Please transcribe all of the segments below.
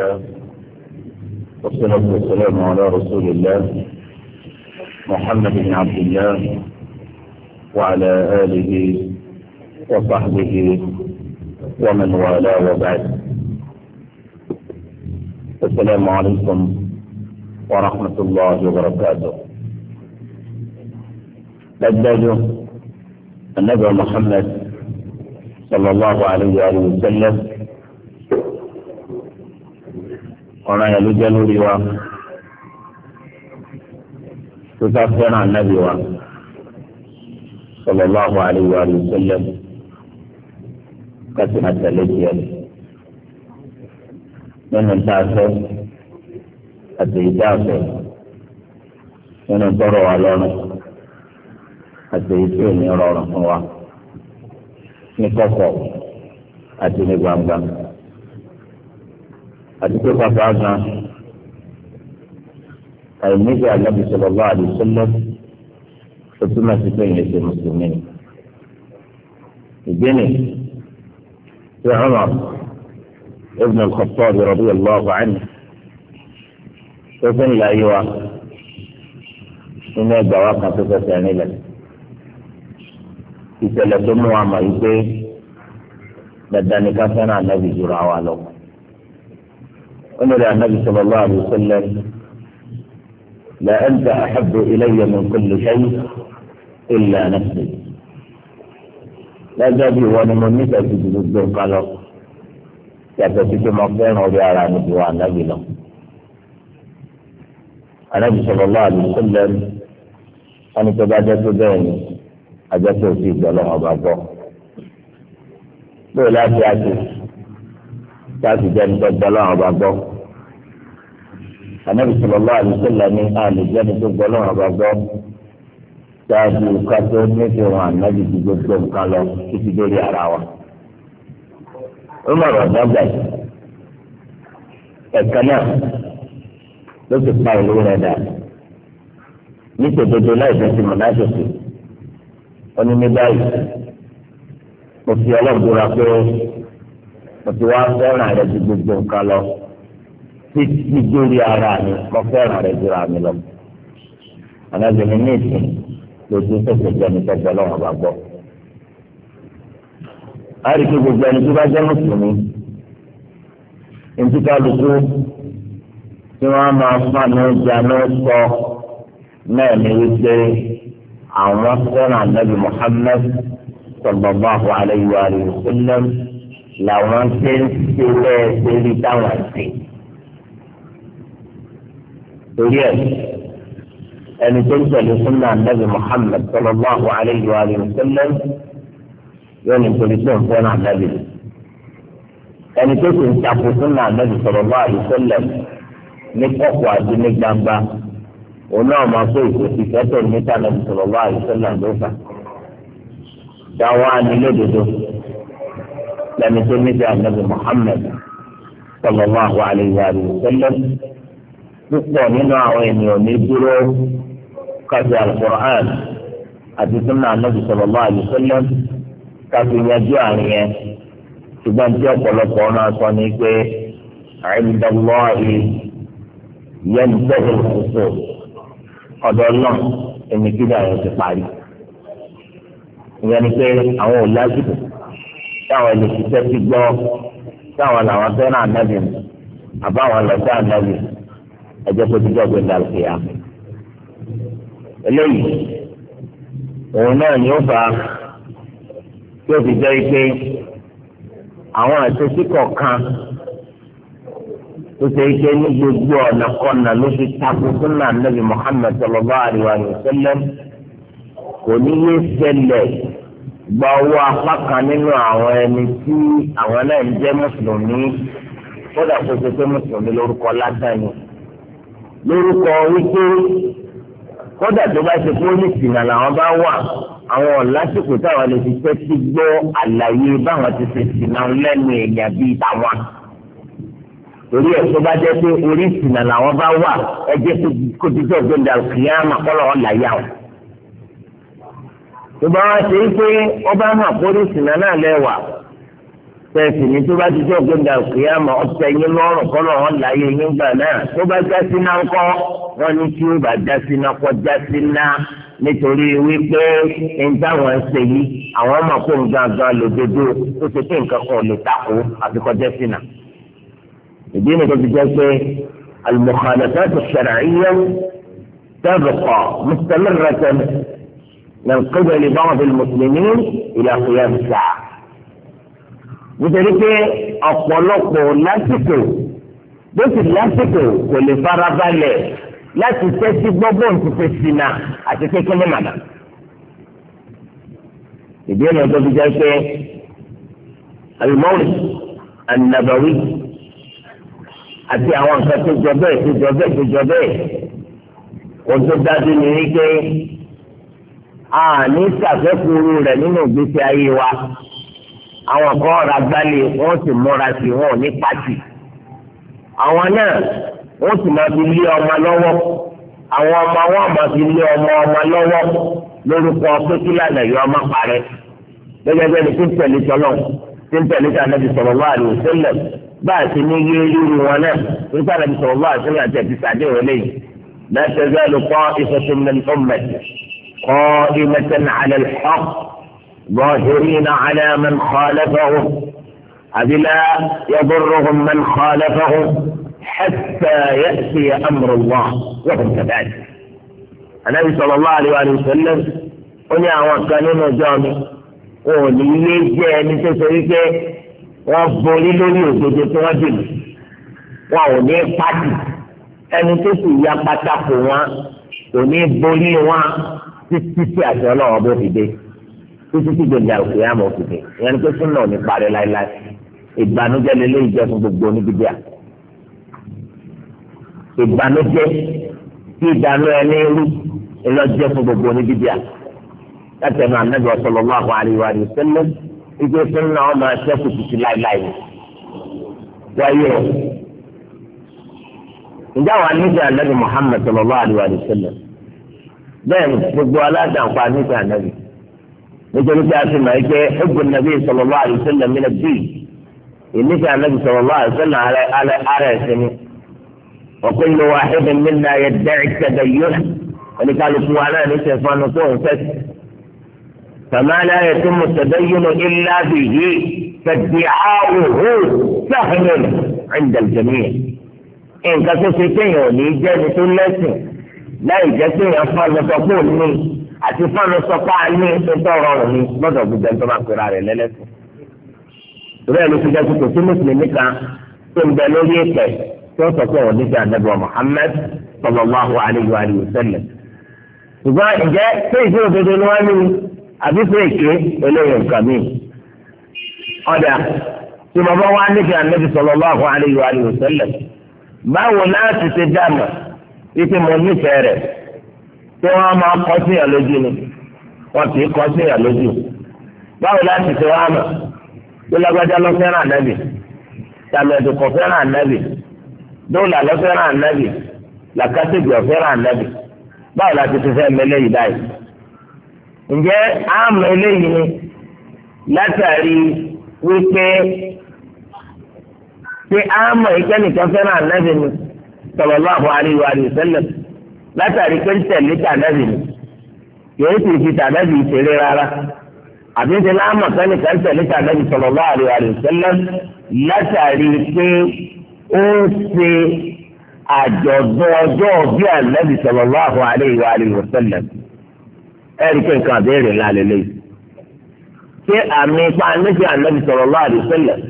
الله والصلاة والسلام على رسول الله محمد بن عبد الله وعلى آله وصحبه ومن والاه وبعد السلام عليكم ورحمة الله وبركاته بدل النبي محمد صلى الله عليه وآله وسلم ọ̀ràn yẹn ló jẹ́ lórí wa tó bá fẹ́ràn ànábì wa sallallahu alaihi wa sallam kásì máa tẹ̀lé tiẹ̀ nínú tá a fẹ́ àti ìdá àfẹ́ nínú tọrọ wa lọ́rùn àti ìdí òní rọrùn fún wa ní kọ̀kọ̀ àti ní gbangba àdúgbò pàpà gan àìníjà alábi sọlọ bá àdìsọlọ ó túmọ̀ sí pé ìyẹn ṣe mùsùlùmí ni ìgbéni tí Umar ibn al-Khattab radiyallahu anhu tó fi ń la yí wa nínú ẹgbàá wa kan tó fẹsẹ̀ nílẹ̀ ìṣẹ̀lẹ̀ tó mú wa mọ̀ yí pé dandan ni ká fẹ́ràn alábi jùlọ àwa lọ. أمر النبي صلى الله عليه وسلم لا أنت أحب إلي من كل شيء إلا نفسي لا زادي وانا ممتع في جدود دون قلق يعتقد في مقدين ودي على نبي وعن نبي النبي صلى الله عليه وسلم أنا تبادت بين أجاته في جلوه بابو بولاتي أجاته تاتي جانتا جلوه بابو anabi sallallahu alaihi wasallam ní alùjẹni tó gbọ́ lọ́wọ́ bá gbọ́ ṣáájú kátó nífẹ̀ẹ́ wọn anabi ti gbogbo nǹkan lọ títí dórí ara wa. ó mọ̀ ọ̀rọ̀ dágbà yìí ẹ̀ka náà ló ti pa ìlú rẹ̀ dà ní tòdodo náà ìfẹsẹ̀ mọ̀ náà ṣòfò ó ní ní báyìí mo fi ọlọ́gbọ́ra pé mo ti wá fẹ́ràn rẹ̀ ju gbogbo nǹkan lọ títí dórí ara mi mo fẹ́ràn rẹ̀ jùlọ àmì lọ. Ànábìrin ní ìsìn lójú tẹ̀sẹ̀ jẹ́ mi tẹ̀sẹ̀ lọ́wọ́ bá gbọ́. A rí i pé gbogbo ẹni tó bá jẹ́ mùsùlùmí. Ìdíkàlùkù tí wọ́n máa fànú jáná sọ náà ni wípé àwọn fẹ́ràn ànábì Mùhàmmad sallallahu alayhi wa sallam làwọn ṣe ń ṣe lẹ́ẹ̀ṣẹ̀ táwọn ṣe torí ẹ̀ ẹni tó ń tẹ̀lé súnmọ́ ànábì Muhammad sallallahu alayhi wa sallam yóò ní torí tó ń fẹ́ràn ànábì ẹni tó sì ń takò súnmọ́ ànábì sallallahu alayhi wa sallam ní kọ̀kọ̀ àti ní gbangba òun náà máa kó ìkòsí fẹ́tọ̀ níta ànábì sallallahu alayhi wa sallam ló fà dáwọ́ ànílódodo lẹ́ni tó níbi ànábì Muhammad sallallahu alayhi wa sallam. púpọ̀ nínú àwọn ènìyàn ní dúró alukur'an àti sunna anabi yanjú yẹn ṣùgbọ́n tí ọ̀pọ̀lọpọ̀ náà sọ ni pé yẹn tẹ̀lé ọ̀dọ̀ náà kí ti parí. ìyẹn ni pé àwọn ò lásìkò táwọn ẹni gbọ́ táwọn làwọn fẹ́ràn àbáwọn lọ́sẹ̀ ẹjọ́ tó ti dọ́gbẹ́ dàrú kìá. eléyìí òun náà ni ó fà á tí ó fi jẹ́ pé àwọn àṣetí kọ̀ọ̀kan tó ṣe é pé ní gbogbo ọ̀nà kọ́nà ló fi takò súnà nàbì Muhammad sallallahu alaihi wa sallam kò ní yé ṣẹlẹ̀ gba owó apá kan nínú àwọn ẹni tí àwọn náà ń jẹ́ mùsùlùmí kódà kó ṣe pé mùsùlùmí lórúkọ lásán lórúkọ wípé kódà tó bá ṣe pé nìsìnà làwọn bá wà àwọn ọ̀lásìkò táwọn lè fi tẹ́tí gbọ́ àlàyé báwọn ti ṣe sìnà lẹ́nu èèyàn bíi tàwọn. torí ẹ̀ tó bá jẹ́ pé orí làwọn bá wà kó ti jẹ́ ògbéǹda kìíyà màkọ́lọ̀ ọ̀làyà o. tó bá wá ṣe é pé ọba máa tẹ̀sí ni tó bá ti jẹ́ ògbéǹda òkèèyàmọ̀ ọ̀sẹ̀ yín lọ́rùn kọ́nà wọn láyé yín gbà náà tó bá já sí náà kọ́ wọn ní tí ó bá já sí náà kọ́ já sí náà nítorí wípé ẹni táwọn yìí àwọn ọmọ kó ń gangan lòdodo ó ti pín nǹkan kan lè takò àfikọ́ jẹ́ náà. ìdí nìkan ti jẹ́ pé المخالفات الشرعية تبقى مستمرة من قبل بعض المسلمين إلى قيام الساعة nítorí pé ọ̀pọ̀lọpọ̀ lásìkò bó sì lásìkò kò lè farabalẹ̀ láti tẹ́sí gbọ́gbọ́ ntutu sinà àti kékeré màdà. ìdí ẹ̀rọ tó fi jẹ́ pé alimọ́ọ̀lì anabawi àti àwọn nǹkan tó jọ bẹ́ẹ̀ tó jọ bẹ́ẹ̀ tó jọ bẹ́ẹ̀ ohun tó dájú ni wípé a ní sàfẹ́kùrú rẹ̀ nínú ìgbésí ayé wa àwọn kan ọ̀rọ̀ agbálẹ̀ wọ́n sì múra sí wọn ò ní pàtì àwọn náà wọ́n sì máa fi lé ọmọ lọ́wọ́ àwọn ọmọ wọn máa fi lé ọmọ ọmọ lọ́wọ́ lórúkọ pékílànà yìí ọmọ parẹ́ gẹ́gẹ́ bí ẹni tí ń tẹ̀lé tọ́lọ̀ tí ń tẹ̀lé tí anabi sọ̀rọ̀ wá àlè òṣèlè bá a ti ní yé rírì wọn náà nípa anabi sọ̀rọ̀ wá àṣẹlè àti ẹ̀bí sàdé wọn lẹ́yìn lẹ́sẹ̀ ظاهرين على من خالفهم أذ لا يضرهم من خالفهم حتى يأتي أمر الله وهم كذلك النبي صلى الله عليه وآله وسلم قل يا وكانين وجامي قولي يجي من تسويك وفولي لولي وجدي تواجد وعوني فاتي ẹni tó sì ya pátákó wọn kò ní borí wọn títí títí tí gbèjà òkè àmọ́ òkùnkè ìyẹn ni pé súnà ò ní parí láéláé ìbànújẹ́ lélẹyìí jẹ fún gbogbo oníbíbíà ìbànújẹ́ tí ìdánú ẹni rú ìlọjẹ fún gbogbo oníbíbíà láti ẹnu Ànábì sallallahu alaihi wa sallam ìgbé súnà ọmọ ẹsẹkù títí láéláé wáyé o ǹjẹ́ àwọn anígbà Ànábì Muhammad sallallahu alaihi wa sallam bẹ́ẹ̀ ni gbogbo aládàá ń pa anígbà نجي نبدا في ما يجي حب النبي صلى الله عليه وسلم من الدين النبي صلى الله عليه وسلم على على على سنة. وكل واحد منا يدعي التدين اللي قالوا سوانا نسي فانسون فس فما لا يتم التدين الا به فادعاؤه سهل عند الجميع ان كسوسيتين يوني جاي بتولي لا يجسين اصفر ما تقول àti fọlọ sọpá ní ìtọ́ rọrùn ní lọ́dọ̀ gbogbo ẹni tó bá pera rẹ̀ lẹ́lẹ́sìn. ìrẹ́ ló ti jẹ́ pé kò sí mùsùlùmí kan tó ń bẹ lórí ìpẹ́ tó sọ pé òun níjà nẹ́bọ̀ Muhammad sallallahu alayhi wa sallam. ṣùgbọ́n ìjẹ́ pé ìṣòro dodo ni wọ́n ní àbí pé èké eléyìí nǹkan mi. ọ̀dà tí mo bá wá níjà nẹ́bí sallallahu alayhi wa sallam báwo láti ṣe dáàmú tí wọn máa lójú ni wọ́n kì í lójú báwo láti wá tó lágbájá lọ fẹ́ràn ànábì tàmẹ̀dù kò fẹ́ràn dóòlà lọ fẹ́ràn ànábì làkàtúgbì ọ̀fẹ́ràn ànábì báwo láti fi yìí báyìí ǹjẹ́ àmọ́ eléyìí ni látàrí wípé pé ni látàrí pé ń tẹ̀lé tàdábì ni yóò sì fi tàdábì ìṣeré rárá àbí ń ṣe láàmà kánìkan tẹ̀lé tàdábì sallallahu alaihi wasallam látàrí pé ó ṣe àjọ̀dún ọjọ́ bí ànábì sallallahu alaihi wasallam ẹ̀rí pé nǹkan àbẹ́rẹ́ ńlá lélẹ̀ ṣé àmì ipa níbi ànábì sallallahu alaihi wasallam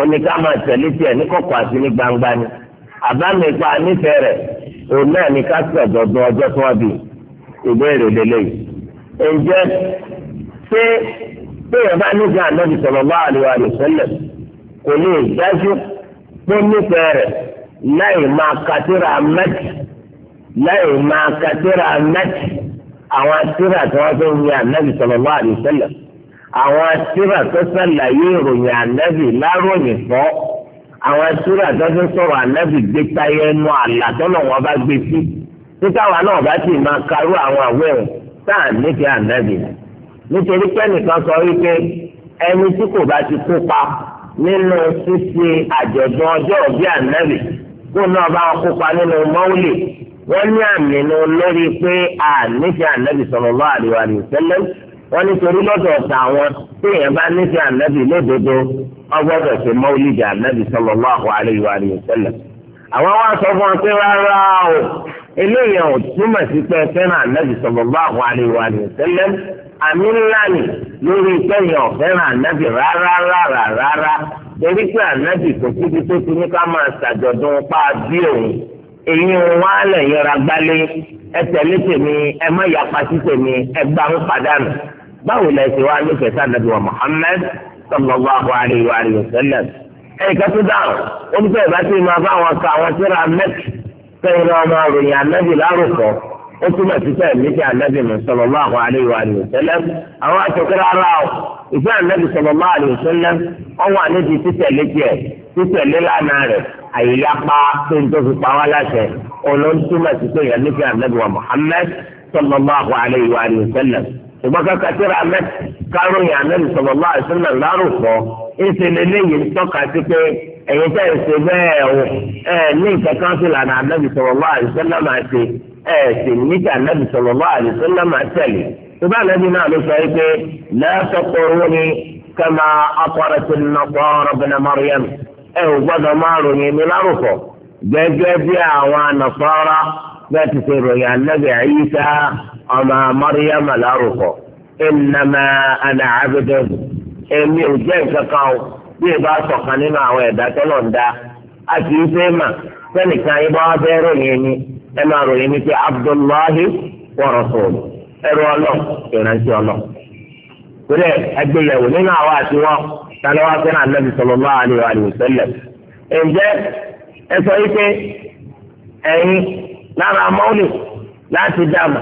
oníkàmà tẹ̀lé tiẹ̀ ní kọ̀kọ̀ àti ní gbangba ni àbámi ipa nífẹ̀ẹ́ òun náà ní ká sí ọ̀dọ̀dún ọjọ́ tó wá bí ìbéèrè lélẹ̀ yìí. ǹjẹ́ ṣé bẹ́ẹ̀ bá ní gan anábì sallallahu alaihi wasallam kò ní ìdájú tó nífẹ̀ẹ́ rẹ̀ láì máa kàtírà mẹ́tì láì máa kàtírà mẹ́tì àwọn atírà tí wọ́n fi ń yan anábì sallallahu alaihi wasallam àwọn atírà tó sàlàyé ìròyìn anábì láròyìn fọ́ àwọn ẹsùrù àtọ́sí sọ̀rọ̀ ànábì gbé táyé ẹnu àlà tọ́nà wọn bá gbé sí títàwa náà bá sì máa karú àwọn àwẹ̀ ọ̀ táà nífẹ̀ẹ́ ànábì nítorí pẹ́nìkan sọ wípé ẹni tí kò bá ti kópa nínú ṣíṣe àjọ̀dún ọjọ́ òbí ànábì kó náà bá wọn kópa nínú mọ́wúlì wọ́n ní àmì lórí pé ànífẹ̀ẹ́ ànábì sallallahu alaihi wa sallam wọ́n nítorí lọ́dọ̀ ọ̀tà àwọn téèyàn bá nífẹ̀ẹ́ ànábì lódodo ọgbọ́dọ̀ ṣe mọ́wúlídì ànábì sallallahu alaihi wa sallam. àwọn wá sọ fún wọn pé rárá o eléyìí ò túmọ̀ sí pé fẹ́ràn ànábì sallallahu alaihi wa sallam àmì ńlá ni lórí ìtẹ́yìn ọ̀fẹ́ràn ànábì rárá rárá rárá torí pé ànábì kò síbi tó ti ní ká máa ṣàjọ̀dún pa bí òun èyí wọn á lẹ̀ yẹra gbálé ẹ tẹ̀lé tèmi ẹ má yapa sí tèmi ẹ gbà ń padànù báwo la ṣe wá ló fẹsẹ̀ ànábì wa Muhammad sallallahu alayhi wa alihi wa sallam ẹnì kan tó dáhùn oníṣẹ ìbá tí ma bá wọn ka àwọn tíra mẹkì sẹ́yìn náà máa ròyìn ànábì lárúkọ ó túmọ̀ sí sẹ́yìn méjì ànábì mi sallallahu alayhi wa alihi wa sallam àwọn aṣọkẹ́rẹ́ ara o ìfẹ́ ànábì sallallahu alayhi wa sallam ọwọ́ àníbi títẹ̀lé tiẹ̀ títẹ̀lé lánàá rẹ̀ àyíyápa tó ń tó pa wá láṣẹ ọ̀nà ṣùgbọ́n kàkà tí ra mẹ́ káròyìn ànábì sallallahu alaihi wasallam lárúkọ ìṣe lélẹ́yìn ń tọ́ka sí pé ẹ̀yin tẹ́ ẹ̀ ṣe bẹ́ẹ̀ o ẹ̀ ní ìkẹ́kọ̀ọ́ sí lànà ànábì sallallahu alaihi wasallam máa ṣe ẹ̀ sì níta ànábì sallallahu alaihi wasallam máa tẹ̀lé ṣùgbọ́n ànábì náà ló sọ pé lẹ́sọ̀kọ̀rọ̀ ni kama akọrẹsì nàkọ́rọ̀ bẹ́ẹ̀ ọmọ Maryam alárùkọ innama ana abidjan èmi ò jẹ́ nǹkan kan o bí ẹ bá sọ̀kan nínú àwọn ẹ̀dá tọ́lọ̀ ń dá a kì í fẹ́ mà sẹ́nìkan yín bá wá bẹ́ẹ̀ ròyìn ẹni ẹ máa ròyìn ní pé Abdullahi wa rasuluhu ẹrú ọlọ ìrántí ọlọ. torí ẹgbẹ́yẹ̀wò nínú àwọn àti wọn tani wá fẹ́ràn Ànábì sallallahu alaihi wa sallam. ǹjẹ́ ẹ sọ yìí pé ẹ̀yin lára mọ́ọ̀lì láti dàgbà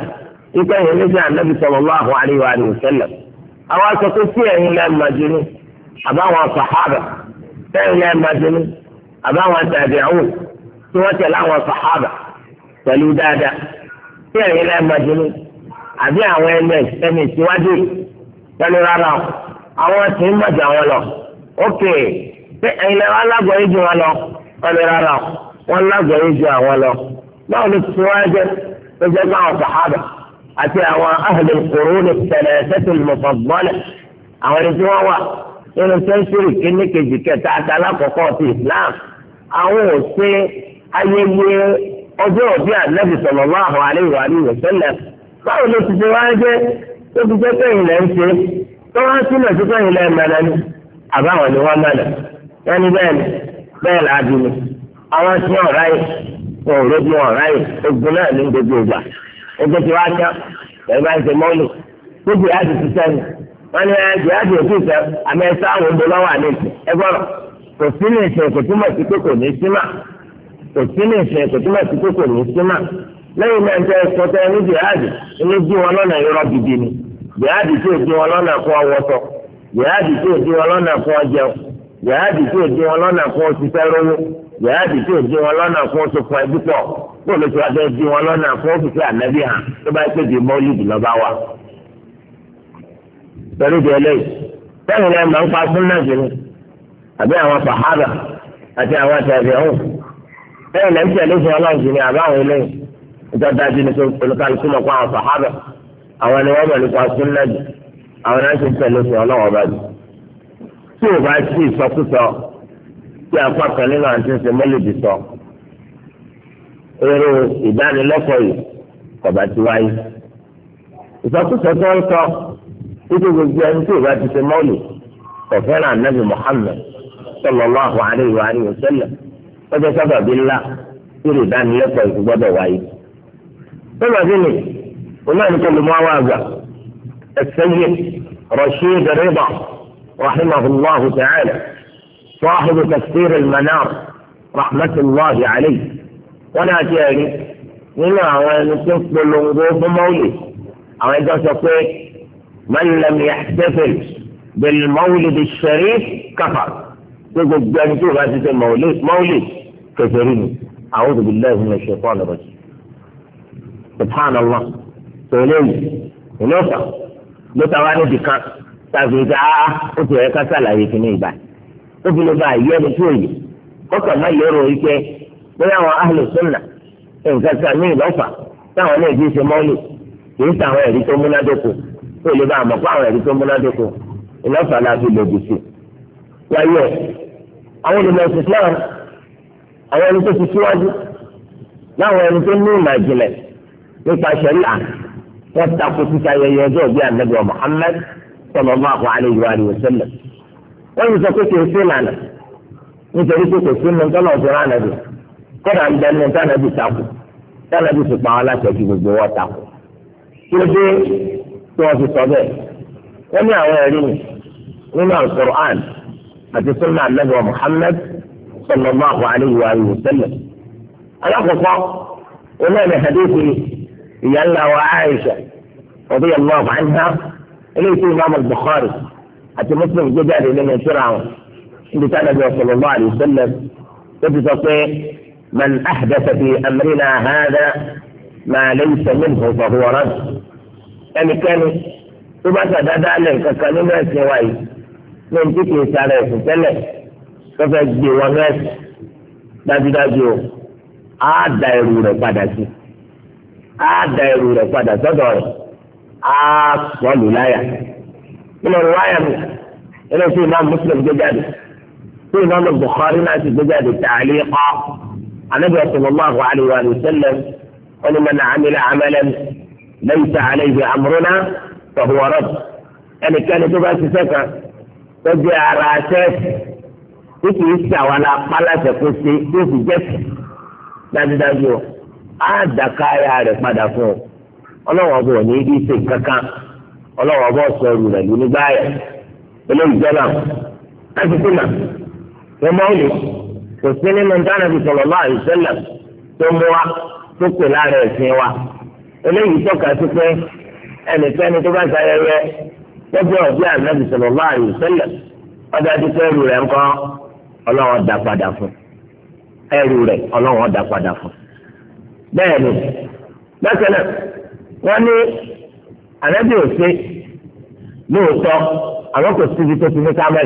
ikpe yẹn ní sẹ anabi sallallahu alayhi wa sallam àwọn asọkò sí ẹyin lẹ madinu àbáwọn sahaba sẹyin lẹ madinu àbáwọn tabi'un tí wọn tẹ̀lé àwọn sahaba pẹ̀lú dáadáa sí ẹyin lẹ madinu àbí àwọn ẹni ẹni síwájú pẹ̀lú rárá àwọn tí ń bàjẹ́ àwọn lọ ok ju wọn lọ pẹ̀lú rárá àti àwọn ahli al-qurun na thalathah al-mufaddalah àwọn ẹni tí wọ́n wà nínú sẹ́ńtúrì kínní kejì kẹta àtàlákọ̀ọ́kọ́ ti Islam àwọn ò ṣe ayẹyẹ ọjọ́ òbí ànábì sallallahu alaihi wa sallam báwo ló ti ṣe wá jẹ́ tó ti jẹ́ pẹ́yìn lẹ́ ń ṣe tó wá sílẹ̀ sí pẹ́yìn ni àbáwọn ni ni làá àwọn tí ráyè wọn ò wọn ẹgbẹ́ ti wá tán pẹ̀lú bá ń ṣe mọ́lù tó jì láti ti sẹ́nu wọ́n ní ẹ̀jẹ̀ láti òkú ìfẹ́ àmì ẹ̀sẹ̀ àwọn ọmọ lọ́wọ́ àlẹ́ ẹgbọ́n kò sí ní ìsìn kò túmọ̀ sí pé kò ní símà kò sí ní ìsìn kò túmọ̀ sí pé kò ní símà lẹ́yìn náà ṣe sọ tẹ ní jihadi ní bí wọn lọ́nà irọ́ gidi ni jihadi tí di wọn lọ́nà fún ọwọ́sọ jihadi tí di wọn lọ́nà fún ọjẹun jihadi tí ò dín wọn lọ́nà fún oṣù fẹ́rọ́wó jihadi tí ò dín wọn lọ́nà fún oṣù fún ẹbí pọ̀ kó lóṣù abẹ́ dín wọn lọ́nà fún oṣù fún ànábì hàn tó bá pè dé mọ́lìdì lọ́ba wa. pẹ̀lú ìdí ẹlẹ́yìí sẹ́yìn lẹ́yìn máa ń pa súnmọ́ ìṣẹ̀lẹ̀ àbí àwọn sàhábà àti àwọn àtẹ̀rẹ̀ ọ̀hún sẹ́yìn lẹ́yìn tẹ̀lé fún ọlọ́ọ̀ṣìnì àbá àwọn eléyìí ìtọ́jú ni olùkálukú tí ò bá sí ìsọkúsọ tí apá kan nínú àti ṣe mọ́lẹ́dì sọ èrò ìdánilẹ́kọ̀ọ́ yìí kọ̀bá ti wáyé ìsọkúsọ tó ń sọ títí gbogbo ẹni tí ò bá ti ṣe mọ́lẹ̀ kọ̀fẹ́ràn anábì Muhammad sallallahu alaihi wa alihi wa sallam lọ́jọ́ sábàbí ńlá èrò ìdánilẹ́kọ̀ọ́ yìí gbọ́dọ̀ wáyé sábàbí ni onáà ní kọlùmọ́ àwọn àgbà ẹ̀sẹ̀ yìí rọ̀ṣí رحمه الله تعالى صاحب تفسير المنار رحمة الله عليه ولا تعني إلا أن تصل الوقوف مولد أو أنت تقول من لم يحتفل بالمولد الشريف كفر تقول جانتو غازة المولد مولد كثيرين أعوذ بالله من الشيطان الرجيم سبحان الله تقولين ونفع متواني بكاس tàbí ìgbà ó ti rẹ̀ ká sàlàyé kìíní ìgbà ó fi lè ba àyè ẹni tó yẹ kọ́kàn má yọrọ ike bóyá àwọn ahlu sunna nǹkan kan ní ìlọ́fà táwọn náà fi ṣe mọ́lù kì í sàwọn ẹ̀rí tó múnádóko lè ba àmọ́ fún àwọn ẹ̀rí tó múnádóko صلى الله عليه وآله وسلم wọ́n sọ pé kìí sí lànà nítorí pé kò sí ní tọ́lọ̀ ọ̀sẹ̀ rán ànábì kọ́dà ń dẹnu tánàbì takò tánàbì sì pa wọn látẹ̀jú gbogbo wọn takò kí ló dé tí wọ́n fi sọ bẹ́ẹ̀ wọ́n ní àwọn ẹ̀rí mi nínú alukur'an àti sunna anabi wa muhammad sallallahu alayhi wa sallam alakoko onáà ní hadithi ìyá ńlá wa aisha radiyallahu anha. eléyìí tí imaamu bukhari àti muslim gbé jáde nínú ìṣúra wọn níbi tí anabi sallallahu alaihi wasallam tó ti sọ pé man ahdatha fi amrina hadha ma laysa minhu fa huwa radd ẹnikẹ́ni tó bá sàdáadáa lẹ̀ kankan nínú ẹ̀sìn wa yìí ní ti kì í sara ẹ̀sìn tó fẹ́ gbé wọn ẹ̀sìn dájúdájú o á da ẹrù rẹ̀ padà sí á da ẹrù rẹ̀ padà sọ́dọ̀ rẹ̀. أصل ولاية من الرواية إلى في إمام مسلم جدد في إمام البخاري ناس جدد التعليق عن النبي صلى الله عليه وآله وسلم قال من عمل عملا ليس عليه أمرنا فهو رد يعني كان تبقى سكة تجي على أساس títí ìsì ولا قلة kó ṣe tó fi jẹ́sì dájúdájú ó á dàka ọlọ́wọ́ ọba ò ní í ṣe kankan ọlọ́wọ́ ọba ọ̀sọ̀ ọ̀rù rẹ̀ ló ní báyà eléyìí jọba láti fi mà wọ́n mọ́ òní kò sí nínú dáná fi sọ̀rọ̀ lọ́wọ́ àìsẹ́lẹ̀ tó mú wa tó pè láàrin ẹ̀sìn wa eléyìí tọ́ka sí pé ẹnikẹ́ni tó bá ṣayẹyẹ lọ́jọ́ ọ̀bí ànábì sọ̀rọ̀ lọ́wọ́ àìsẹ́lẹ̀ ọjà ti pé ẹrù rẹ̀ ńkọ́ ọlọ́wọ́ dá padà fún ẹrù rẹ̀ ọlọ́wọ́ dá padà fún bẹ́ẹ̀ ni bẹ́ẹ̀ wọ́n ní na òṣè lóòótọ́ àwọn kò síbi tó ti ní ká má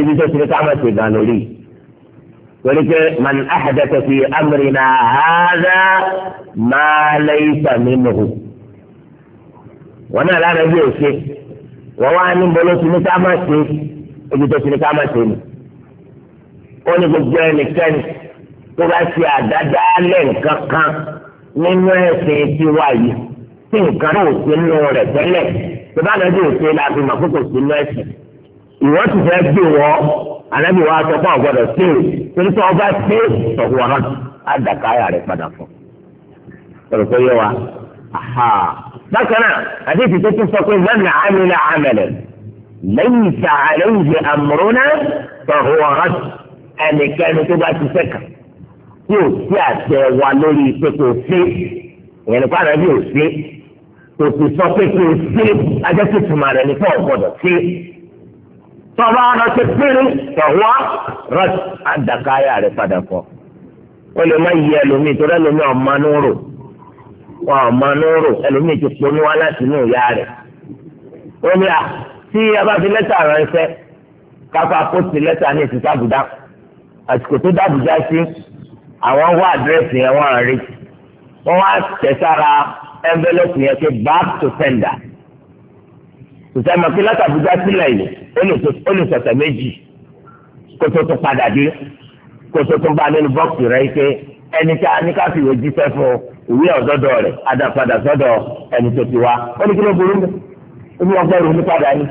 ibi tó ti ní ká má lórí torí pé man fi ma laysa minhu wọ́n náà lára bí òṣè wọ́n wá ní bọ́lọ́ ti ní ibi tó ti ní ni ní gbogbo ẹnikẹ́ni tó bá ṣe àdádálẹ̀ nínú ẹ̀sìn tiwa yìí tí nǹkan náà ò sí nínú rẹ̀ tẹ́lẹ̀ tó bá lọ́dún òsè láti mọ̀ kókò sí nínú ẹ̀sìn. ìwọ́n ti fẹ́ gbé wọ́ anábì wa sọ fún ọ̀gbọ́dọ̀ sí o torí tí wọ́n bá sí sọ̀kùn ọ̀rọ̀ àdàkáyà rẹ̀ padà fún. ọ̀rọ̀ tó yẹ wa bákan náà àti ìtìtò tún sọ pé lọ́nà àmìlà àmàlẹ̀ lẹ́yìn ìta àlẹ́ ìdè àmúrónà sọ̀rọ̀ ọ̀rọ̀ ẹnikẹ́ni tó bá ti sẹ́kàn tí ò sí àṣẹ wa lórí pé kò sí ìyẹn nípa rẹ bí ò sí kò sì sọ pé kò sí ajẹ́sìtìmọ̀ rẹ nípa ọ̀gbọ́dọ̀ sí tọ́ba ọ̀nà ti péré tọ̀wọ́ rọ́t àdàkáyà rẹ padà kọ́ ó lè má yí ẹlòmíì torí ẹlòmíì ọ̀ma ní rò wọn ọ̀ma ní rò ẹlòmíì ti ponú wá láti inú ìyá rẹ̀ ó ní à tí a bá fi lẹ́tà ránṣẹ́ káfá kó lẹ́tà ní ìsìtàbùdá àsìkò tó dàbùdá sí àwọn wá àdírẹ́sì yẹn wọ́n á retí wọ́n wá tẹ̀sára envelope yẹn pé back to sender sùsẹ́mi pé látàbújá sílẹ̀ yìí ó lè sọ̀tẹ̀ méjì kó tó tún padà dé kó tó tún bá nínú bọ́ọ̀sì rẹ̀ pé ẹni tí a ní ká fi ìwé jíṣẹ́ fún ìwé ọ̀dọ́dọ̀ rẹ̀ adàpadà sọ́dọ̀ ẹni tó ti wá ó ní kí ló burú mi ó ní ọgbẹ́ ìrònú padà ni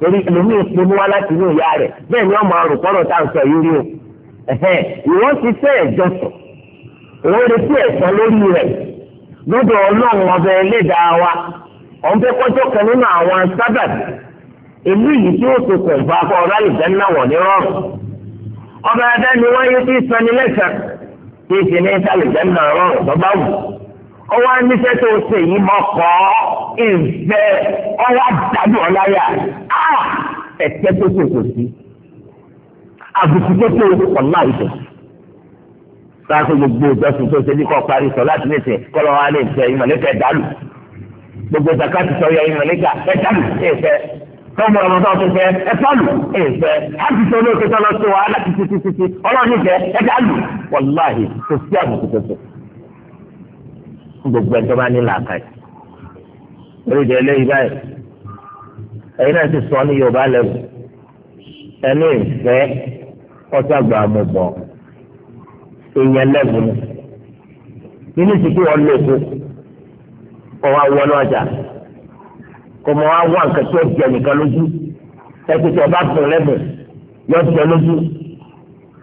torí ẹlòmíì pinnu wá láti inú ìyá rẹ̀ bẹ́ẹ̀ ni ọmọ àrùn kọ́rọ̀ tá à ń sọ yìí rí o ìwọ ti fẹ́ ẹ̀jọ̀sọ̀ ìwọ retí ẹ̀san lórí rẹ̀ lọ́dọ̀ ọlọ́run ọbẹ̀ ẹlẹ́dàá wa ọ̀nbẹ kọjọ́ kan nínú àwọn sábàbí ìlú yìí tí ó ti kọ̀ ìfọ̀ akọ ńlá wọ̀ ní rọ́ọ̀rù ọba tí ní ńlá bàbá wù tó ṣe yìí mọ̀ kọ́ ìfẹ́ àbùkù tó tó ọ̀la ìtò. sáàsì gbogbo ìjọsìn tó ṣe ní kọ́ parí sọ láti lè tẹ̀ kọ́lọ́ wa lè tẹ ìmọ̀lẹ́kẹ̀ dàlù. gbogbo zakati sọ yẹ ìmọ̀lẹ́kà ẹ dàlù ẹ fẹ́. tọ́mọ ọmọ tó fẹ́ ẹ fọ́lù ẹ fẹ́. láti sọ ní òkúta lọ sí wa láti títí títí ọlọ́ọ̀ni fẹ́ ẹ dàlù. wàláhì kò sí àbùkù tó tó. gbogbo ẹjọ́ bá ní làákàyè. oríṣi eléyìí báyìí ẹ̀yin náà ti sọ ní Yorùbá lẹ́wọ̀ ẹnu ìfẹ́ ọ̀sàgbà mo bọ̀ èèyàn lẹ́bùn nínú ìsìnkú wọn lé epo kọ́ wa wọ́n lọ́jà kọ́ mọ́ wa wá nǹkan tó jẹ nìkan lójú ẹ̀kú tí ọba fún lẹ́bùn yọ jẹ lójú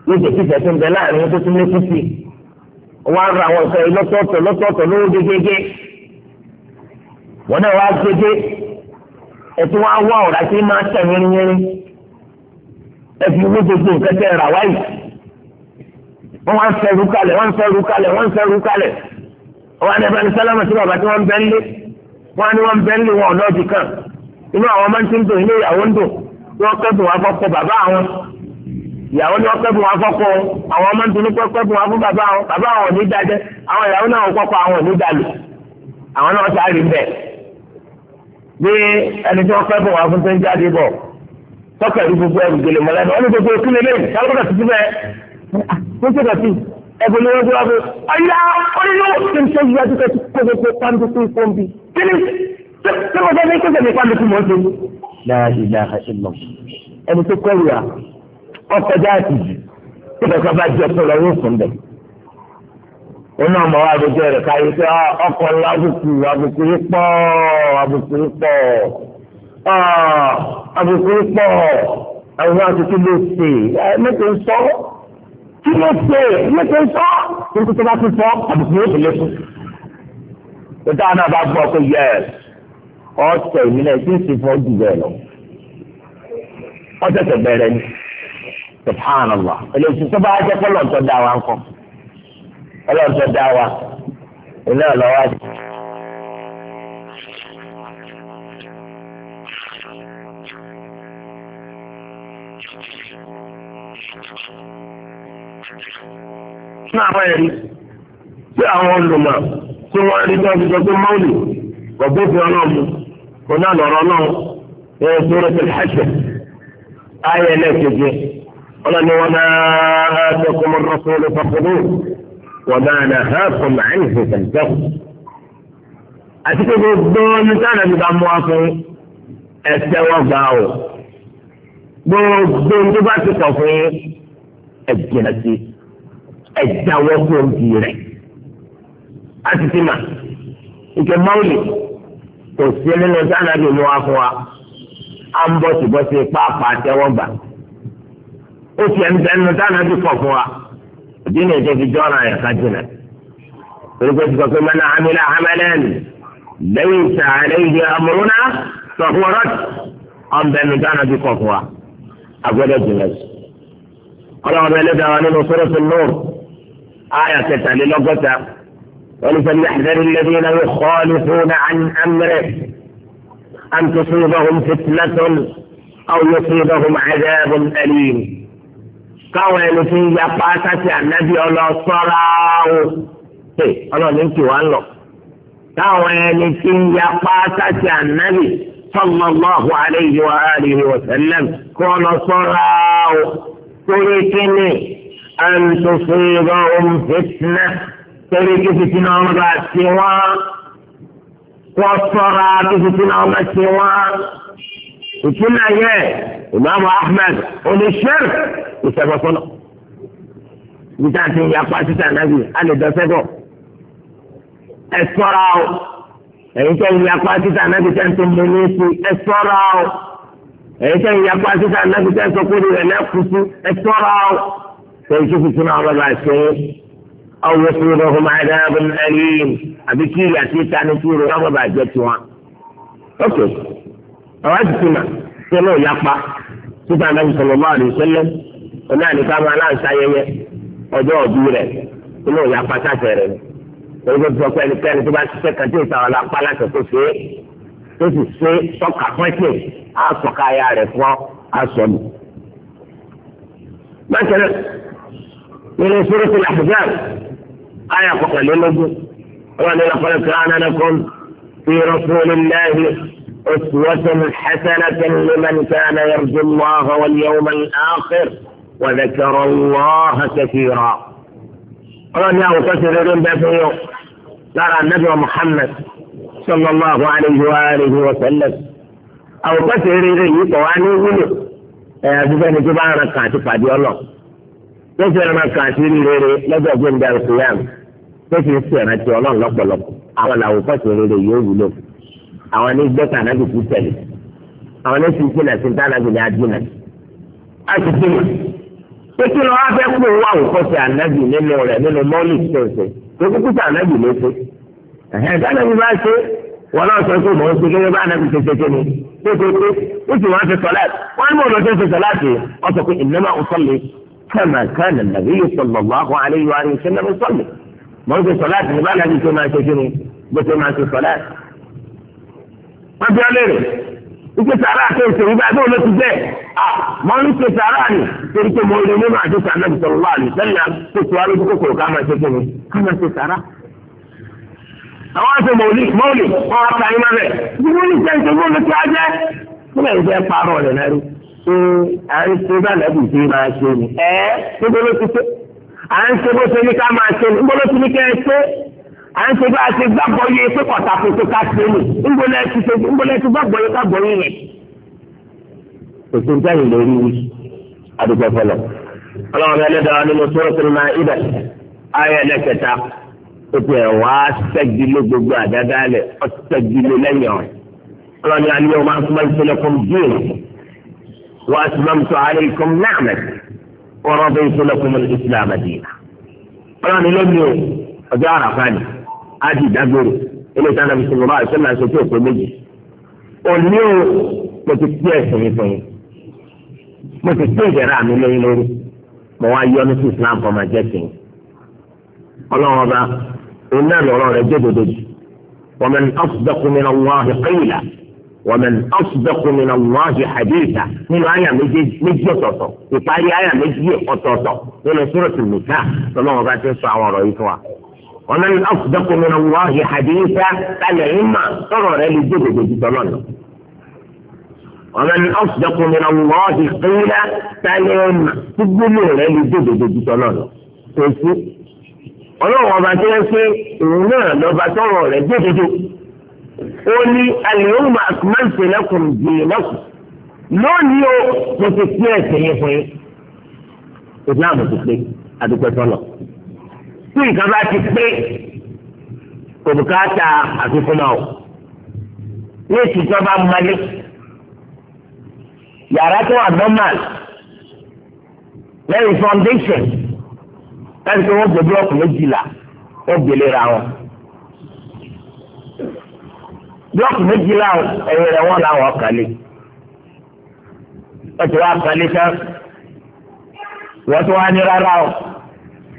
yóò jẹ kíkẹ́ tó ń bẹ láàrin tó tún lé kùsì wọ́n á ra àwọn nǹkan yìí lọ́tọ̀ọ̀tọ̀ lọ́tọ̀ọ̀tọ̀ lówó gégége wọ́n náà wá gégé ẹ̀tún wá wá ọ̀rá sí máa tẹ̀ yínrín ẹ̀fí owó gbogbo nǹkan tẹ́ ra wáyé wọ́n wá ń sẹ́rù kalẹ̀ wọ́n ń sẹ́rù kalẹ̀ wọ́n ń sẹ́rù kalẹ̀ wọ́n á ní ẹ̀fẹ́ ní sálámà sí bàbá tí wọ́n bẹ́ ń lé wọ́n á ní wọ́n bẹ́ ń lé wọn ọ̀dọ́ọ̀dì kan inú àwọn máa ń ti ń dùn inú ìyàwó ń dùn wọ́n kẹ́dùn wọn fọ́kọ bàbá àwọn ìyàwó ni wọ́n kẹ́dùn wọn fọ́kọ àwọn máa ń dunú kẹ́dùn wọn fún bàbá àwọn bàbá àwọn ò ní dájẹ́ àwọn ìyàwó náà kọ́kọ́ àwọn ò ní dalè àwọn náà sáré bẹ́ẹ̀ bí ẹni tí wọ́n kẹ́dùn wọn fún tó ń jáde bọ̀ tọ́kẹ̀ ní gbogbo ẹrù gbèlè mọ́lá ni wọ́n ní gbogbo òkú lélẹ̀ ìtàlọ́kọ̀ tuntun bẹ́ẹ̀ wọ́n ti dọ̀tí ẹ̀bùn ni wọ́n ti wá fún ọ̀yà oníyọ̀ kí n sẹ́yìn adúgbò ti kó gbogbo pàǹdùkú fún bí kí ni tí mo fẹ́ ní kó sẹ́yìn pàǹdùkú mọ́ sí mi. láàrínláà wa àbújá rẹ̀ káyé pé ah, ọkọ̀ ńlá àbùkù àbùkù yìí pọ̀ àbùkù yìí Ah, àbùkù pọ̀ àwọn àtúntò ló ṣe eh, mẹ́tò ń sọ kí ló ṣe mẹ́tò ń sọ kí tó bá tún sọ àbùkù yóò tẹ̀lé fún. ìta náà bá gbọ́ pé yẹ ọ̀sẹ̀ ìmílẹ̀ tí ń sìn fún ọdún bẹ́ẹ̀ lọ ọ̀sẹ̀ bẹ̀rẹ̀ ni subhanallah eléyìí tó bá jẹ́ pé lọ́ọ̀tọ̀ dá wa ń kọ́ ọlọ́ọ̀tọ̀ dá wa ìlú ọ̀lọ́wà jẹ́. ní àwọn ẹ̀rí tí àwọn olùmọ̀ tí wọ́n rí bí wọ́n ti sọ pé mọ́ọ̀lì kò gbófin ọlọ́mu kò náà lọ́rọ́ náà wọ́n tó rẹ̀ tẹ̀lé ẹ̀ṣẹ̀ ayé ẹlẹ́kẹ̀jẹ ọlọ́ni wọn náà tẹkùn mọ́ rọ́sọ̀rọ̀ fàkùrù wọn náà nà ha kò mà ń fi tẹ̀lé àti pé gbogbo ní sáà bá mú wa fún ẹsẹ̀ wọn gbà ó gbogbo ní tó bá ti kọ̀ fún ẹ̀jẹ̀ náà sí ẹ̀dá wọ́pọ̀ òdì rẹ̀ a ti ti mà ìkẹ́ mọ́wùlì kò sí nínú sànàbì mú wa fún wa à ń bọ̀sibọ̀si pàápàá tẹ́wọ́ gbà ó ti ẹnu sẹ́nu sànàbì kọ̀ fún wa òdì ní ìjọ fi jọ́ra ẹ̀ ká jìnà orúkọ ti sọ pé mẹ́ta hamilá hamilẹ́n lẹ́yìn sàárẹ̀ ìdí amúrúnà sọ̀fún ọ̀rọ̀ ọ̀nbẹ́nu sànàbì kọ̀ fún wa àgbẹ̀dẹ̀ jìnà ọlọ́run ẹlẹ́dàá wa nínú sọ́dọ̀ آية تتعلمكتا ولفليحذر الذين يخالفون عن أمره أن تصيبهم فتنة أو يصيبهم عذاب أليم قوة في يقاتة النبي الله صلى إيه، الله عليه وسلم قوة في يقاتة النبي صلى الله عليه وآله وسلم قوة صلى الله عليه وسلم أن تصيبهم فتنة تريك فتنة وما سوى والصلاة فتنة وما سوى فتنة يا إمام أحمد قل الشرك يسمى صلاة بتاعتي يا قاتل النبي أنا دسته الصلاة èyí tẹ́ ìyá pa títà nábì tẹ́ ń tó mú ní sí ẹ sọ́ra o èyí فيشوف السماء ربع السنين أو يصيبهم عذاب أليم أبي كيري أتيت عن كيري ربع جتوا أوكي أوعد السماء سنو يقع سيدنا النبي صلى الله عليه وسلم ọ̀nà àlìkámọ́ aláǹsá yẹyẹ ọjọ́ ọ̀bí rẹ̀ inú ìyá pátákì rẹ̀ lórí tó sọ pé ẹnikẹ́ni tó bá ṣiṣẹ́ kan tí ìsàwọn alápá láti tó ṣe é tó sì ṣe sọ́kà pẹ́kì á sọ̀ka ya fún aṣọ من سورة الأحزاب آية قال ولقد قال كان لكم في رسول الله أسوة حسنة لمن كان يرجو الله واليوم الآخر وذكر الله كثيرا قال يا وكثر يوم بأسه النبي محمد صلى الله عليه وآله وسلم أو كثر يوم بأسه يوم بأسه يوم بأسه tó fi ẹran kan sí rere lọ́jọ́ gbẹ̀ngà ìsìlámù tó fi ń sí ẹran ti ọlọ́run lọ́pọ̀lọpọ̀ àwọn làwọn pẹ̀sẹ̀ rere yóò wúlò àwọn ní gbẹ́sẹ̀ anábì kú tẹ̀lé àwọn ní sùn sílẹ̀ sí tánàbì ní adúlẹ̀ á ti sí mi pé kí ló wá fẹ́ kó wá òkọ́sẹ̀ anábì nínú rẹ̀ nínú mọ́lì tó ń ṣe tó kúkú sí anábì ló ṣe ẹ̀hẹ́n tánàbì bá ṣe wọn náà sọ pé mò ń ṣe gẹ́gẹ́ bá anabi ṣe ṣe ni pépépé ó sì wọn fi sọláàtì wọn ní mò ń lọ sí ṣe sọláàtì wọn sọ pé ìnáwó àwọn sọlẹ كما كان النبي صلى الله عليه وآله وسلم يصلي منذ صلاة ما الذي كما تجري بكما في صلاة ما في عليه ike sàrà kéèké ibà tó lọ ti bẹ́ẹ̀ à mọ ní ike sàrà ni torí pé mo lè nínú àdúgbò ànábì sọ̀rọ̀ wà ní sẹ́yìn àtúntò alójú kòkòrò ká máa ṣe kéwì ká máa ṣe sàrà. àwọn àti mọ̀ọ́lì mọ̀ọ́lì wọn wá ta ní má bẹ̀. ìdílé ní sẹ́yìn tó gbọ́dọ̀ tí a jẹ́. kí lè jẹ́ parọ́ rẹ̀ náà rí. ṣé à ń ṣe bá ṣe ni ẹ ti ṣe à ń ṣe bó ṣe ní ká máa ṣe ni ti ní ẹ ṣe à ń ṣe bá a ṣe gbàgbọ́ yẹ pé pàtàkì tó ká ṣe ni níbo ti ṣe níbo ti gbàgbọ́ yẹ gbàgbọ́ yẹ kò sí yìí lórí àdúgbò ọlọ́run ibẹ̀ ayé ti ẹ̀ wá ṣẹ́gilé gbogbo àdáda lẹ̀ ọ́ ṣẹ́gilé lẹ́yìn ọ̀rẹ́ ọlọ́run ni máa ń fún وأتممت عليكم نعمتي ورضيت لكم الإسلام دينا ọlọ́run ló ní o ọjọ́ àràfà ni á ti dágbére ilé ìtàn àbí sọ̀rọ̀ bá àṣẹ náà ṣe tó òpè méjì òní o mo ti pín ẹ̀sìn mi fún yín mo ti pín ìdẹ̀ra mi lóyún lórí mo wá yọ ní sí Islam fọmọ jẹ́ kìíní ọlọ́run ọba òun náà lọ́rọ̀ rẹ̀ jẹ́ dòdò jù wọ́n mẹ́rin ọ́fíìsì dọ́kúnmí náà wọ́n á fi kéyìlá. ومن أصدق من الله حديثا من آية مجي أطوطو يقال آية مجي أطوطو من سورة النساء فما وقعت يسعى ورئيسها ومن أصدق من الله حديثا قال إما ترى لي جدد ومن أصدق من الله قيلا قال إما تقولون لي جدد جدلون تنسي ولو وقعت يسعى ونعم وقعت يسعى ó ní al-yawma akmaltu lakum dīnakum lónìí o mo ti pín ẹ̀sìn yín fún yín islam ti pé adúpẹ́ sọ́nà tí nǹkan bá ti pé kò bùkátà àfikún náà ní ìtìjọba mmalé yàrá tó wà normal lẹ́yìn foundation láti fi wọ́n gbẹ̀dúrọ̀kù méjìlá ó gbélé ra wọn blọọkù méjì láwọn ẹ̀yìn rẹ̀ wọ́n láwọn kàlẹ́ wọ́n ti wá kàlẹ́ tán wọ́n ti wá ní rárá o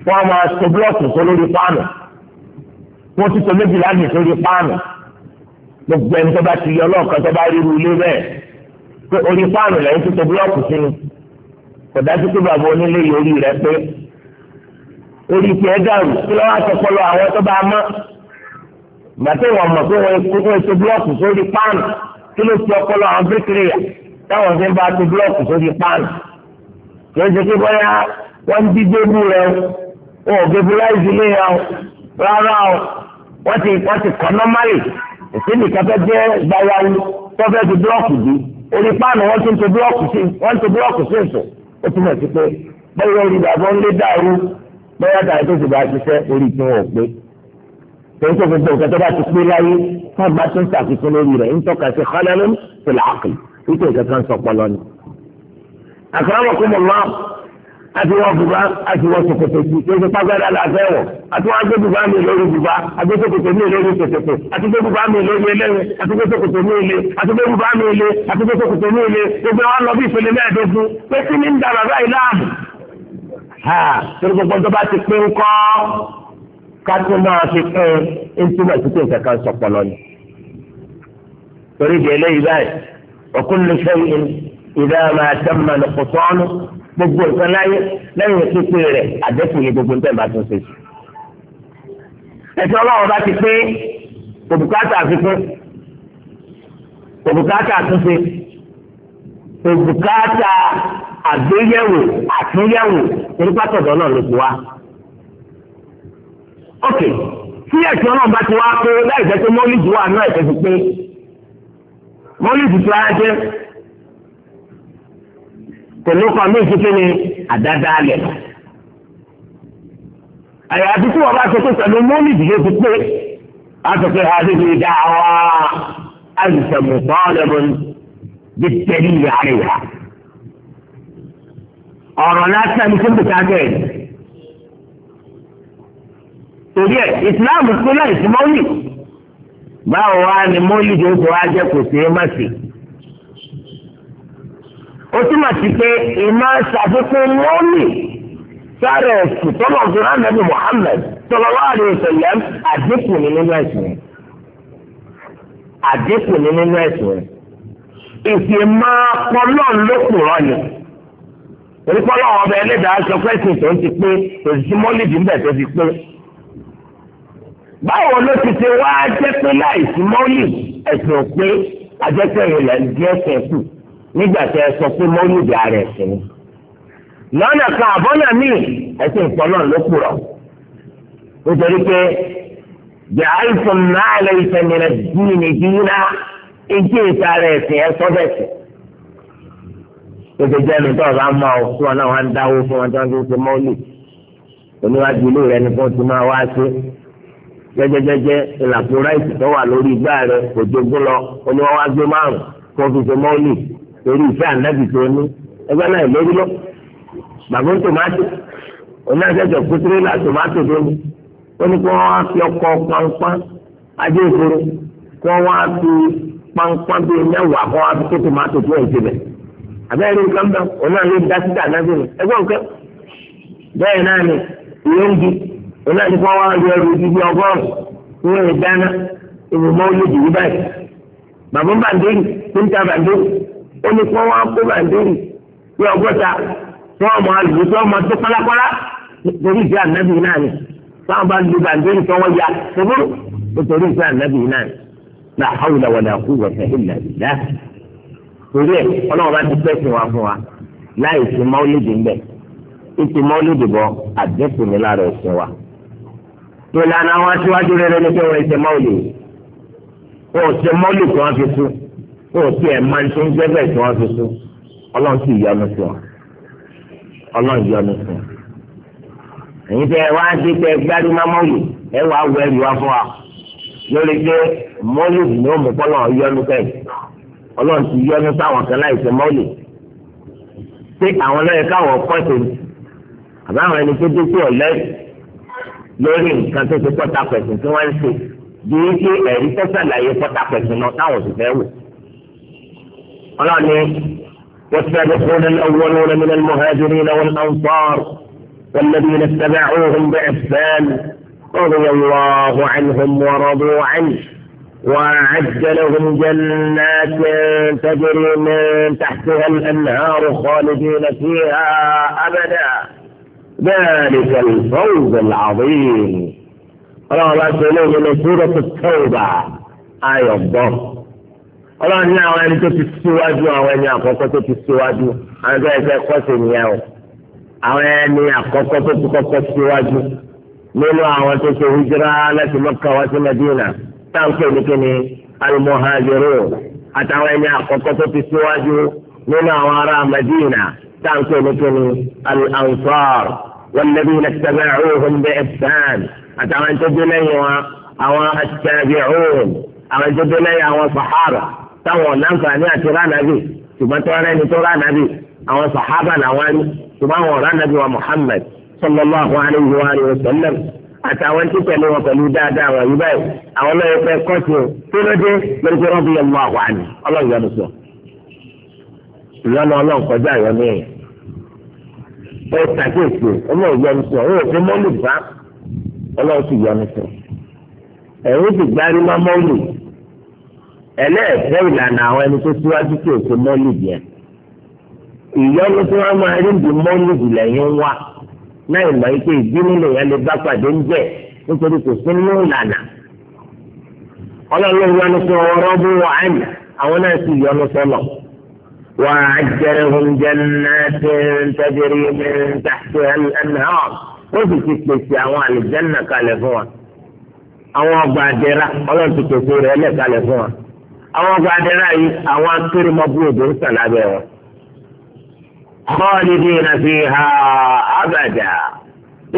wọ́n máa so blọọkù tó lórí páànù wọ́n ti so méjì láàyè tó lórí páànù gbogbo ẹni tó bá ti yọ ọlọ́ọ̀kan tó bá rí irú ilé bẹ́ẹ̀ pé orí páànù lẹ́yìn tó so blọọkù sínú kò dájú pé bàbá onílé yìí orí rẹ̀ pé orí tiẹ̀ dàrú kí lọ́wọ́ àtọ́kọ́lọ́ àwọn tó bá mọ́ gbàtẹ́ wọn mọ̀ pé wọ́n kó wọ́n ṣe búlọ́ọ̀kù sórí páànù kí ló ti ọpọlọ àwọn bíríkìlìyà táwọn fi ń bá ti búlọ́ọ̀kù sórí páànù kí ó ṣe pé bóyá wọ́n ń dídé bú rẹ o ò gbé búláìsì lé ya o rárá o wọ́n ti wọ́n ti kọ́ nọ́málì ìsinmi kan fẹ́ jẹ́ gbayawu tó fẹ́ ti búlọ́ọ̀kù bí orí páànù wọ́n ti ń to búlọ́ọ̀kù sí wọ́n ti búlọ́ọ̀kù sí èso ó túmọ̀ sí pé bóyá orí bàbá ń lé dàrú bóyá dàrú tó ti bá kò ń sọ gbogbo nǹkan tó bá ti pé láyé wọn bá tún ṣàfikún lórí rẹ̀ ń tọ́ka sí kọ́lẹ́lún fìlà ákì wípé nǹkan kan sọ pọlọ ni. àkàràmọ̀ kó mọ̀ máa àtiwọ́ bùbá àtiwọ́ ṣòkòtò sí lóṣù pàgádà làbẹ́ wọ̀ àtiwọ́ agbé bùbá mi lórí bùbá agbé ṣòkòtò mi lórí ṣòkòtò àtigbé bùbá mi lórí ẹlẹ́rìn àtigbé ṣòkòtò mi ilé àtigbé bùbá mi ilé àtigbé ṣòkòtò mi ilé gbogbo wa lọ bí ìpele mẹ́ẹ̀ẹ́dógún pé kí ni ń dàgbà báyìí láàmú. torí gbogbo tó bá ti pé kọ́ kátó máa fi kún un túmọ̀ sí pé nǹkan kan sọ̀pọ̀ lọ ni. torí di eléyìí báyìí ọ̀kún lè fẹ́ ìdá máa tẹ́mà ní kòtò ọ̀nù gbogbo nǹkan láyé lẹ́yìn pípé rẹ̀ àdẹ́kùn ní gbogbo nǹkan ìbátan ṣe. ẹ̀sìn ọlọ́run bá ti pé òbúkátà àfikún òbúkátà àtúnṣe òbúkátà àgbéyẹ̀wò àtúnyẹ̀wò torí náà ló ti wá ok tí ẹ̀sìn ọlọ́run bá ti wá pé láì jẹ́ pé mọ́lìdì wà náà ẹ̀sẹ̀ ti pé mọ́lìdì tó ara jẹ́ pẹ̀lú kan ní ìṣẹ́kẹ́ ni àdáda alẹ̀ ẹ̀yà àti tí wọ́n bá sọ pé pẹ̀lú mọ́lìdì yóò ti pé a sọ pé wa àìsàn mọ̀tọ́lẹ́mọ̀ bí tẹ̀lé ìyá rẹ̀ wá ọ̀rọ̀ lásán ní kí yìí torí ẹ̀ ìsìláàmù sílẹ̀ ìsìmọ́lì báwo wá ni mọ́lì tó ń sọ wá jẹ́ kò sí é má sí. ó túmọ̀ sí pé ìmọ̀ ṣàfikún mọ́lì sáré ẹ̀sùn tọ́lọ̀ ọ̀gbìn ánàbì Muhammad sallallahu alaihi wasallam àdínkù ní nínú ẹ̀sìn rẹ̀ àdínkù ní nínú ẹ̀sìn rẹ̀ ìsìn máa pọ́nlọ́ lókùn rọ́ ni onípọ́nlọ́ ọbẹ̀ ẹlẹ́dàá sọ pé ẹ̀sìn tó ń ti pé òṣìṣẹ́ mọ́lì dì báwo ló ti ṣe wá jẹ́ pé láìsí mọ́lì ẹ̀sìn òpé ajẹ́sẹ̀yìn lẹ́ díẹ̀ sẹ́kù nígbà tẹ́ ẹ sọ pé mọ́lì di ara ẹ̀sìn ni. lọ́nà kan àbọ́nà míì ẹ̀sìn ìpọ́nà ló kúrọ̀ nítorí pé jàǹfọ̀n náà lè sẹ́mìnà dínì dínà ìdí ìta ara ẹ̀sìn ẹ̀ sọ́ bẹ́ẹ̀ sẹ́. gbẹgbẹjẹ ẹni tó ọba máa ọ fún ọ náà wọn dáwó fún ọjọ́ tó ń ṣe mọ́lì oníwájú ilé rẹ ni fún ti máa wá sí jẹjẹjẹjẹ ìlàpò ráìsì tó wà lórí igbá rẹ kò jogún lọ oní wọn wá gbé márùn kó fi ṣe mọ́ọ̀lì torí ìfẹ́ ànábì tó ní ẹgbẹ́ náà lórí lọ. bàbá ń tòmátì oníṣẹ́jọ kú tirẹ́là tòmátì tó ní ó ní kí wọ́n wá fi ọkọ̀ pánpán ajé ìforo kí wọ́n wá fi pánpán bíi mẹ́wàá kó wá fi kó tòmátì tó ẹ̀ síbẹ̀. àbẹ́rẹ́ nǹkan bẹ́ẹ̀ oní òun náà ní kí wọ́n wá lu ẹrù ibi ọgọ́rùn ní ìwé ìdáná ìwé mọ́lẹ́dì yìí báyìí bàbá bàndérì tó ń ta bàndérì ó ní kí wọ́n wá kó bàndérì ní ọgọ́ta tí wọ́n mọ àlùbí tí wọ́n mọ tó pálápálá nítorí ìfẹ́ ànábì náà ni táwọn bá lu bàndérì tí wọ́n ya kúrú nítorí ìfẹ́ ànábì náà ni la hawla wala quwwata illa billah torí ẹ ọlọ́run bá ti pẹ́sìn wa fún wa láì sí mọ́lẹ́dì ń bẹ̀ ètò mọ́lẹ́dì bọ́ àdẹ́kùnrin lára ẹ̀sìn wa ìlànà àwọn aṣíwájú rere ni pé wọ́n ṣe mọ́ọ̀lì wọ́n ṣe mọ́ọ̀lì tí wọ́n fi sùn wọ́n ṣe ẹ̀ma tó ń jẹ́ bẹ́ẹ̀ tí wọ́n fi sùn ọlọ́run sì yọ́nú sí wọn ọlọ́run yọ́nú sí wọn. èyí tẹ ẹ wá dé tẹ gbádùn má mọ́ọ̀lì ẹ wàá wọ ẹrù wá fún wa lórí pé mọ́ọ̀lì ni ó mú kọ́lọ́ yọ́nú kẹ́yì ọlọ́run sì yọ́nú sáwọn kan láì ṣe mọ́ọ̀lì pé àwọn lọ́yẹ káwọn pọ̀ sí àbáwọn ẹni tó dé sí ọ̀lẹ́yìn lórí nǹkan tó ti pọ́ta pẹ̀sìn tí wọ́n ń ṣe bí i ṣe ẹ̀rí tó ṣàlàyé pọ́ta pẹ̀sìn náà táwọn sì fẹ́ wò. ọlọ́ni والسابقون الأولون من المهاجرين والأنصار والذين اتبعوهم بإحسان رضي الله عنهم ورضوا عنه وأعد لهم جنات تجري من تحتها الأنهار خالدين فيها أبدا ذلك الفوز العظيم ọlọ́run bá ṣe olóògbé lọ sórí tọ́ọ̀bà ayọ̀ gbọ́ ọlọ́run ní àwọn ẹni tó ti síwájú àwọn ẹni àkọ́kọ́ tó ti síwájú àwọn ẹgbẹ́ ẹgbẹ́ kọ́sẹ̀ nìyẹn o àwọn ẹni àkọ́kọ́ tó ti kọ́kọ́ síwájú nínú àwọn tó ṣe hijira láti Mẹ́kà wá sí Mẹ́dínà táǹkì nìkíni almuhajirun àtàwọn ẹni àkọ́kọ́ tó ti síwájú nínú àwọn ará Mẹ́dínà táǹkì nìkíni al-ansar wal-ladhina ittaba'uhum bi ihsan àtàwọn tó dé lẹ́yìn wọn àwọn at-tabi'un àwọn tó dé lẹ́yìn àwọn sàhábà táwọn ọ̀nàǹfààní àti ránàbì ṣùgbọ́n tó rẹ́ni tó ránàbì àwọn sàhábà làwọn rí ṣùgbọ́n àwọn ránàbì wa Muhammad sallallahu alayhi wa alihi wa sallam àtàwọn tí pẹ̀lú wọn pẹ̀lú dáadáa wọn yìí báyìí àwọn lọ́yọ̀ pẹ́ kọ́ọ̀tù tó ló dé lórí pé wọ́n fi yẹ mọ́ àwọn àná ọlọ́run yọ ẹ ṣàkíyèsí ọlọ́run yọ nísọ ẹ òfin mọ́lù bá ọlọ́run sì yọ nísọ ẹ̀rú sì gbárí má mọ́lù ẹlẹ́ẹ̀fẹ́ ìlànà àwọn ẹni tó síwájú kí òfin mọ́lù yẹn ìyọnu tí wọ́n máa rí lẹ́yìn wá náà ìmọ̀ ìbínú lèyàn lè bá pàdé ń nítorí kò sí nínú ìlànà ọlọ́run yọ nísọ ọ̀rọ̀ ẹ̀mí àwọn náà sì وأعد لهم جنات تجري من تحتها الأنهار وفي كتلة أعوان الجنة كاليفورنيا àwọn ọgbà àdẹ́rà ọlọ́run ti pèsè rẹ̀ ẹlẹ́kalẹ̀ fún wa àwọn ọgbà àdẹ́rà yìí àwọn akérèmọ́bù odò ń sàn lábẹ́ wọn. khalidina fiha abada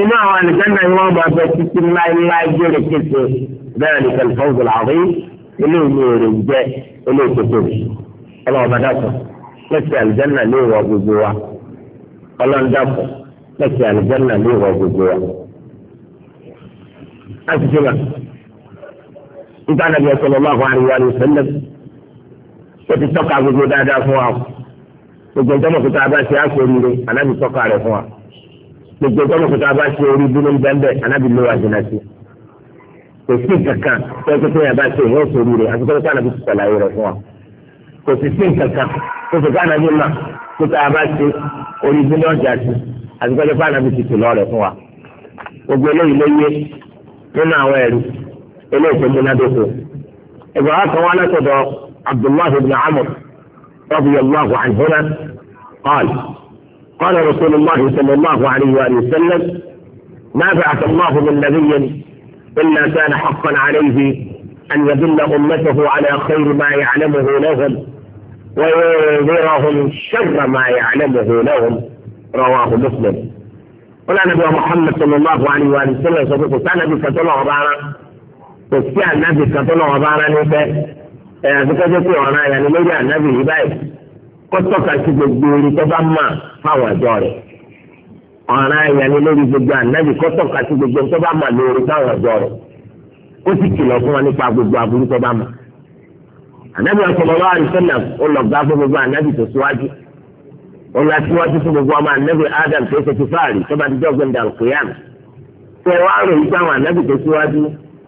inú àwọn àlùjáná yìí wọ́n bá fẹ́ títí láéláé jẹ́rìí kéṣe bẹ́ẹ̀ ni kẹlifọ́ǹsì làwọn yìí ilé ìlú èrè ń jẹ́ ilé ìkótó ọlọ́run bá dàtọ̀ mẹsì àlùjáná lè wọ gbogbo wa ọlọ́ndàpọ̀ mẹsì àlùjáná lè wọ gbogbo wa. a ti ṣe ma níta nàbí ọ̀sán ọmọ àwọn àríwá ni sẹ́lẹ̀ ó ti tọ́ka gbogbo dáadáa fún wa gbogbo ìjọba kúta bá ṣe àkóríire anábì tọ́ka rẹ̀ fún wa gbogbo ìjọba bá ṣe orí dúró ń bẹ́ẹ̀ anábì ló wà jìnnà sí kò sí kankan tó ẹgbẹ́ tó yẹ bá ṣe ìwé òṣèlú rẹ̀ àti tó kọ́ anábì tọ́ka rẹ̀ fún wa. kò sì sí nǹkan kan kó sì káàná bí mà kó tá a bá ṣe orí bílíọ̀nù jáde àti kọ́jọ́ pé ànábi ti tìlọ́ rẹ̀ fún wa. gbogbo eléyìí ló yé nínú àwọn ẹ̀rí eléyìí tó múnádóko. ìbára kan wá látọ̀dọ̀ abdullahi ibn amr radiyallahu anhuma qala qala rasulullah sallallahu alayhi wa sallam ma ba'atha allah min nabiyyin illa kana haqqan alayhi an yadilla ummatahu ala khayri ma ya'lamuhu lahum وينذرهم شر ما يعلمه لهم رواه مسلم ولا نبي محمد صلى الله عليه وآله وسلم صديق كان نبي كتولا وبارا وكي النبي كتولا وبارا نبي فكذا في وانا يعني ليه النبي يباي كتوكا تجدوري تبما فهو جوري ọ̀ràn ẹ̀yà ni lórí gbogbo ànábì kọ́tọ̀ kàti gbogbo tó bá mà lórí táwọn ọ̀dọ́ rẹ̀ ó sì ànábì sallallahu alaihi wasallam ó lọ gbá fún gbogbo ànábì tó síwájú ó lọ síwájú fún gbogbo ọmọ ànábì Adam tó ṣe ti fáàrí tó bá ti jọ́ gbẹ̀ndà òkèèyàn tó wá rò yí fáwọn ànábì tó síwájú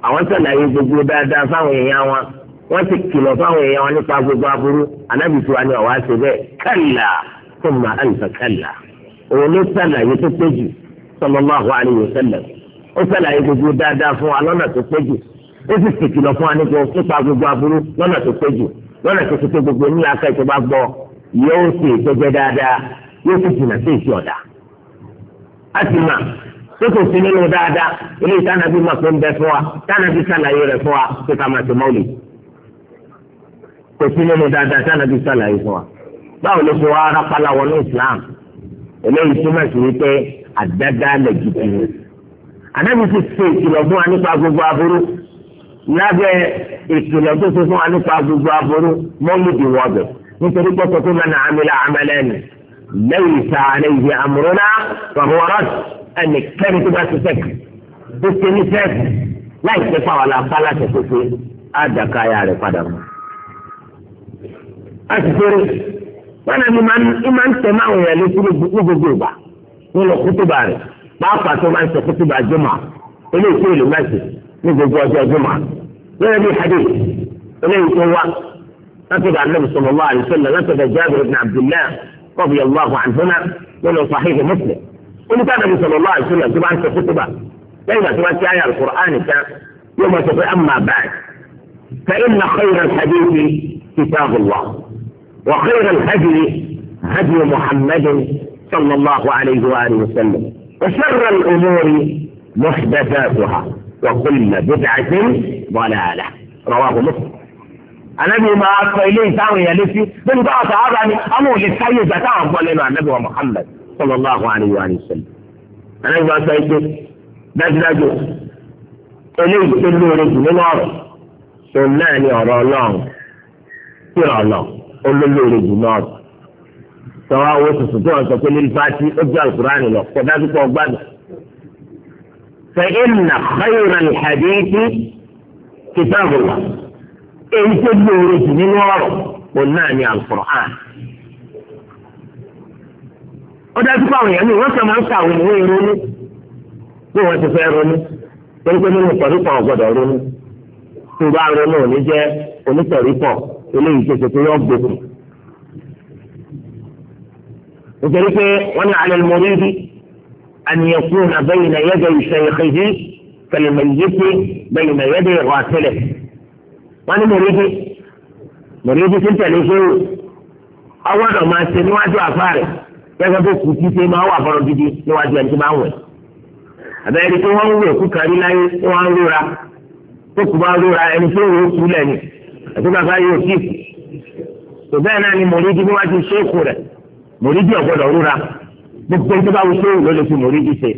àwọn sàlàyé gbogbo dáadáa fáwọn èèyàn wọn wọ́n ti kìlọ̀ fáwọn èèyàn wọn nípa gbogbo aburú ànábì tó wá ní ọ̀wá ṣe bẹ́ẹ̀ kalla ó sì ṣèkìlọ̀ fún wa nípa gbogbo aburú lọ́nà tó pé jù lọ́nà tó pé gbogbo ní aka ìjọba gbọ́ yóò ṣe ìtọ́jẹ́ dáadáa yóò sì jìnnà sí ìṣe ọ̀dà. a ti mà tó kò sí nínú dáadáa ilé ìtànàbí mà pé ń bẹ fún wa tànàbí sàlàyé rẹ̀ fún wa pé ká máa ṣe mọ́lì. kò sí nínú dáadáa tànàbí sàlàyé fún wa. báwo ló fi wá arápálá wọnú Islam eléyìí túmọ̀ sí wípé àdáda lẹ̀ jù kìíní. ànábi ti ṣe ìkìlọ̀ fún wa nípa gbogbo aburú lábẹ́ ìkìlọ̀ tó ṣe fún wa nípa gbogbo aburú mọ́lìdì wọ́ọ̀bẹ̀ nítorí pé kókó mẹ́ta àmìlà àmàlẹ́nu lẹ́yìn ìsàlẹ̀ ìdí àmúrúná fàbọ̀rọ̀ na tó bá ti sẹ́kì tó ṣe ní sẹ́kì láì pẹ́ fáwọn aláǹfà láti pèsè àdàkáyà rẹ̀ padà mọ́. a ti wọn ń tẹ̀ máa gbogbo ìgbà nínú kútùbà rẹ̀ ní gbogbo ọjọ́ ìjọba lórí bí hadith eléyìí tó wá látọ̀dọ̀ anabi sallallahu alaihi wasallam látọ̀dọ̀ jábìrì ibn abdullah radiyallahu anhuma nínú sahihi muslim oníkà anabi sallallahu alaihi wasallam tó bá ń sọ kútùbà lẹ́yìn àti wá sí ayé alukur'an kan yóò máa sọ pé amma ba'd fa inna khayra al-hadith kitabullah wa khayra al-hadi hadi muhammad sallallahu alaihi wa alihi wasallam wa sharra al-umuri محدثاتها وكل بدعة ضلالة رواه مسلم النبي ما قيلين تاو يا لسي من بعض عظمي أمو للسي زكاة ضلنا النبي محمد صلى الله عليه وآله وسلم أنا ما قيلت نجنجو إلي إلي رجل نار سناني أرى الله ترى الله قل له رجل نار سواء وصف سطوع سطوع للفاتي أجل القرآن الله فدازك وقبادك فإن خير الحديث كتاب الله إن تدور من وراء قلنا القرآن ọdọ àti fáwọn èèyàn mi wọn kàn máa ń kàwé ìwé ìrònú bí wọn ti fẹ́ ronú torí pé nínú ìtọ̀rípọ̀ ọ̀gbọ́dọ̀ ronú tó bá ronú òní jẹ́ onítọ̀rípọ̀ eléyìí tó ṣètò yọ gbòkù. nítorí pé wọ́n ní alẹ́ mọ̀rí rí أن يكون بين يدي شيخه كالميت بين يدي غاسله وأنا مريدي مريدي كنت لشيء أول ما سنوات أفارق gẹ́gẹ́ bó kù tí ṣe máa wà fọ́rọ̀ gidi níwájú ẹni tí máa ń wẹ̀. àbẹ́rẹ́ tí wọ́n ń wẹ̀ kú kárí láyé tí wọ́n ń rora tó kù bá rora ẹni tó ó kú lẹ́nu àti bàbá yóò kí kù. náà ni mòrídìí níwájú ṣéèkù rẹ̀ mòrídìí ọ̀gbọ́dọ̀ rora gbogbo ẹni tó bá wù sóhùn ló lè fi mòrídìí ṣe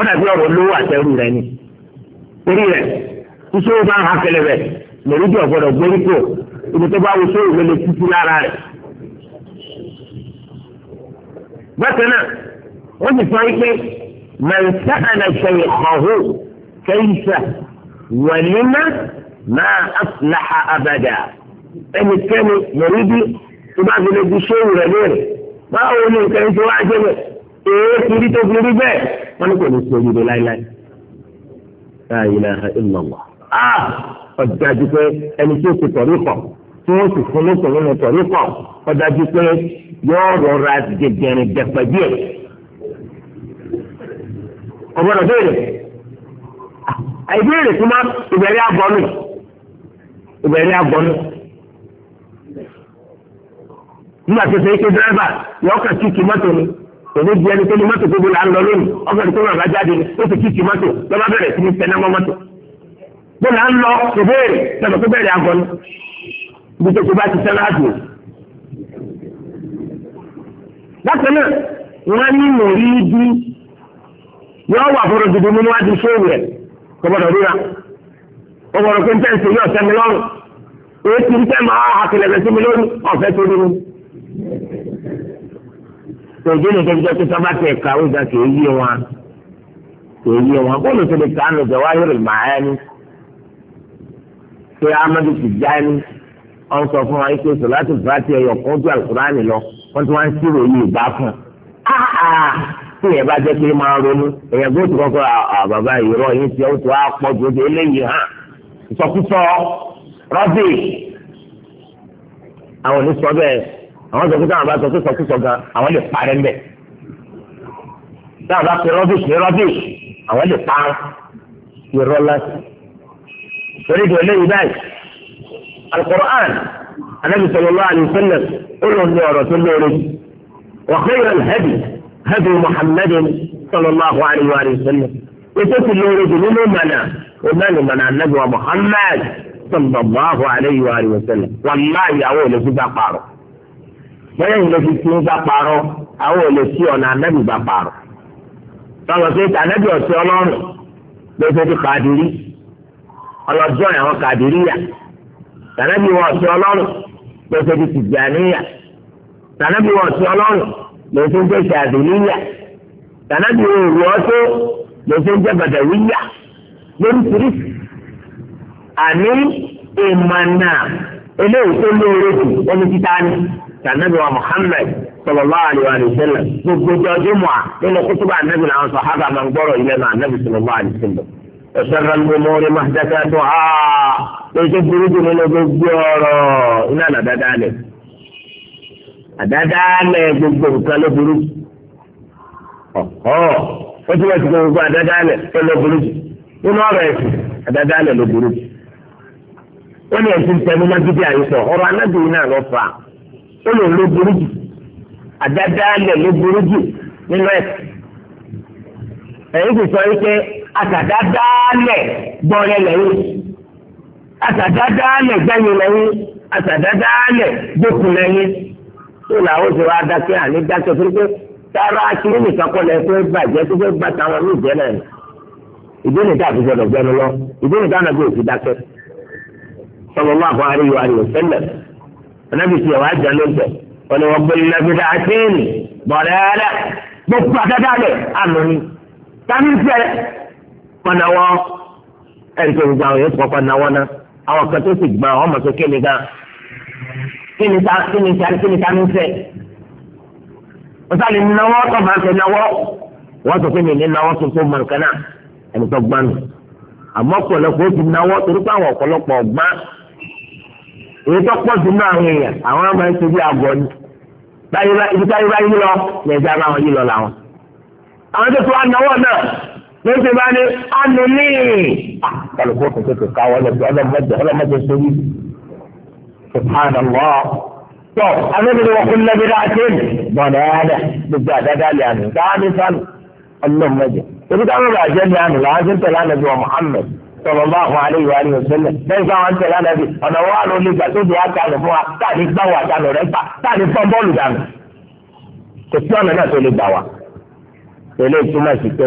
ó dàbí ọ̀rọ̀ lówó àtẹrù rẹ ni torí rẹ iṣẹ́ ó máa ń ha kẹlẹ̀bẹ̀ mòrídìí ọ̀gbọ́dọ̀ gbórí kò ibi tó bá wù sóhùn ló lè títí lára rẹ. bákan náà wọ́n ti sọ pé mẹ̀nsá ànàṣẹ̀yẹ kọ̀ọ̀hó kẹ́yìísà wẹ̀límà máa aflaha abàdà ẹnikẹ́ni mòrídìí tó bá fi lè fi sóhùn rẹ lóore báwo ni nǹkan tó wá jẹ́ bẹ́ẹ̀ èé ti rí tó fi rí bẹ́ẹ̀ wọ́n ní kò ní sí oríire láíláí. la ilaha illallah a ọ̀dájú pé ẹni tí ó ti tọ̀rí pọ̀ tí wọ́n sì fún lóṣù nínú tọ̀rí pọ̀ ọ̀dájú pé yóò rọra dẹ̀dẹ̀rìn dẹ̀pẹ̀ díẹ̀. ọ̀gbọ́dọ̀ béèrè àìbéèrè tí wọ́n ìbẹ̀rẹ̀ àgbọ̀nù ìbẹ̀rẹ̀ àgbọ̀nù nígbà tó ṣe é ṣe dírẹ́fà yọ̀ọ́kà kò ní di ẹni tó ní mọ́tò tó bí la ń lọ lónìí ọgbẹ́ni tó ràn bá jáde ó ti kíkì mọ́tò lọ́ba bẹ̀rẹ̀ sí ní tẹ̀ náà mọ́tò. bó la ń lọ kò béèrè sọ̀rọ̀ tó bẹ̀rẹ̀ àgọ́ ni ibi tó kó bá ti sẹ́lá àdùn. bákan náà wọ́n ní mòrí bí yọ wà fún rògbòdì mú níwájú sóòwù rẹ̀ kò gbọdọ̀ ríra ó gbọdọ̀ pé ń tẹ̀sí yóò sẹ́mi lọ́rùn èyí ti ń tẹ́ máa àtìlẹ́gbẹ̀sí mi lórí ọ̀fẹ́ tó rí mi tó ìdí nìkan jẹ́ pé sábà tẹ̀ kàwé gan kì í yé wọn kì í yé wọn bóòlù tó lè kà á nù Jawahirul Ma'ani pé Amadu Tijani ọ̀n sọ fún wa ike sọ̀láṣì fúláṣì ẹ̀yọ̀ kan ojú àlùkùránì lọ wọ́n ti wá ń ṣírò yìí ìgbà fún un. tí bá jẹ́ pé máa ronú èèyàn gbọ́dọ̀ kọ́kọ́ àbàbà ìrọ̀ yìí ti ọ̀tún á pọ̀ ju ojú eléyìí hàn ìsọkúsọ rọ́bì àwọn onísọ bẹ́ẹ̀ àwọn sọ pé táwọn bá sọ pé sọkúsọ gan àwọn lè parẹ́ ń bẹ̀ táwọn bá pe rọ́bìṣì ní rọ́bìṣì àwọn lè parẹ́ irọ́ láti torí ìdè olóyè báyìí alukur'an anabi sallallahu alayhi wa sallam olóòní ọ̀rọ̀ tó lóore wa khayra al-hadi hadi muhammadin sallallahu alayhi wa sallam ètò ti lóore jù nínú mọ̀nà onáni mọ̀nà anabi wa muhammad sallallahu alayhi wa sallam wàlláhi àwọn olùsúgbà pààrọ̀. bẹ́ẹ̀ yìí ló fi tí ń bá àwọn ò lè sí ọ̀nà anábì bá parọ́ sọ̀rọ̀ tànábì ọ̀sẹ̀ ọlọ́run ló fi ti kàdírí ọlọ́jọ́ àwọn kàdírí yà tànábì wọn ọ̀sẹ̀ ọlọ́run ló fi ti tìjàníyà tànábì wọn ọ̀sẹ̀ ọlọ́run ló fi ń jẹ́ tànábì òru ló fi ń eléyìí tó lóore jù ẹni títà ni sànàbí wa Muhammad sallallahu alaihi wa sallam gbogbo jọjú mu a nínú kútubà ànábì náà sọ hábà máa ń gbọ́rọ̀ ilé náà ànábì sallallahu alaihi wa sallam ẹsẹrẹ lomori mahdaka tó a ètò burúkú nínú gbogbo ọ̀rọ̀ iná àdáadáa lẹ àdáadáa lẹ gbogbo nǹkan ló burú ọ̀họ́ ó ti wá sí gbogbo àdáadáa lẹ ló burú nínú ọ̀rọ̀ ẹ̀sìn àdáadáa lẹ ló burú jù. wọ́n ní ẹ̀sìn tẹnu mágídí àyíkọ́ ọ̀rọ̀ anábìrin náà lọ fà ó lè ló burú jù àdáda alẹ̀ ló burú jù nínú ẹ̀sìn ẹ̀yìn ti sọ wípé àtàdáda alẹ̀ gbọ́rẹ́ lẹ́yìn àtàdáda alẹ̀ gbẹ́yìn lẹ́yìn àtàdáda alẹ̀ gbókun lẹ́yìn tó làwọn ti wá dákẹ́ àní dákẹ́ pé nìkan kọ́ tó sallallahu alaihi wa sallam anábì tí ìyàwó àjà ló ń tẹ̀ wọ́n ní wọ́n gbé ilé bí dáa téèni bọ̀dẹ̀ ẹ̀rẹ́ gbogbo àdáda rẹ̀ àná ni tani fẹ́ pọnawọ́ ẹ̀rí tó gbogbo àwọn yóò fọ́ pọnawọ́ náà àwọn kan tó sì gbọ́n àwọn ọmọ tó kéde gan kíni ta kíni ta kíni ta ní fẹ́ wọ́n sáré náwó tó máa fẹ́ náwó wọ́n sọ pé mi ní náwó tuntun mọ̀ nǹkan náà ẹni tó gbọ́n nù àmọ́ ọ̀pọ̀lọpọ̀ ó ti náwó torí pé àwọn ọ̀pọ̀lọpọ̀ ọ̀gbọ́n èyí tó pọ̀ jù náà àwọn èèyàn àwọn ọmọ ẹ̀ ti bí àgọ́ ni ibi táyé bá yí lọ lẹ́jà bá wọn yí lọ làwọn. àwọn tó tó wá náwó náà ló ti bá ní ọ̀nù ní. Ah, kálukú kò tètè káwọ́ ọlọ́mọdé ọlọ́mọdé sórí. subhanallah. tó alóbìnrin wọn kún lẹ́bi náà ṣe é bọ̀dọ̀ ẹ̀dá gbogbo àdáda lè àná dáadé sánú ọlọ́mọdé. ebi táwọn bàjẹ́ ní àná làwọn ti ń tẹ̀lé àná sallallahu alaihi wa alihi wasallam lẹ́yìn fún àwọn tẹ̀lé ànábì ọ̀nà wa ló lè gbà tó di àkàlẹ̀ fún wa táàní gbà wà dànù rẹ̀ gbà táàní fọ́n bọ́ọ̀lù dànù kò sí ọ̀nà náà tó lè gbà wá. tẹ̀lé ìtumọ̀ sí pé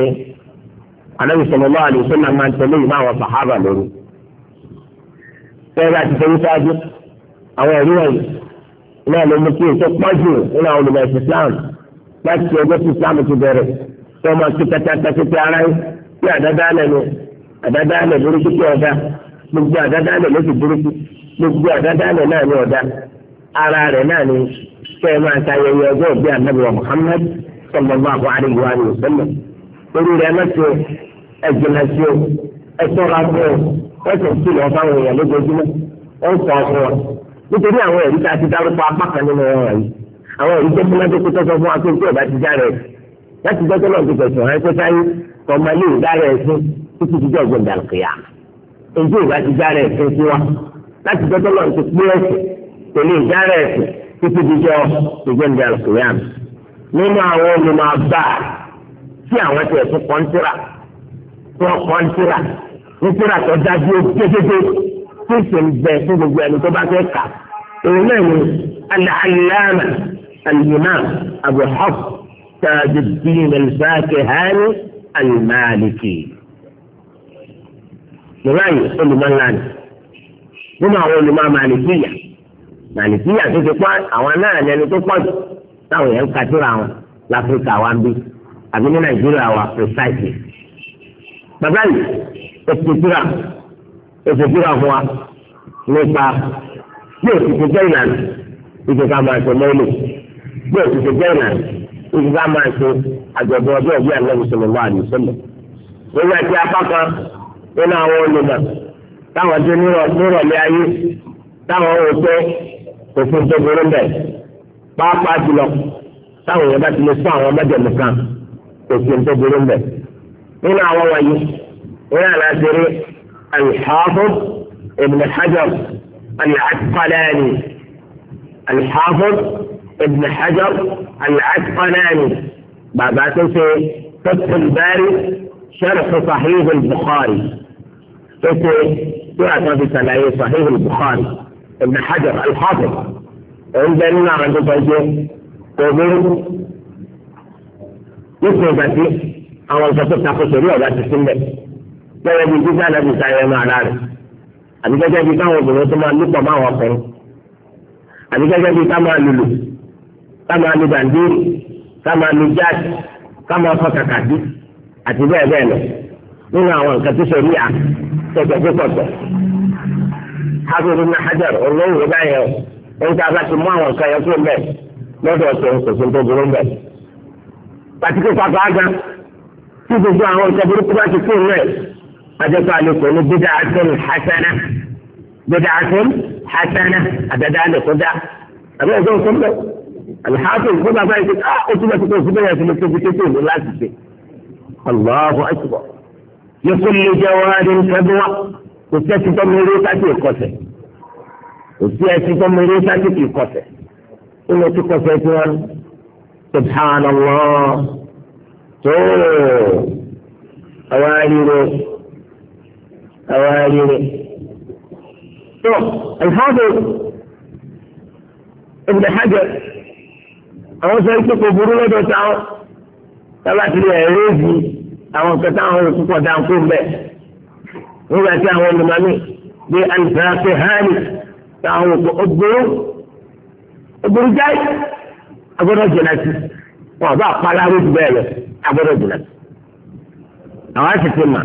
ànábì sallallahu alaihi wasallam máa ń tẹ̀lé ìmọ̀ àwọn sàhábà lórí. bẹ́ẹ̀ bá ti tẹ̀lé sáájú àwọn ẹ̀rí wọ̀nyí náà ló mú kí èso pọ́jù nínú àwọn olùmọ̀ àdáda burúkú tí ọ̀dà gbogbo àdáda ló ti burúkú gbogbo àdáda náà ní ọ̀dà ara rẹ̀ náà ní kẹ́ máa ta ayẹyẹ ọjọ́ ìbí ànábì wa Muhammad sallallahu alaihi wa sallam orí rẹ̀ mẹ́tò ẹ̀jìnà sí o ẹ̀tọ́ra fún o wọ́n sì ń lọ fáwọn èèyàn lójoojúmọ́ wọ́n sọ fún wọn nítorí àwọn ẹ̀rí tá a ti dárúkọ apá kan nínú wọn wọ̀nyí àwọn ẹ̀rí tó kúnlẹ́ tó kú tọ́sọ fún wa ọ̀dà ti já rẹ̀ láti dọ́kẹ́ náà ti tẹ̀sán ẹ̀ títí di ọjọ́ ìdàlùkìyà èyí ò bá ti dára ẹ̀sìn sí wa láti dọ́tọ́ lọ ti pín ẹ̀sìn pẹ̀lú ìdára ẹ̀sìn títí di ọjọ́ ìdàlùkìyà nínú àwọn olùmọ̀ àbá tí àwọn ti ẹ̀sìn kọ́ńtìrà tí kọ́ńtìrà nítorí àtọ́jáde gégége tó sì ń bẹ fún gbogbo ẹni tó bá fẹ́ kà òun náà ni alàlámà al-imam abu hafs tajudeen al-fakihani al lọ́láyè olùmọ̀lánì nínú àwọn olùmọ̀ màlìkíyà màlìkíyà tó ti pọ́ àwọn náà lẹni tó pọ̀ jù táwọn èèyàn ń katira wọn láfíríkà wa ń bí àbí ní nàìjíríà wa precisely. bàbá yìí ètùtùrà ètùtùrà fún wa nípa bí òtútù jẹ́ ìlànà ìjọba máa ṣe mọ́lẹ̀ bí òtútù jẹ́ ìjọba máa ṣe àjọ̀dún ọjọ́ ìbí àlọ́ ìṣẹ̀lẹ̀ wà ní ìṣẹ̀lẹ̀. nígbà tí apá kan nínú àwọn olùmọ̀ táwọn tó nírọ̀lẹ́ ayé táwọn wò pé òfin tó burú bẹ̀ pàápàá jùlọ táwọn èèyàn bá ti lè fún àwọn mẹ́jọ nìkan òfin tó burú bẹ̀ nínú àwọn wọ̀nyí wọ́n yàrá ṣeré al-Hafiz Ibn Hajar al-Asqalani al-Hafiz bàbá tó ṣe Fathul Bari. شرح صحيح البخاري تقول في سلاية صحيح البخاري ابن حجر الحافظ عند النار عند طيب قبول يسمى باتي أول أن تقول تاخذ شريعة تسمع، تسمى لا يجي جزء لا يسعى ما على àbí gẹ́gẹ́ bíi táwọn obìnrin tó máa lùpọ̀ máa wọ́n fún un àbí gẹ́gẹ́ bíi ká máa lùlù ká máa lu bàndéèrè ká máa àti bẹ́ẹ̀ bẹ́ẹ̀ lọ nínú àwọn nǹkan tó sọ̀rí à tọ̀tọ̀ tó tọ̀tọ̀ hábìrì ní hajar olóhùn báyẹn o ń ta bá ti mú àwọn nǹkan yẹn kúrò mbẹ lọ́dọ̀ ọ̀sẹ̀ òṣèṣin tó burú mbẹ. pàtíkì pàpà ágá tí gbogbo àwọn nǹkan burúkú bá ti kú rẹ̀ àjẹpọ̀ àlekò ní bídà àtún hasana bídà àtún hasana àdàdà àlekò dá àbẹ́ ẹ̀jẹ̀ òṣèlú alhàtò ìfowópamọ́ àti Allahu akbar yẹsùlẹ jẹwàárí nkẹdùnwá kò sí ẹsìn tó mèrè sáàtì ìkọsẹ̀ kò sí ẹsìn tó mèrè sáàtì ìkọsẹ̀ ìlú ti kọsẹ̀ tí wọn subhanallah tó àwọn arire àwọn arire tó alhadu ibn hajar àwọn sọ ikú kò burú lọ́dọ̀ táwọn tábà ti lè rézi àwọn nǹkan táwọn olùkókò dáńkó ń bẹ̀ nígbà tí àwọn olùmọ̀mí bí alìsàkè hàní táwọn olùkó ọgbóró ọgbóró jáì agbọ́dọ̀ jìnnà sí wọn bá paláró ju bẹ́ẹ̀ lọ agbọ́dọ̀ jìnnà sí. àwọn àti ti mà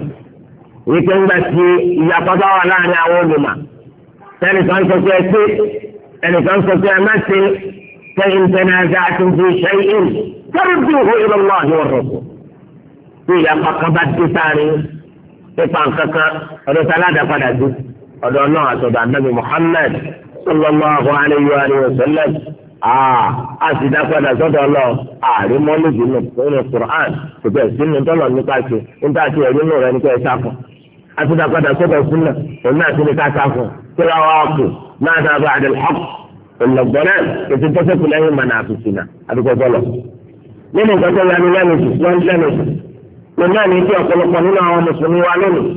wípé ńgbà tí ìyàpá bá wà láàrin àwọn olùmọ̀ tẹnìkan sọ pé ẹ ṣe ẹnìkan sọ pé ẹ má ṣe tẹ ìtẹnazà ترجوه إلى الله والرسول إلى قبضت تساري إفان كك رسالة فلسل ọ̀dọ̀ náà àtọ̀dọ̀ ànábì muhammed sallallahu alayhi wa sallam aa a sì dá padà sọ́dọ̀ lọ ààrẹ mọlẹbi nínú quran kò tẹ sínú tọlọ nípa ṣe níta ti ẹrí nù rẹ nípa ẹsà fún a sì dá padà sọ́dọ̀ súnà òun náà sì ní ká fún kíra wa kù náà dábàá àdìl nínú nǹkan tó lanu lẹ́nu lọ́n lẹ́nu lọ́n náà ní kí ọ̀pọ̀lọpọ̀ nínú àwọn mùsùlùmí wa lónìí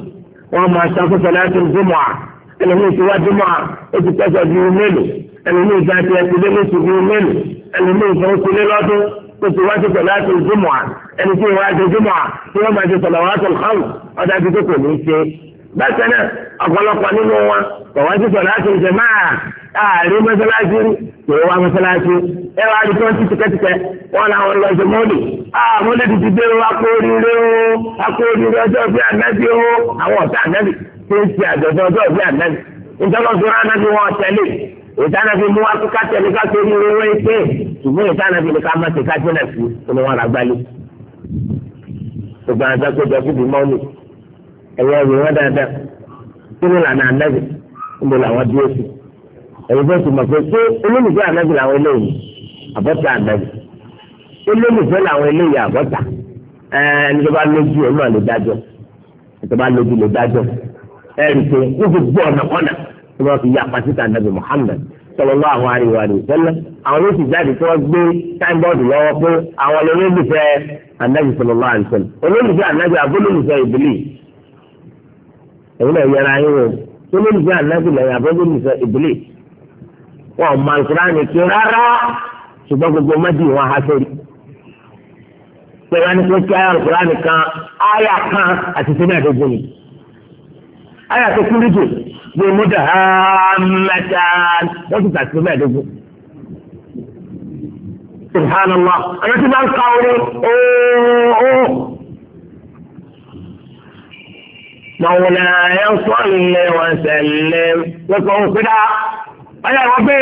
wọ́n máa ṣàkóso láti jùmọ̀ à ẹlòmíì ti wá jùmọ̀ à ó ti pẹ́sẹ̀ ju mélòó ẹlòmíì ga ti ẹtì lé lóṣù ju mélòó ẹlòmíì kan ti lé lọ́dún ó ti wá ṣàkóso láti jùmọ̀ à ẹni tí ìwà àti jùmọ̀ tí wọ́n máa ṣe sọ̀lọ̀ wá bákan náà ọ̀pọ̀lọpọ̀ nínú wa kọ̀wá ti sọ̀rọ̀ láti máa mọ́sálásí wá mọ́sálásí ẹ wá rí tìkẹ́tìkẹ́ wọn làwọn lọ sí mọ́lì àmọ́lẹ̀ ti ti dé o akóríire o akóríire ọjọ́ bí ànábì o àwọn ọ̀tá ànábì tó ń ṣe àjọ̀dún ọjọ́ bí ànábì wọn tẹ̀lé mú wa kíkà tẹ̀lé ká tó ṣùgbọ́n ni ká má ti ká ẹ̀yà ẹ̀yẹ wọn dáadáa kí ni lànà ànábì níbo làwọn dúró sí ẹ̀yẹ fẹ́ sì mọ̀ pé ṣé olólùfẹ́ ànábì làwọn eléyìí àbọ̀tà ànábì olólùfẹ́ làwọn eléyìí àbọ̀tà ẹni tó bá lójú ẹ̀ náà lè dájọ́ ẹni tó bá lójú lè dájọ́ ẹ̀rì pé ní gbogbo ọ̀nà kọ́nà tí wọ́n fi yá pàṣípà ànábì Muhammad sallallahu alaihi wa sallam àwọn ló sì jáde tí wọ́n gbé táìbọ́ọ̀dù lọ́wọ́ pé àwọn olólùfẹ́ ànábì sallallahu alaihi olólùfẹ́ ànábì abólólùfẹ́ ìbílẹ̀ ẹ̀yin náà yẹra yín wò tó ló lùfẹ́ ànábì lẹ́yìn àbẹ́jọ́ lùfẹ́ ìbílẹ̀ wọn mọ àlùkùránì kí rárá ṣùgbọ́n gbogbo mẹ́tì wọn há sórí pẹ̀lú ẹni kí ayé àlùkùránì kan ayé kan àti sínú ẹ̀dógún ni ayé àti kúrìjì ní múdà mẹ́ta dókítà sínú ẹ̀dógún. subhanallah ẹni tí wọ́n ń ka ooo. مولاي صل وسلم وكون كده ọyá ìwọ pé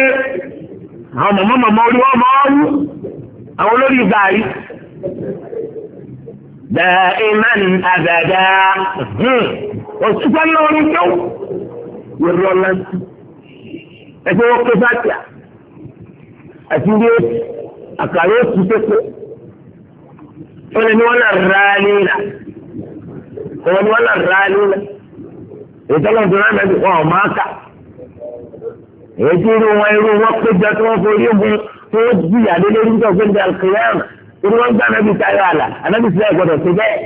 àwọn mọ̀mọ́ mọ̀mọ́ orí wọn máa wú àwọn olórí gàrí bẹ́ẹ̀ iman àgàgà òṣìṣẹ́ ńlá orí tó yẹ̀rọ ọ̀la ẹgbẹ́ wọn pé fàtíà àti ilé àkàrà òṣìṣẹ́ ó lè ní wọn náà rà nílà òun ni wọ́n náà rà á lílẹ̀ ìtọ́lọ́dún náà nàbí wọn ò máa kà èyí irú wọn irú wọn péjọ tí wọ́n forí ogun tí wọ́n jìyà lé lórí nítorí pé ní alkiyama irú wọn gbà nàbí tayọ àlà ànábì sílẹ̀ gbọdọ̀ sí bẹ́ẹ̀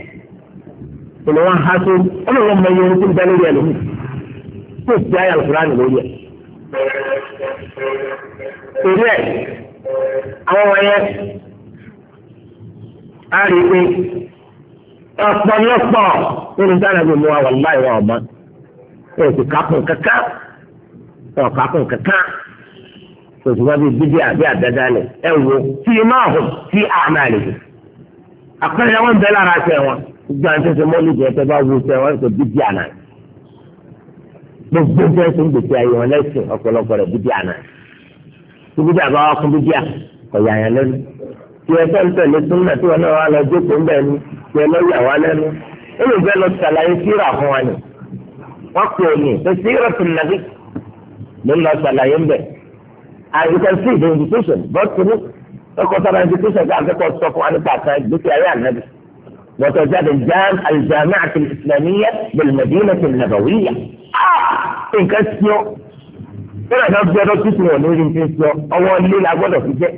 kò lè wọn ha tó wọn lè wọn mọ iye orúkú níta lórí ẹlòmíì tó ti ayé alukuraani lórí ẹ torí ẹ àwọn wọn yẹ ọ̀pọ̀lọpọ̀ olùdáná bí mo wà wà láì wà ọ̀mọ́ ẹ̀ sì kápùn kankan ẹ̀ kápùn kankan òṣùwọ́n bíi bíbí àbí àdádálẹ̀ ẹ̀ wo tí iná ọ̀hún tí àmà lè dùn. àpẹẹrẹ wọn bẹ lára ṣẹ wọn gbogbo àwọn tó ṣe mọ́lùdì ẹ̀tọ́ bá wù ṣẹ wọn kò bíbí àná. gbogbo bẹ́ẹ̀ ń gbèsè ayé wọn lẹ́sìn ọ̀pọ̀lọpọ̀ rẹ̀ bíbí àná. bíbí àbá wa kún bíbí à kọ̀ yà yàn tí ẹ tẹ́lifẹ̀ lé súnmọ̀ tí wọn náà wà lọ jókòó ń bẹ̀ ni tí ẹ lọ́ọ́ yà lẹ́nu ó lè fẹ́ lọ sàlàyé síra fún wa ni wọ́n pè é ní pé síra tó nàbí ló lọ sàlàyé ń bẹ̀ and you can see the institution. but to me ọkọ̀ sábà invitation ká akẹ́kọ̀ọ́ sọ fún wa nípa àkàn ìgbésí ayé ànábì wọ́tọ̀ jáde jam aljamiya ti islamiyya bilmadina ti nabawiyya ah nǹkan sí ọ ó lọ́ọ́ bí ọdọ́ tuntun wọn lórí nǹkan sí ọ ọwọ́ líla gbọ́dọ̀ fi jẹ́.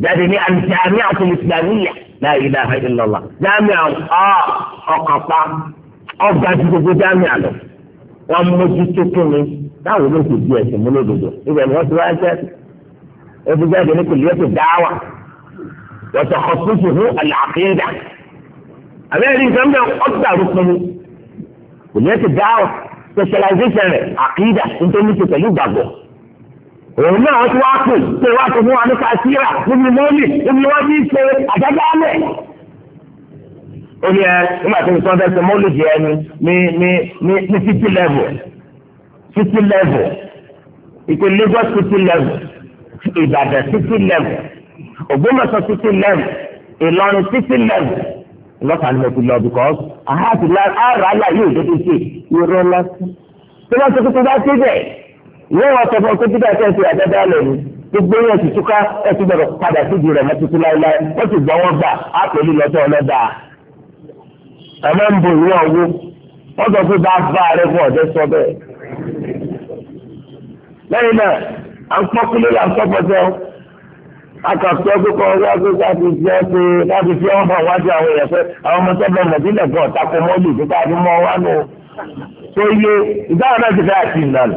ده يعني مئة جامعة إسلامية لا إله إلا الله جامعة آه أقطع أقطع في جامعة ومجد تكوني لا ولو في جيئة ملو بدو إذا ما سوى أساس إذا جاء بنك اليوم الدعوة وتخصصه العقيدة أما يعني كم ده أقطع رسمه كلية الدعوة تشلعزيشن عقيدة انتو مستقلو بابو òun náà wọ́n ti wá pè pé wá sọ fún wa nípa síra níbi mọ́lì níbi wọ́n ti ṣe àjàgbálẹ̀. ó ní ẹ nígbà tó ń sọ fẹ́ sọ mọ́lì jẹ́ ẹni ní ní ní ní city level city level ìpè Lagos city level Ìbàdàn city level Ògbómọ̀ṣọ́ city level Ìlọrin city level lọ́sàn-án ni mo ti lọ because I had to learn how ràlá yóò dédé ṣe irọ́ lásán. tí wọ́n ti kúkú bá débẹ̀ ìwé wọn sọ fún ọ pé bí dáa tẹ̀sí àdáda lẹ̀ ní gbogbo yẹn ti túká ẹ ti gbọ́dọ̀ padà síbi rẹ̀ mọ́ títí láéláé wọ́n sì gbọ́ wọn gbà á pẹ̀lú lọ́tọ́ ọlọ́dà àmọ́ ń bo ìwé ọwọ́ wọ́n sọ pé bá bá rẹ fún ọ̀dẹ́ sọ bẹ́ẹ̀. lẹ́yìn náà à ń pọ́ kúlé là ń pọ́ pọ́sẹ́ ọ́ akàtọ́ gbogbo ọwọ́ agbègbè àti ìfẹ́ ṣe láti fi ọmọ wájú àwọn èèyàn fẹ́ àwọn ọmọ sẹ́gbẹ́ mọ̀tílẹ̀ gan ọ̀tá tó bá a ti mọ́ wá nù. tó yé ìdáhùn náà ti fẹ́ àti ìlànà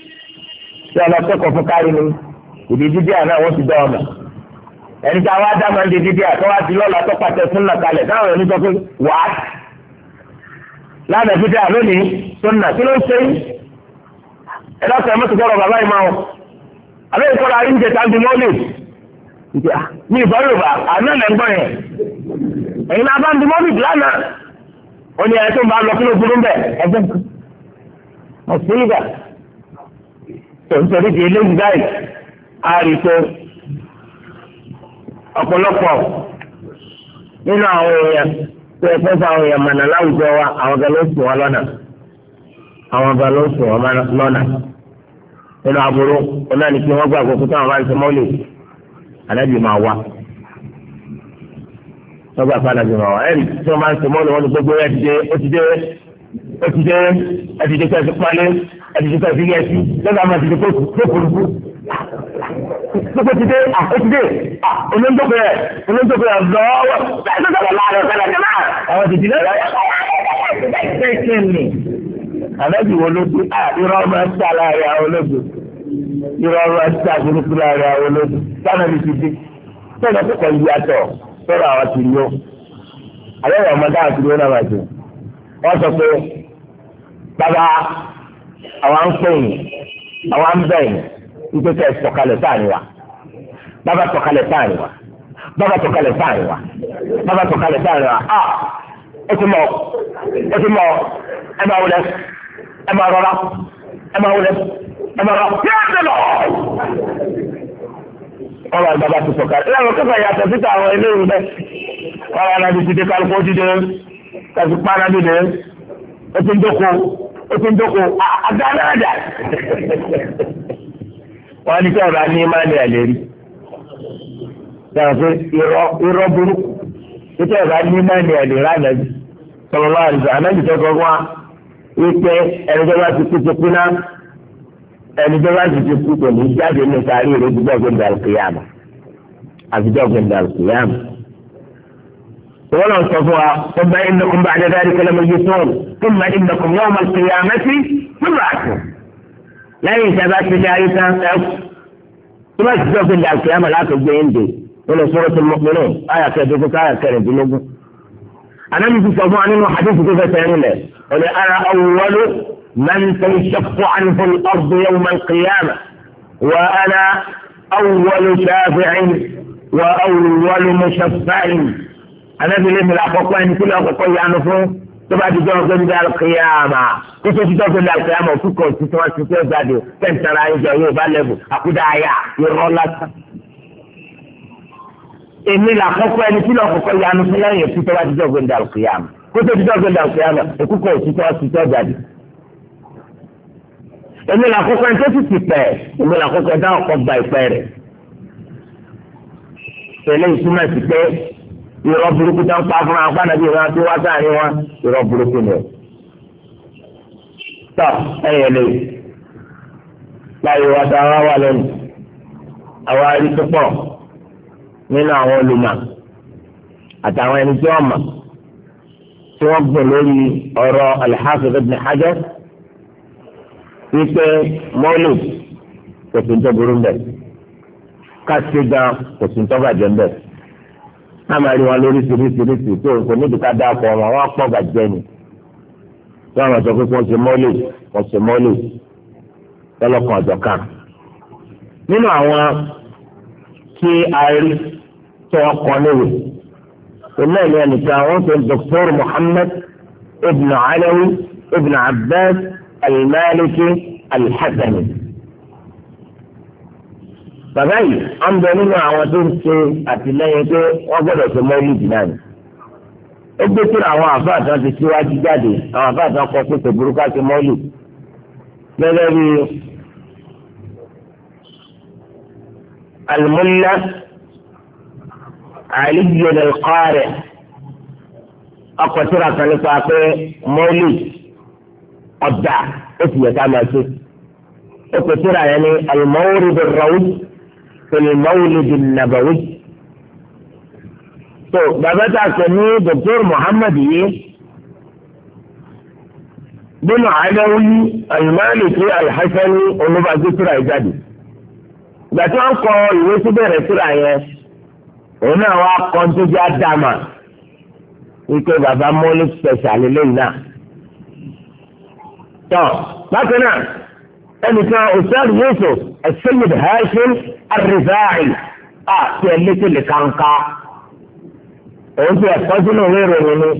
ṣé ọlọ́kẹ́kọ̀ọ́ fún kárí ni ìdí dídí àná wọ́n ti dá ẹni tí ń di dídí ti lọ́la tó pàtẹ táwọn ẹni lánàá àná ni kí ló ń ṣe ẹ mọ́tò bàbá yìí máa ayé ń jẹ tàbí mọ́lì ní ìbọ̀lùbà ah, àná ń gbọ́ yẹn ẹ̀yin náà bá ń di mọ́lì lánàá ó ní tòǹtòrí di eléyìí báyìí a rí i pé ọ̀pọ̀lọpọ̀ nínú àwọn èèyàn tó ẹ fẹ́ fún àwọn èèyàn mọ̀nà láwùjọ wa àwọn ọ̀gá ló sùn wọn lọ́nà àwọn ọ̀gá ló sùn wọn lọ́nà nínú aburú ọ̀nà ni kí wọ́n gbà gbogbo táwọn bá ń sọ mọ́lẹ̀ alábì máa wá wọ́n gbà fún alábì máa wá ẹ̀rí tí wọ́n bá ń sọ mọ́lẹ̀ wọn ni gbogbo ẹ̀ ti dé ó ti dé ẹtìjẹ ẹtìjẹ tí a ti palẹ ẹtìjẹ tí a ti yẹ ẹtì lọ́dọ̀ àwọn ẹtìjẹ tó kùrùkù lọ́pọ̀ ti dé àkótìdé olóńtòkè olóńtòkè ọ̀dọ́wọ́ láìsọ̀tọ̀ láàrin ọ̀sán àti náà àwọn ti dìde ẹ̀ẹ́dẹ́gbẹ̀ẹ́ ni àlẹ́bí wo ló dé irọ́ ọmọ ẹ̀ta láàrin àwọn olóògbé irọ́ ọmọ ẹ̀ta burúkú láàrin àwọn olóògbé sáà ní ti dé sọ̀rọ̀ kọ̀kọ̀ yíyàtọ̀ sọ̀rọ̀ àwọn ti yó àlẹ́ ọmọ dáhà ti yó náà máa jẹ wọ́n sọ pé bàbá àwa ń pèyìn àwa ń bẹ̀yìn wípé kẹ́ ẹ sọ̀kalẹ̀ sáàrin wa bàbá sọ̀kalẹ̀ sáàrin wa bàbá sọ̀kalẹ̀ sáàrin wa bàbá sọ̀kalẹ̀ sáàrin wa a ah, ó ti mọ̀ ó ti mọ̀ ẹ máa wọlé ẹ máa rọra ẹ máa wọlé ẹ máa rọra kí ẹ ti lọ. wọ́n bá bàbá ti sọ̀kalẹ̀ lẹ́yìn kẹfà yàtọ̀ síta àwọn eléyìí bẹ́ẹ̀ wọ́n bá nàbí ti dé kálukú ó ti nàbí dé ó ti ń dókòó. tún jókòó àgànàdà wọn ní sọ̀rọ̀ bá ní imáni àlérí sọ̀rọ̀ pé irọ́ burúkú títí ọ̀rọ̀ bá ní imáni àlérí ànábi sọ̀rọ̀ bá àlùfẹ́ ànábi tó gbọ́n wá wípé ti kú ti ti ti kú ولو صفوا ثم إنكم بعد ذلك لميتون ثم إنكم يوم القيامة تبعثون لئن ثبت ذلك ثم تشوف إلا القيامة لا تجي عندي ولا سورة المؤمنون آية كذبك آية كذبك آية آية أنا من تصفوا عن حديث كيف سيرين أنا أول من تنشق عنه الأرض يوم القيامة وأنا أول شافع وأول مشفع anábìlẹ̀ mi làkọ́kọ́ ẹni tí lọ́kọ́kọ́ yanu fún tó bá di dọ́wọ́ gbẹ́ndé alikiyama kó tó di dọ́wọ́ gbẹ́ndé alikiyama òkú kọ̀ sí tí wọ́n ti tẹ́ jáde tẹ̀síntara ẹ̀jọ̀ yóò bá lẹ́bù àkúdà ayà irọ́ lásán. èmi làkọ́kọ́ ẹni tí lọ́kọ́kọ́ yanu fún lẹ́yìn òkú tó bá di dọ́wọ́ gbẹ́ndé alikiyama kó tó di dọ́wọ́ gbẹ́ndé alikiyama òkú kọ̀ sí tí wọ́n ti tẹ́ jáde. èmi làkọ́kọ́ ẹni tó ti ti pẹ́ èmi làkọ́kọ́ ẹni tó irọ́ burúkú tó ń pa fún àwọn ànábì wọn tó wá sáàrin wọn irọ́ burúkú ni. tọ́ ẹ̀yẹ lè láyé wá sá wá wà lónìí àwọn arísí pọ̀ nínú àwọn olùmọ̀ àtàwọn ẹni tí wọ́n mọ̀ tí wọ́n gbọ́n lórí ọ̀rọ̀ al-Hafiz ibn Hajar wípé mọ́lù kò sí ń tọ́ burú ń bẹ̀ gan kò sí ń tọ́ bàjẹ́ ń a máa rí wọn lórí ṣiríṣiríṣi tó nǹkan níbi ká dá ọkọ wọn wọn pọ̀ bàjẹ́ ni tí wọn sọ pé wọn ṣe mọ́lè wọn ṣe mọ́lè lọ́lọ́kan ọ̀jọ̀kan nínú àwọn tí a rí tó ọkọ̀ níwèé ìmọ̀ ìlú ẹnìkan wọn sọ Dr. Muhammad ibn Alawi ibn Abbas al-Maliki bàbá yìí à ń bẹ nínú àwọn tó ń ṣe àtìlẹ́yìn pé wọ́n gbọ́dọ̀ ṣe mọ́lìdì náà ni. ó gbé kí àwọn àbá àtàn ti síwájú jáde àwọn àbá àtàn kọ pé kò burúkú àti mọ́lì. gẹ́gẹ́ bí alimullah ali bin al kan nípa pé mọ́lì ọ̀dà ó sì yẹ ká máa ṣe. ó kò síra yẹn ní alimawuri pẹ̀lú mọ́wúlùdì nàbàwí. tó bàbá tá a sọ ní Dr. Muhammad yìí bínú adáwọ́lì alimáàlìkì alhassani olùbàdì tura ìjáde. ìgbà tí wọ́n kọ ìwé tó bẹ̀rẹ̀ tura yẹn òun náà wá kọ́ tó jẹ́ àdàmà wípé bàbá mọ́lẹ́ pẹ̀sà lélẹ́yìn náà. tó bákan náà ẹnìkan ustaz yusuf ẹ̀sẹ̀yìn hashim arìzáì à ti ẹ̀lẹ́tì lè kàǹkà òun ti ẹ̀kọ́ sínú ìwé ìròyìn ni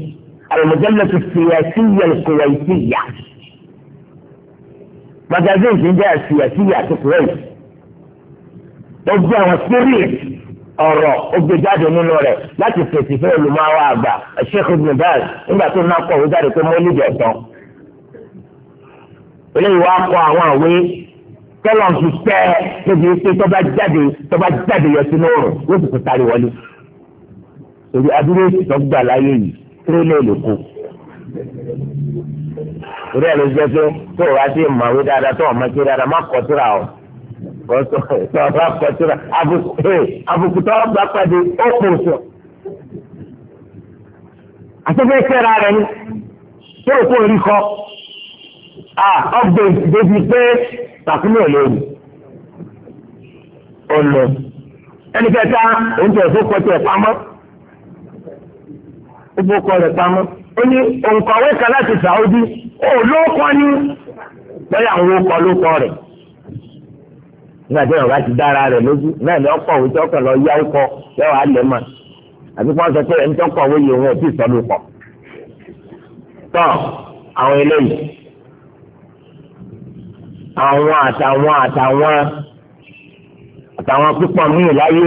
àlùmọ̀jẹ́lẹ̀ ti fi ẹ̀sìn yẹn kúrẹ́ ìsì yá magazine ti ń jẹ́ ẹ̀sìn ẹ̀sìn yá ti kúrẹ́ ìsì ó jẹ́ àwọn spirit ọ̀rọ̀ ogbejáde nínú rẹ̀ láti fèsì fún olùmọ̀ àwọn àgbà Sheikh Ibn Baz nígbà tó ná kọ̀wé jáde pé mọ́lídìí ọ̀tán eléyìí wá kọ àwọn àwé tọ́lọ̀ fi tẹ́ níbi pé tọ́ba jáde tọ́ba jáde yọ sínú òrùn yóò sì tún tari wọlé torí abúlé ìtọ́gbà láyé yìí tírélé ló kó torí ẹ̀ ló jẹ́ pé tó o wá sí ìmọ̀wé dáadáa tó o mọ̀ ṣe dáadáa má kọ́ síra o kọ́ bá kọ́ síra àbùkù tó o bá pàdé ó kò sọ. àti pé kẹ́ra rẹ̀ ni tó o kò rí kọ́. Ah, update débi pé tàkùnmí ò lórí ọ̀nà ẹni kẹta oúnjẹ ìfowópamọ́ tiẹ̀ pamọ́ ìfowópamọ́ rẹ̀ pamọ́ ó ní òǹkọ̀wé kan láti sàódì ó lóókọ́ ní lọ́yà àwọn òkọ̀ lóókọ́ rẹ̀ nígbà tí yorùbá ti dára rẹ̀ lójú náà ni ọkọ̀ òwe tí ọkọ̀ lọ yá ọkọ̀ lẹ́wọ̀ alẹ́ mọ̀ àti kí wọ́n sọ pé ẹni tí ọkọ̀ òwe yìí òun ò tí ì sọ lóókọ̀ tọ́ àwọn eléyìí àwọn àtàwọn àtàwọn àtàwọn púpọ̀ míì láyé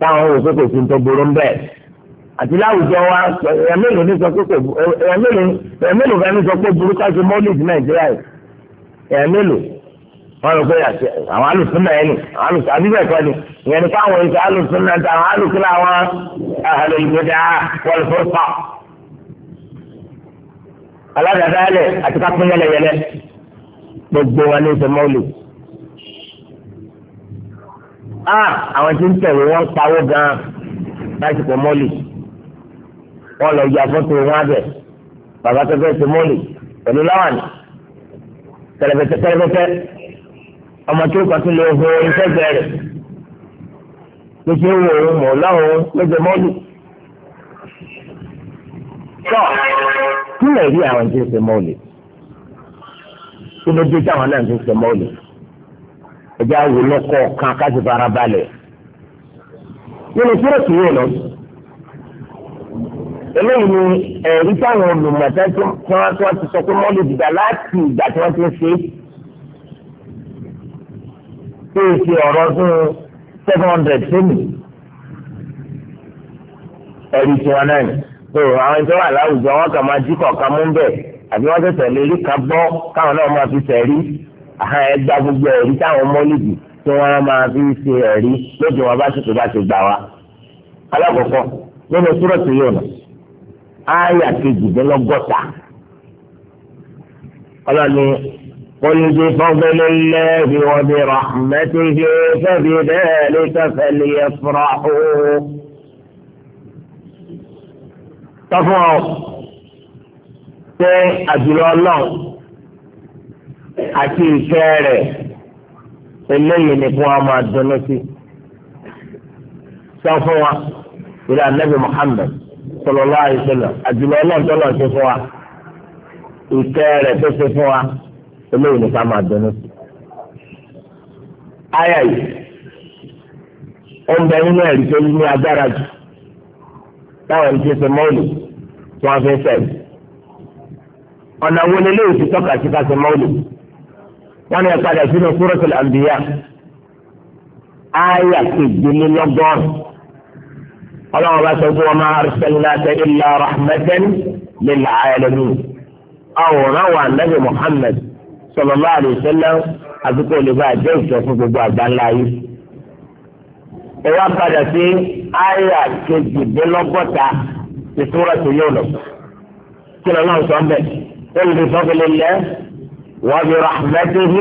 táwọn wò pé kò sí tó burú ń bẹ̀. àti láwùjọ wa ẹ̀yà mélòó ní sọ pé kò ẹ̀yà mélòó ẹ̀yà mélòó fẹ́ ní sọ pé burú káṣí mọ́lìd nàìjíríà yìí ẹ̀yà mélòó wọ́n rò pé àwọn alùsùn náà ẹni alùsùn àbíbẹ̀ kọ́ ni ìyẹn ni káwọn ìṣe alùsùn náà táwọn alùsùn àwọn àhàlẹ̀ ìgbẹ́dà wọ́n fọ́ aládàáda yẹlẹ àti kápẹ́ yẹlẹyẹlẹ gbogbo wa ní sọmọ lè. a àwọn tí ń tẹ̀wé wọn pawó gan-an lásìkò mọ́lì wọn lọ ya fọ́tò wọn abẹ bàbá tó fẹ́ ṣe mọ́lì pẹ̀lú láwàní tẹlẹfẹtẹ tẹlẹfẹtẹ ọmọ tó kọ́ tó lè ho iṣẹ́ bẹ̀rẹ̀ lóṣèlú òun mọ̀ láwọn lóṣè mọ́lì. tọ́ kí lè rí àwọn tí ń ṣe mọ́lì kí ló dé táwọn náà fi sọ mọ́ọ̀lù ẹjẹ́ àwọn olóko kan káṣí fara balẹ̀ nínú sírèkì yìí lọ eléyìí ni ẹ̀rí táwọn olùmọ̀tẹ́ tí wọ́n ti sọ pé mọ́ọ̀lù dìgbà láti ìgbà tí wọ́n ti ń ṣe tó o ṣe ọ̀rọ̀ fún seven hundred sẹ́mi ẹ̀rí tiwọn náà ni tó àwọn ìṣòwò àláwùjọ wọn kà máa jí kọ̀ọ̀kan mú bẹ́ẹ̀ àbí wọ́n tẹ̀sẹ̀ lè rí ká gbọ́ káwọn náà máa fi sẹ̀rí àhán ẹgbà gbogbo ẹ̀rí táwọn mọ́lìdì tí wọ́n máa fi ṣe ẹ̀rí lóde wọn bá ṣètò bá ṣe gbà wá. alákọ̀ọ́kọ́ nínú súrọ̀tì yóò nà áyà kejìdínlọ́gọ́ta ọlọ́ni kọ́lùdé fọ́gbẹ́lẹ́ lẹ́ẹ̀bí wọn bí rahmatihi fẹ́bi bẹ́ẹ̀ lè tẹ́fẹ́ lè yẹ ó. tọ́fọ́ pé àjùlọ ọlọ́run àti ìfẹ́ rẹ̀ eléyìí ni fún wa máa dọ́nà sí. sọ fún wa ìlà nabi Muhammad sallallahu alaihi wasallam àjùlọ ọlọ́run tó lọ sí fún wa ìfẹ́ rẹ̀ tó ṣe fún wa eléyìí ni ká máa dọ́nà sí. ayà yìí ó nínú ẹ̀rí tó ní agbára jù táwọn ẹni ṣe mọ́ọ̀lì tí wọ́n fi ń sẹ́yìn ọ̀nà wo lè léyìí ti tọ́ka sí ká ṣe mọ́lẹ̀ wọ́n ní ẹ padà sínú Suratul Anbiya ayà kejìlélọ́gọ́rùn ọlọ́run bá sọ pé wa ma arsalnaka illa rahmatan lil alamin àwòrán wa nabi Muhammad sallallahu alaihi wasallam àdúgbò olùgbà jẹ́ ìjọ fún gbogbo àgbáńlá yìí ẹ wá padà sí ayà kejìlélọ́gọ́ta ti Suratul Yunus kí lọ́nà sọ́ńbẹ́ẹ́. قل بفضل الله وبرحمته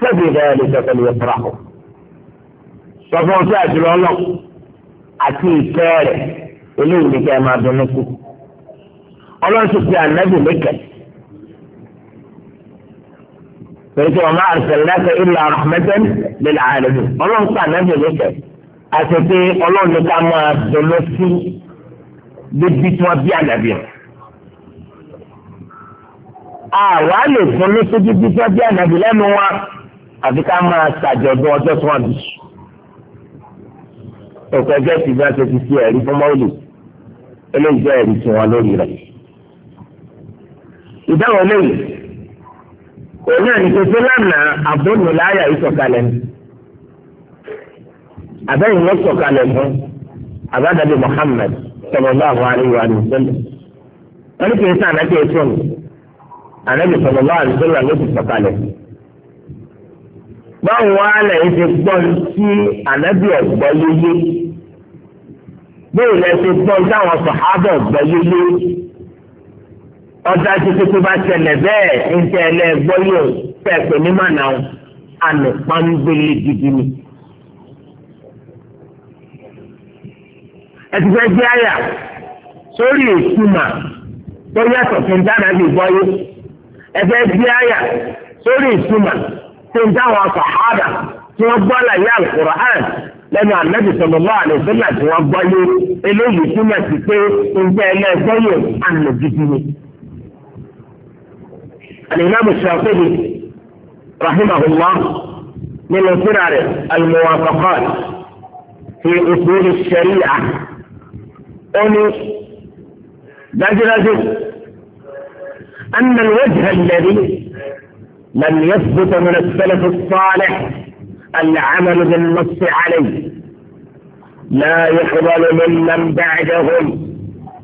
فبذلك فليفرحوا sọfún ọtí àjùlọ ọlọ àti ìfẹ́ rẹ̀ eléyìí ní kẹ́ máa dunnú kú Ọlọ́run ti fi ànábì lẹkẹ pẹ̀lú wa ma arsalnaka illa rahmatan lil alamin ti ànábì lẹkẹ àti pé Ọlọ́run ní ká máa dunnú sí débi tí wọn bí ànábì rẹ̀ àwa lè fún ní sójú fífẹ́ bí ànàbì lẹ́nu wa àfi ká máa ṣàjọ̀dún ọjọ́ tí wọ́n bí. òkè ẹgbẹ́ ti bá ṣe ti fi ẹ̀rí fún mọ́ọ̀lì eléyìí jẹ́ ẹ̀rí tí wọ́n lórí rẹ̀. ìdáhùn eléyìí òun náà ní pépé lánàá àbónú láyà ìsọ̀kalẹ̀ ni àbẹ́yìn ló sọ̀kalẹ̀ fún àbádàbí Muhammad sallallahu alaihi wa sallam. wọ́n ní kí n sàn ànábì sọ̀rọ̀ bá àdúgbò ló ti sọ̀kalẹ̀. báwo wá lẹ́yìn ti gbọ́ sí ànábì ọ̀gbọ́ yéyé bóyá lẹ́yìn ti gbọ́ táwọn sọ̀hábọ̀ ọ̀gbọ́ yéyé ọjà títí tó bá ṣẹlẹ̀ bẹ́ẹ̀ ń tẹ́ ẹlẹ́gbọ́ yóò fẹ́ pé ní mànà àmì pàǹgbélé gidi ni. ẹ ti fẹ́ gbé àyà sórí ìtumà tó yàtọ̀ fún dáná lè gbọ́ yóò ẹ̀fẹ́ bí àyà sórí ìtumà tó ń dáwọn sàhábà tí wọ́n gbọ́ àlàyé àlùkùránì lẹ́nu ànábì sallallahu alaihi wasallam tí wọ́n gbọ́ yé eléyìí túmọ̀ sí pé ǹjẹ́ ẹlẹ́gbẹ́ yóò àná gidi ni. الإمام الشافعي رحمه الله من سرع الموافقات في أصول الشريعة أني دجلج أن الوجه الذي لم يثبت من السلف الصالح العمل بالنص عليه لا يقبل ممن بعدهم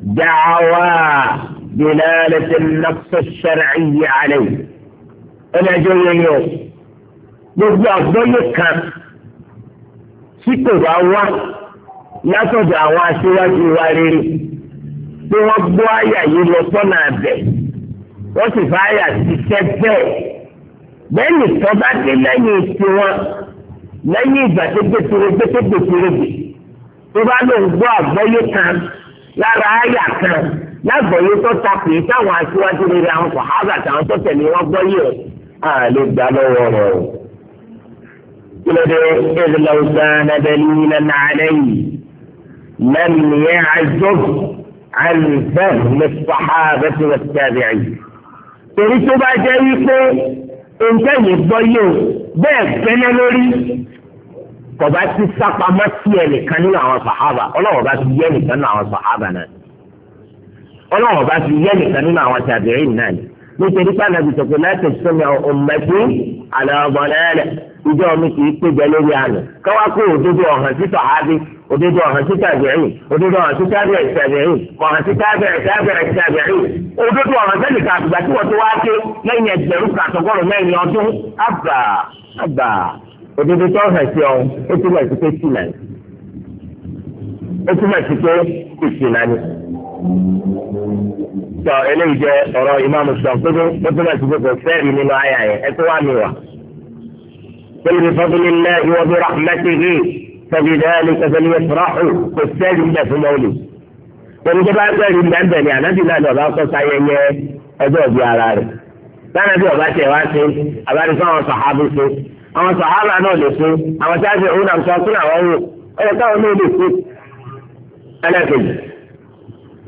دعوى دلالة النص الشرعي عليه أنا جاي اليوم بدي àgbọ́yé لك tí kò لا wá سوى جواري aṣíwájú wa rere pé wọ́n sì fáyà ṣiṣẹ́ bẹ́ẹ̀ bẹ́ẹ̀ nìkan bá dé lẹ́yìn tiwọn lẹ́yìn ìgbà tó gbèsèrè gbèsè gbèsèrè bì tó bá lóun gbọ́ àgbọ́yé kan lára àyà kan lágbọ̀yé tó takùn yìí táwọn aṣíwájú rere àwọn sàhábà táwọn tó tẹ̀lé wọn gbọ́yé rẹ̀ à lè gbà lọ́wọ́ rẹ̀ o. kílódé ìlọ́sà nàbẹ́lì lẹ́nà àlẹ́ yìí lẹ́nu yẹn àjọ àlùfẹ́ lè sàhábà tó wà torí tó bá jẹ́ wípé nǹkan yìí gbọ́ yóò bẹ́ẹ̀ gbẹ́nẹ́ lórí kọba ti sápamọ́ sí ẹnìkan nínú àwọn sàhábà ọlọ́wọ́ bá ti yẹ ẹnìkan nínú àwọn sàhábà náà ọlọ́wọ́ bá ti yẹ ẹnìkan nínú àwọn tàbíyìn náà nítorí pé ànábì sọ pé láti sọmi ọmọdé àná ọmọ náà rẹ ìjọ mi kì í péjọ lórí àná káwá kó òdodo ọ̀hàn títọ̀ ábí òdodo ọ̀hàn títà bẹ̀rẹ̀ òdodo ọ̀hàn títà bẹ̀rẹ̀ sàbẹ̀rẹ̀ ọ̀hàn títà bẹ̀rẹ̀ sàbẹ̀rẹ̀ sàbẹ̀rẹ̀ òdodo ọ̀hàn sẹ́lẹ̀ ká àgbà tí wọ́n ti wá ké lẹ́yìn ẹgbẹ̀rún kàtọ́gọ́rùn mẹ́rin ọdún àbà àbà òdodo tó hàn sí ọ ó túmọ̀ sí pé tìlà ó túmọ̀ sí pé ìsìnà ni sọ eléyìí jẹ ọ̀rọ̀ ìmáàmù sọ pé ó túnbọ̀ sí pé sẹ́ẹ̀rì nínú àyà yẹn ẹ tó wà mí wà. pẹ̀lú fọ́bílì náà ìwọ́n bí rahmatì rí tẹ̀lé náà ní kẹsàn-án yẹn fúráhù kò sẹ́ẹ̀rì ń bẹ̀ fún mọ́lì. pẹ̀lú tó bá sẹ́ẹ̀rì ń bẹ̀ ń bẹ̀ ni ànábì náà lọ́ba kọ́ sáyẹyẹ ọjọ́ ìbí ara rẹ̀. lánàá bí ọba tẹ̀ wá sí àbáríkọ́ àwọn sàhábù sí àwọn sàhábà náà lè fún àwọn sáà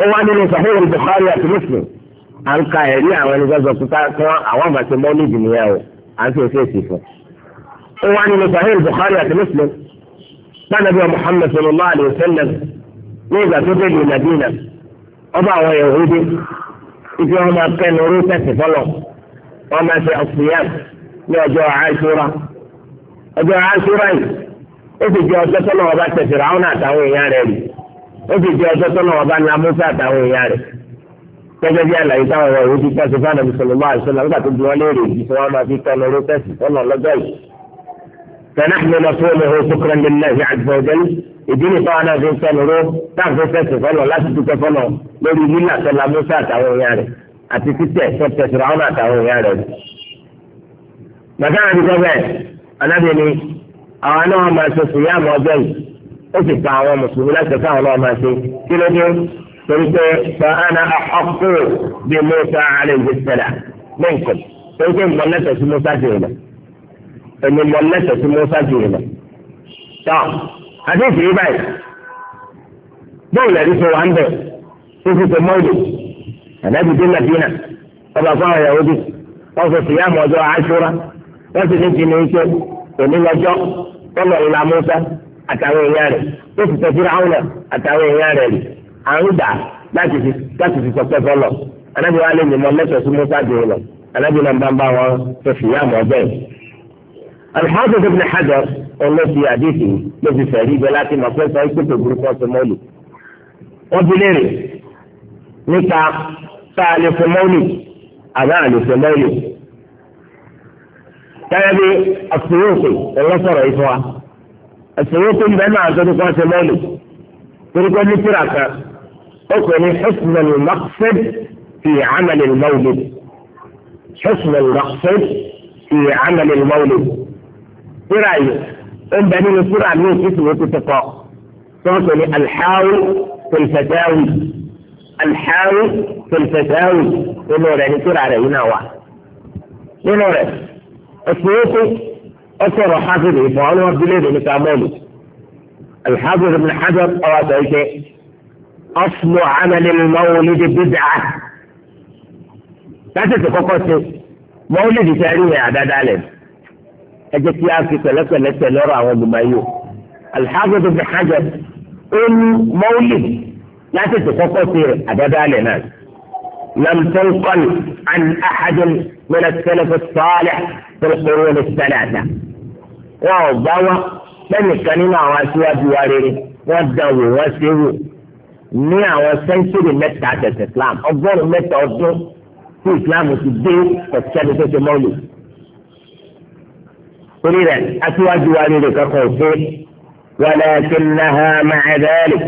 ó wá nínú sahih Bukhari àti Muslim à ń ka ẹ̀rí àwọn ẹni gbọ́dọ̀ kúta kí wọ́n àwọn àgbàṣe mọ́lìdì nìyẹn o à ń fi èsì èsì fún. ó wá nínú sahih Bukhari àti Muslim sanabi wa Muhammad sallallahu alayhi wa sallam ní ìgbà tó dé ìlú Madina ọba àwọn Yahudi ibi wọn máa kẹ́ ní orúkọ ẹ̀sìn fọlọ wọn máa ṣe ọ̀sìyàn ní ọjọ́ àṣúra ọjọ́ àṣúra yìí ó sì jẹ́ ọjọ́ sọ́nà ọba tẹ̀síra àwọn àtàwọn èèyàn rẹ̀ yìí ó sì jẹ́ ọjọ́ tọ́nà ọba ní amúfẹ́ àtàwọn èèyàn rẹ̀ gẹ́gẹ́ bí àlàyé táwọn ọ̀rọ̀ ìwé títà sí fáwọn ẹ̀mí sọ̀rọ̀ máa ṣọlá nígbà tó bí wọ́n léèrè ìdí tí wọ́n máa fi tọ́nu rótẹ́sì tọ́nà lọ́jọ́ yìí. فنحن نصومه شكرا لله عز وجل ìdílé táwọn náà fi ń sọnù ró táàfin fẹsẹ̀ fọlọ láti dúpẹ́ fọlọ lórí lílà sọlá musa àtàwọn èèyàn rẹ̀ àti títẹ̀ sọtẹ̀ fìràwọn àtàwọn èèyàn rẹ̀ ó sì pa àwọn mùsùlùmí láti ẹ̀ka àwọn ọmọ àti kí ló dé torí pé sàánà àkọ́kọ́ bí Musa alayhi salam mẹ́ǹkọ̀ torí pé mọ̀ lẹ́sẹ̀ sí Musa jù lọ èmi mọ̀ lẹ́sẹ̀ sí Musa jù lọ. tọ́ àdéhùn yìí báyìí bóun lẹ́rìí fún wa ń bẹ̀ tó fi ṣe mọ́ọ̀lù ànábì dé Madina ọba fún àwọn Yahudi wọ́n fi fìyà mọ́jọ́ Ashura wọ́n sì ní àtàwọn èèyàn rẹ̀ ó sì tẹ̀sí ráúnà àtàwọn èèyàn rẹ̀ rí à ń dà láti fi láti fi sọ pé fọlọ anábì wa lè mímọ lẹ́sọ̀ọ́ sí musa dùn lọ anábì náà bá ń bá wọn fẹ́ fi yá mọ́ bẹ́ẹ̀. alhafiz ibn hajar ọlọ́sì àdìsí ló fi fẹ̀rí ibẹ̀ láti mọ̀ pé sọ ikú burúkú ọ̀sẹ̀ mọ́lì. wọ́n fi léèrè nípa tá a lè àbá a lè fún mọ́lì. gẹ́gẹ́ bí ọlọ́sọ̀rọ̀ ìfọ́ ẹ̀sìnwó tó ń bẹ náà sọ́dún kan ṣe lọ́ọ̀lù torípé ní tíra kan ó pè ní husnul maqsad fi amali mawlid husnul maqsad fi amali mawlid tíra yìí ó ń bẹ nínú tíra ní ìfísìwó tó ti kọ́ tó ń pè ní alḥawi tòlfẹ̀tẹ́wì alḥawi tòlfẹ̀tẹ́wì nínú rẹ̀ ní tíra rẹ̀ yìí náà wà nínú rẹ̀ ẹ̀sìnwó tó. أسر حافظ إفعال وردلين إنك أمامي الحافظ ابن حجر قرأت أيك أصل عمل المولد بدعة تاتي تقوقت مولد تاريه أعداد علم أجت يا أكيد لك لك نرى ومميو الحافظ ابن حجر أم مولد لا تتفقط أبدا لنا لم تنقل عن أحد من السلف الصالح في القرون الثلاثة wọn ò bá wá lẹ́nìkan nínú àwọn aṣíwájú wa rere wọ́n da wò wọ́n ṣe wò ní àwọn sẹ́ńtúrì mẹ́ta àtẹ̀sẹ̀ Islam ọgọ́rùn-ún mẹ́ta ọdún tí Islam ti dé kọ̀tíṣẹ́ni tó ṣe mọ́lù. torí rẹ̀ aṣíwájú wa rere kankan ò pé náà ma'a dhalik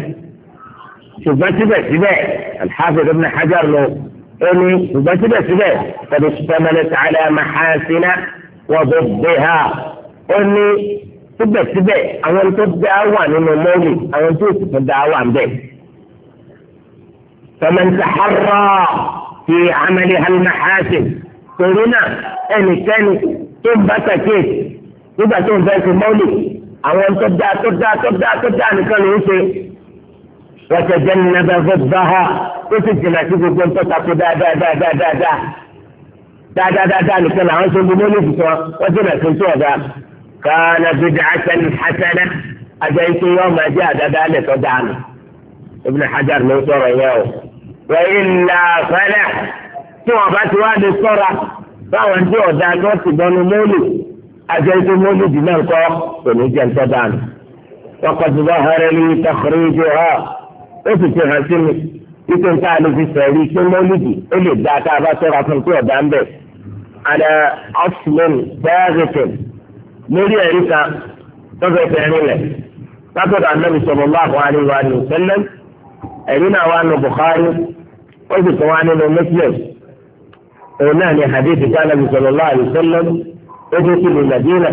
ṣùgbọ́n síbẹ̀síbẹ̀ Al-Hafiz Ibn Hajar lọ ẹni ṣùgbọ́n síbẹ̀síbẹ̀ tẹ̀lé ṣùgbọ́n mẹ́lẹ̀ tààlà màhásínà wọ́n bẹ̀ bẹ́ ha. ó ní síbẹ̀síbẹ̀ àwọn tó dá wà nínú mọ́ọ̀lì àwọn tó sì tún dá wà ń bẹ̀. tọ́mẹ̀ntì hàrọ̀ fi amẹ́lẹ́ alimahasi torí náà ẹnikẹ́ni tó ń bá sàkíyèsí nígbà tó ń fẹ́ fi mọ́ọ̀lì àwọn tó dá tó dá tó dá tó dá nìkan ló ń ṣe. wọ́tẹ̀ jẹ́ nàbẹ́fẹ́ bá ha tó sì jìnnà sí gbogbo ń kó dáadáa dáadáa dáadáa dáadáa nìkan làwọn tó ń bí fún wọn wọ́n jìnnà sí tó ọ̀dà káànà bídà àtẹnu àtẹnẹ ajẹ́ ikú yọ ọmọ ẹjẹ́ àdáda alẹ́ tó dànù Ibn Hajar ló sọ̀rọ̀ yẹ o wẹ́yì ńlá fẹ́lẹ́ tí wọ́n bá ti wá lè sọ́ra báwọn tí ọ̀dà lọ́sì gbọ́nu mọ́lù ajẹ́ ikú mọ́lù dì náà kọ́ kò ní jẹ́ ti hàn sí mi fi sẹ̀rí ikú mọ́lù dì ó lè dá tá a bá sọ́ra fún tí ọ̀dà lórí ẹ̀rí kan tọ́fẹ́ fẹ́rin lẹ̀ látọ̀dọ̀ anábì sallallahu alaihi wa sallam ẹ̀rí náà wà nù Bukhari ó sì tún wá nínú Muslim òun náà ni hadith tí anábì sallallahu alaihi wa sallam ó ti kú ní Madina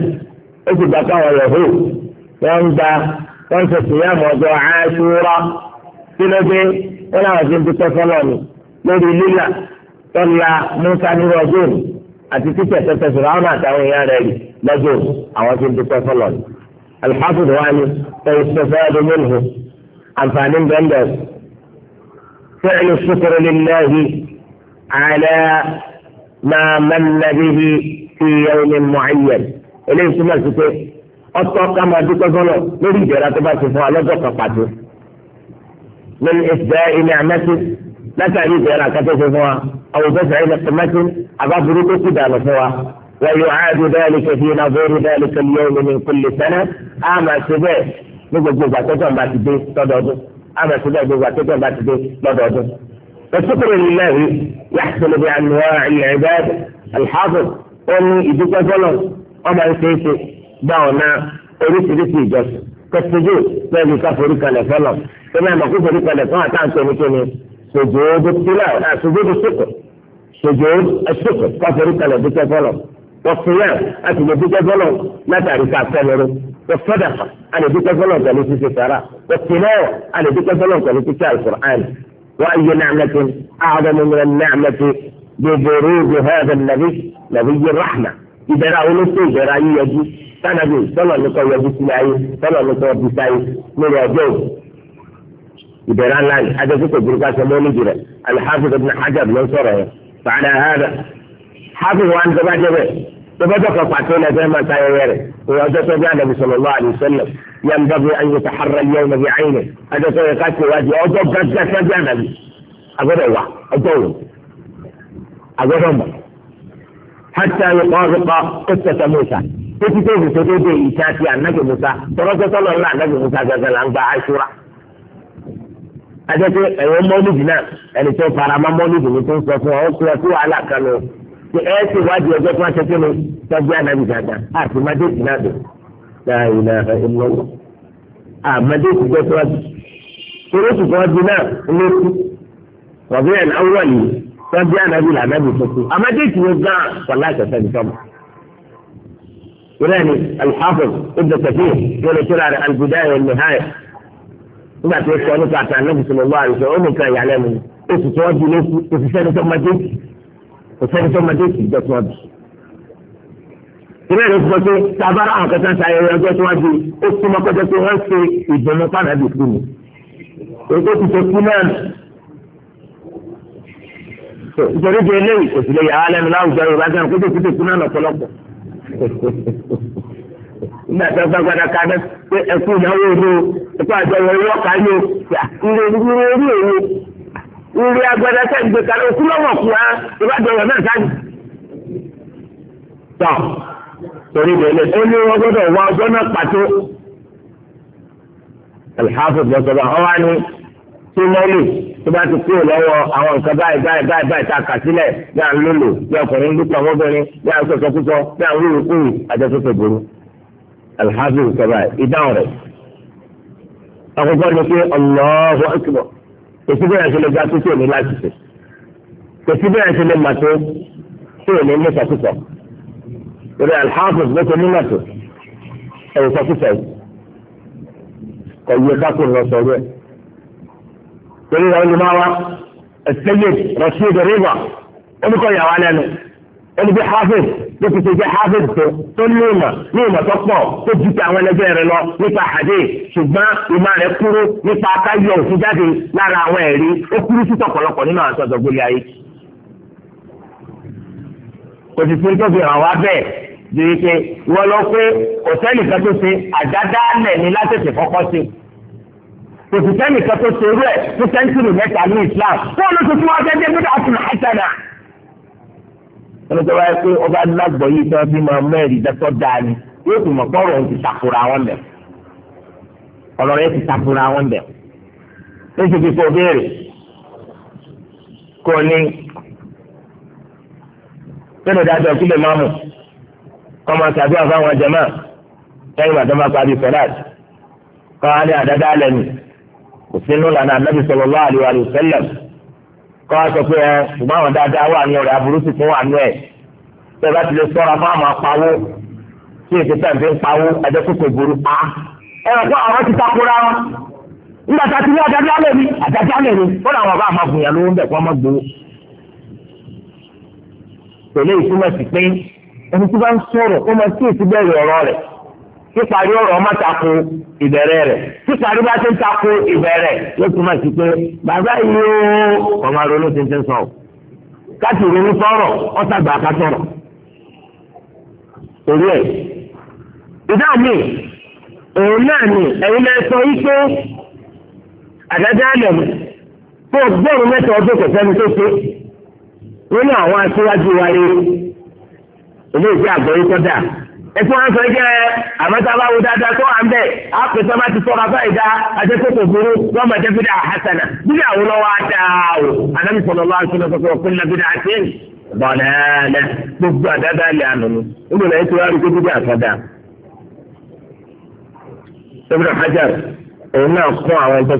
ó sì gbàgbọ́ àwọn yahoo wọ́n gba wọ́n sọ síyàmù ọjọ́ Àṣúrà kí ló dé wọ́n náà wọ́n ti ń dúpẹ́ fọlọ́ọ̀nù lórí lílà tọ́lá Musa àti títẹ̀ tẹ́tẹ́ sọ̀rọ̀ àwọn àtàwọn èèyàn rẹ̀ rí lọ́jọ́ àwọn tó ń dúpẹ́ fọlọ́ ni. alhafiz wa ni ẹ̀yìn sọ̀fẹ́ ẹ̀dùn mẹ́lùú àǹfààní bẹ́ńdẹ̀ fẹ́ẹ̀lì sukuru lillahi ala ma manna bihi fi yawmin mu'ayyan eléyìí túmọ̀ sí pé ọtọ́ ká máa dúpẹ́ fọlọ́ lórí ìjẹ́ra tó bá ti fún alọ́jọ́ kan lórí ìfẹ́ ìní àmẹ́sí látàrí ìjẹ́ra kátó fún wa أو دفع نقمة أبغى كدام سوا ويعاد ذلك في نظير ذلك اليوم من كل سنة أما سبع نقول جوزا تجمع بعد تدودو أما سبع جوزا تجمع بعد تدودو فالشكر لله يحصل بأنواع العباد الحافظ أني إذا فلو أما سيسي دعونا أريد رسي جسد kẹsìdì lẹ́yìn ká forí kalẹ̀ fọlọ́ sẹ́mi àmọ́ kó forí kalẹ̀ سجود àtàǹtẹ̀ nìkan ni sojoo ẹsẹkọ káfíńtì kalẹ dúkẹ fọlọ wọfúnyà àti lè dúkẹ fọlọ látàrí ká fẹlẹrú wọfọdàfà àlè dúkẹ fọlọ pẹ̀lú títí sara wọfúnyàwọ àlè dúkẹ fọlọ pẹ̀lú títí alukur'an wàá yẹ nàmẹtì àádọ́mọ mìíràn nàmẹtì bèbèrè bèhẹ́dẹ̀ nàbí nàbí yẹ rahma ìbẹ̀rẹ̀ àwọn olóṣèlú ìbẹ̀rẹ̀ ayé yẹjú sanabi sọlọ nìkan yẹjú sílẹ̀ ayé sọlọ nìkan bí sáyé lórí ọjọ́ òkú ìbẹ̀rẹ̀ aláàlì adé فعلى هذا حافظوا عن زواجه تبدأ قطعتين زي ما تاير وهذا تبع النبي صلى الله عليه وسلم ينبغي أن يتحرى اليوم بعينه هذا سيقات واجب أو قد تبع النبي أقول الله أقول أقول حتى يطابق قصة موسى تتتوب تتوب إيشاتي عن نبي موسى ترى الله عن وسلم موسى قال عن عاشوراء adẹ́pẹ́ ẹ̀rọ mọ́lìdì náà ẹni tó fara mọ́ mọ́lìdì ni tó ń sọ fún ọ ó kúrẹ́ sí wàhálà kan lọ ṣe ẹ ṣe wádìí ọjọ́ tó wá ṣe kíni tọ́jú ànábì dáadáa àti mádéèkì náà dùn láàyè náà ẹ lọ wọ àmádéèkì jẹ́ tó wá dùn torí tó wá dùn náà ló kú wàbí ẹ̀ náà wọ̀ nìyí tọ́jú ànábì làánábì tó kú àmádéèkì ló gán wàlá àtẹ̀sẹ̀ nìkan ìrẹ́ni alḥafiz ibn nígbà tó sọ nípa àtàn náà bùsùn lọ́wọ́ àrùsọ ó nìkan ìyàlẹ́nu oṣù tí wọ́n di lóṣù oṣù sẹ́ni tó máa dé kì kò sẹ́ni tó máa dé kì ìjọ tí wọ́n bì. ìbéèrè fún pé tabara àwọn kẹta ta ẹyẹ ọjọ́ tí wọ́n di ó súnmọ́ pẹ́jọ́ pé wọ́n ṣe ìdùnnú pàdánù kú ni. èkó ti ṣe kú náà nítorí di eléyìí kò sì lè yà lẹ́nu láwùjọ Yorùbá sẹ́nu kó nígbà tó gbàgbàdà kadà pé ẹkú ìyàwó ìlú ẹkú àjọyọ̀ ìwọ kan ní ìrè ìrè orí òní ìrè agbada sẹ́gbẹ̀ kan òkú lọ́wọ́ kù á ìbádọ́rọ̀ náà sáyé. tọ́ torí bẹ̀rẹ̀ ó ní wọ́n gbọ́dọ̀ wá ọjọ́ náà pàtó. alhafi bọ́sọ̀rọ̀ ọ̀wá ni tí mọ́lì tó bá ti kúrò lọ́wọ́ àwọn nǹkan báyìí báyìí báyìí báyìí tá a kà sílẹ̀ bí à ń lòlò bí ọkùnrin lùpọ̀ ọmọbìnrin bí à ń sọ̀sọ̀kúsọ bí à ń rúrukúrù àjọṣepọ̀ ìbòrú. الحافظ الكبائر إدارة أقول لك الله أكبر كسبع عشان لما تسوني لا تسوني كسبع عشان لما تسوني لما تسوني يقول الحافظ بس لما تسوني أو تسوني قوي كاكو الرسول يقول لما هو السيد رشيد الرضا ومقول يا والي ẹni bí hafiz ló ti ṣe jẹ hafiz tó tó ní ìmọ̀ ní ìmọ̀ tó pọ̀ tó ju ti àwọn ẹlẹgbẹ́ rẹ̀ lọ nípa hadith ṣùgbọ́n ìmọ̀ rẹ̀ kúrú nípa akáyọ̀ òfin jáde lára àwọn ẹ̀rí ó kúrú sí tọ̀pọ̀lọpọ̀ nínú àwọn àtọ́jọ́ gbélé ayé. kò sì sí tó fi hàn wá bẹ́ẹ̀ ju ike wọ́n lọ pé òtẹ́ẹ̀lì kan tó ṣe àdádálẹ̀ ni látẹ̀sẹ̀ kọ́kọ́ sí kò sì sẹ́nìkan tó ṣe irú fún sẹ́ńtúrì mẹ́ta ní Islam fún olóṣèlú ẹni tó bá yẹ pé ọba lágbọ̀ yìí tó fi máa mẹ́rin dẹ́tọ́ dáa ni yóò tún mọ̀ pọ́rọ̀ òun ti takora wọn bẹ̀ ọ̀rọ̀ rẹ̀ ti takora wọn bẹ̀ lóṣù tí kò béèrè kò ní tẹ́lẹ̀ dájọ́ máa mú jẹ́mọ́ lẹ́yìn kọ́ ní àdáda kò sínú lànà kọ́ wa sọ pé ẹ ṣùgbọ́n àwọn dáadáa wà ní ọ̀rẹ́ aburú sì tún wà ní ẹ̀ tó o bá ti lè sọ́ra fún àwọn apawó tí èsì tẹ̀sí ń pawó ẹ̀jẹ̀ kókò ìgboro pa ẹ̀rọ pé àwọn ti takora wọn nígbà tá a ti ní àdájá lè mi àdájá lè mi ó làwọn bá máa gbìyànjú lówó ń bẹ̀ kó wọ́n má gbowó. tòlé ìtumọ̀ sí pé ẹni tí bá ń sọ̀rọ̀ ó máa kí èsì bẹ̀rẹ̀ ọ̀rọ̀ rẹ̀ píparí ọ̀rọ̀ ọmọ tako ìbẹ̀rẹ̀ rẹ̀ píparí bá ti ń tako ìbẹ̀rẹ̀ ló túmọ̀ sí pé bàbá yìí ó ọmọ ronú ti ń ti ń sọ káàtì ronú sọ̀rọ̀ ọ̀sàgbà ká sọ̀rọ̀ torí ẹ̀ ìdá mi òun náà ni ẹ̀yin náà sọ yìí pé àdájọ́ àlẹ́ mi tó gbọ́rùn mẹ́ta ọdún kò sẹ́ni tó ṣe nínú àwọn aṣíwájú wa rí ilé ìgbé ẹtí wọn sọ jẹ àmọta wo dáadáa tó wà ń bẹ àpèsè bá ti sọ̀rọ̀ abáyé dá burú wọn bídà hasana bídà wo lọ wá dáa o anami àti lọsọsọ òfin la bídà àti bọlẹẹlẹ gbogbo àdáda lè bídà hajar òun náà kún àwọn ẹgbẹ́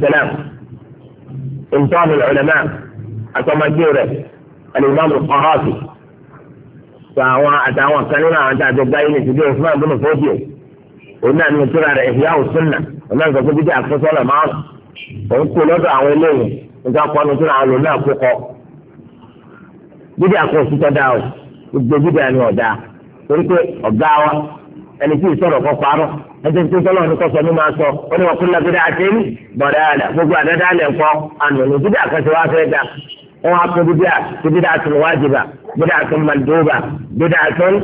tá a ti àtọmọdé rẹ̀ alimami kọ́hásì àtàwọn àtàwọn kan nínú àwọn tá a ti gbáyé ní ìdílé Usman bin Fodio òun náà nínú tíra rẹ̀ ìyá òsínà òun náà nǹkan fúnbi dé àkọsọ́nà márùn òun kú lọ́dọ̀ àwọn eléyìí nǹkan pọnú tíra àwọn lòun náà kú kọ́ tó dáa gbogbo bídí àni ọ̀dà torí pé ọ̀gá wa ẹni tí ìsọ̀rọ̀ kọ́ parọ́ ẹni tí sọ́lọ́ ní kọ́sọ́ ní máa sọ ó ní wọn kú lọ́dọ̀ àti ẹni bọ̀dá àdá gbogbo àdáda àlẹ̀ ńkọ́ àná wọn á pè bíbí à ti bíbí à tún wájibà bíbí à tún mandóba bíbí à tún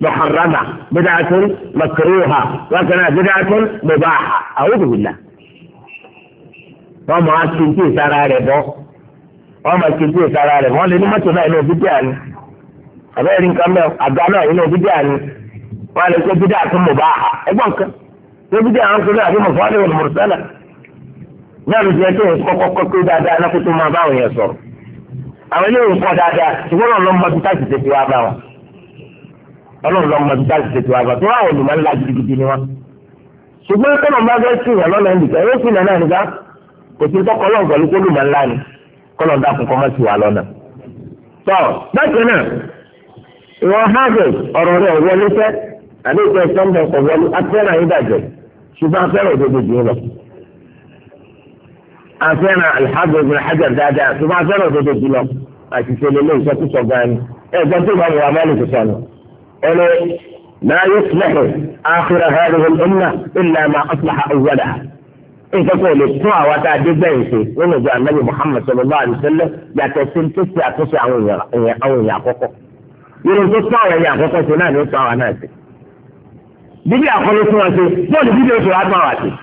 muharrama bíbí à tún makruha wọn kàn á bíbí à tún mubaha a'udhu billah. wọn máa ti ti sára rẹ bọ wọn máa ti ti sára rẹ wọn lè ní mọ́tò náà inú bíbí à ní àbẹ́rẹ́ nǹkan mẹ́ àga náà inú bíbí à ní wọn lè pè bíbí à tún mubaha ẹgbọ́n kan ṣé bíbí à ń sọ náà àbí mọ̀fọ́lẹ́wọ̀n mọ̀rọ̀sálà náà ló ti ẹ àwọn ilé ìwòkọ dáadáa ṣùgbọ́n ọlọ́run lọ́mọ bí táàsì tètè wá bá wọn ọlọ́run lọ́mọ bí táàsì tètè wá bá tó ráwọn olùmọ̀ ńlá gidigidi ni wọn. ṣùgbọ́n tọ́nà bá fẹ́ sìn yàn lọ́nà ẹnìkan yóò sìn yàn náà nìkan kò sí tọ́kọ lọ́n pẹ̀lú kó lùmọ̀ ńlá ni kọ́nà dá kọ́kọ́ má sì wà lọ́nà. tọ́ bákan náà ìwọ harvard ọ̀rọ̀ rẹ̀ wọlé fẹ́ àdéhùn ẹ̀sán àfẹ́ràn alhaji ibn hajar dáadáa ṣùgbọ́n àfẹ́ràn òdodo jùlọ àti ìṣẹ̀lẹ̀ ilé ìṣẹ́kùsọ gani ẹ̀gbọ́n tó bá wà mọ́lẹ̀ tó sọnù. ẹni la yuslihu akhira hadhihi al-umma illa ma aslaha awwalaha. nǹkan kò lè tún àwa tá a dé gbẹ̀yìn ṣe nínú ìjọ anabi muhammad sallallahu alayhi wa sallam yàtọ̀ sí tó ṣe àtúnṣe àwọn èèyàn àkọ́kọ́. yorùbá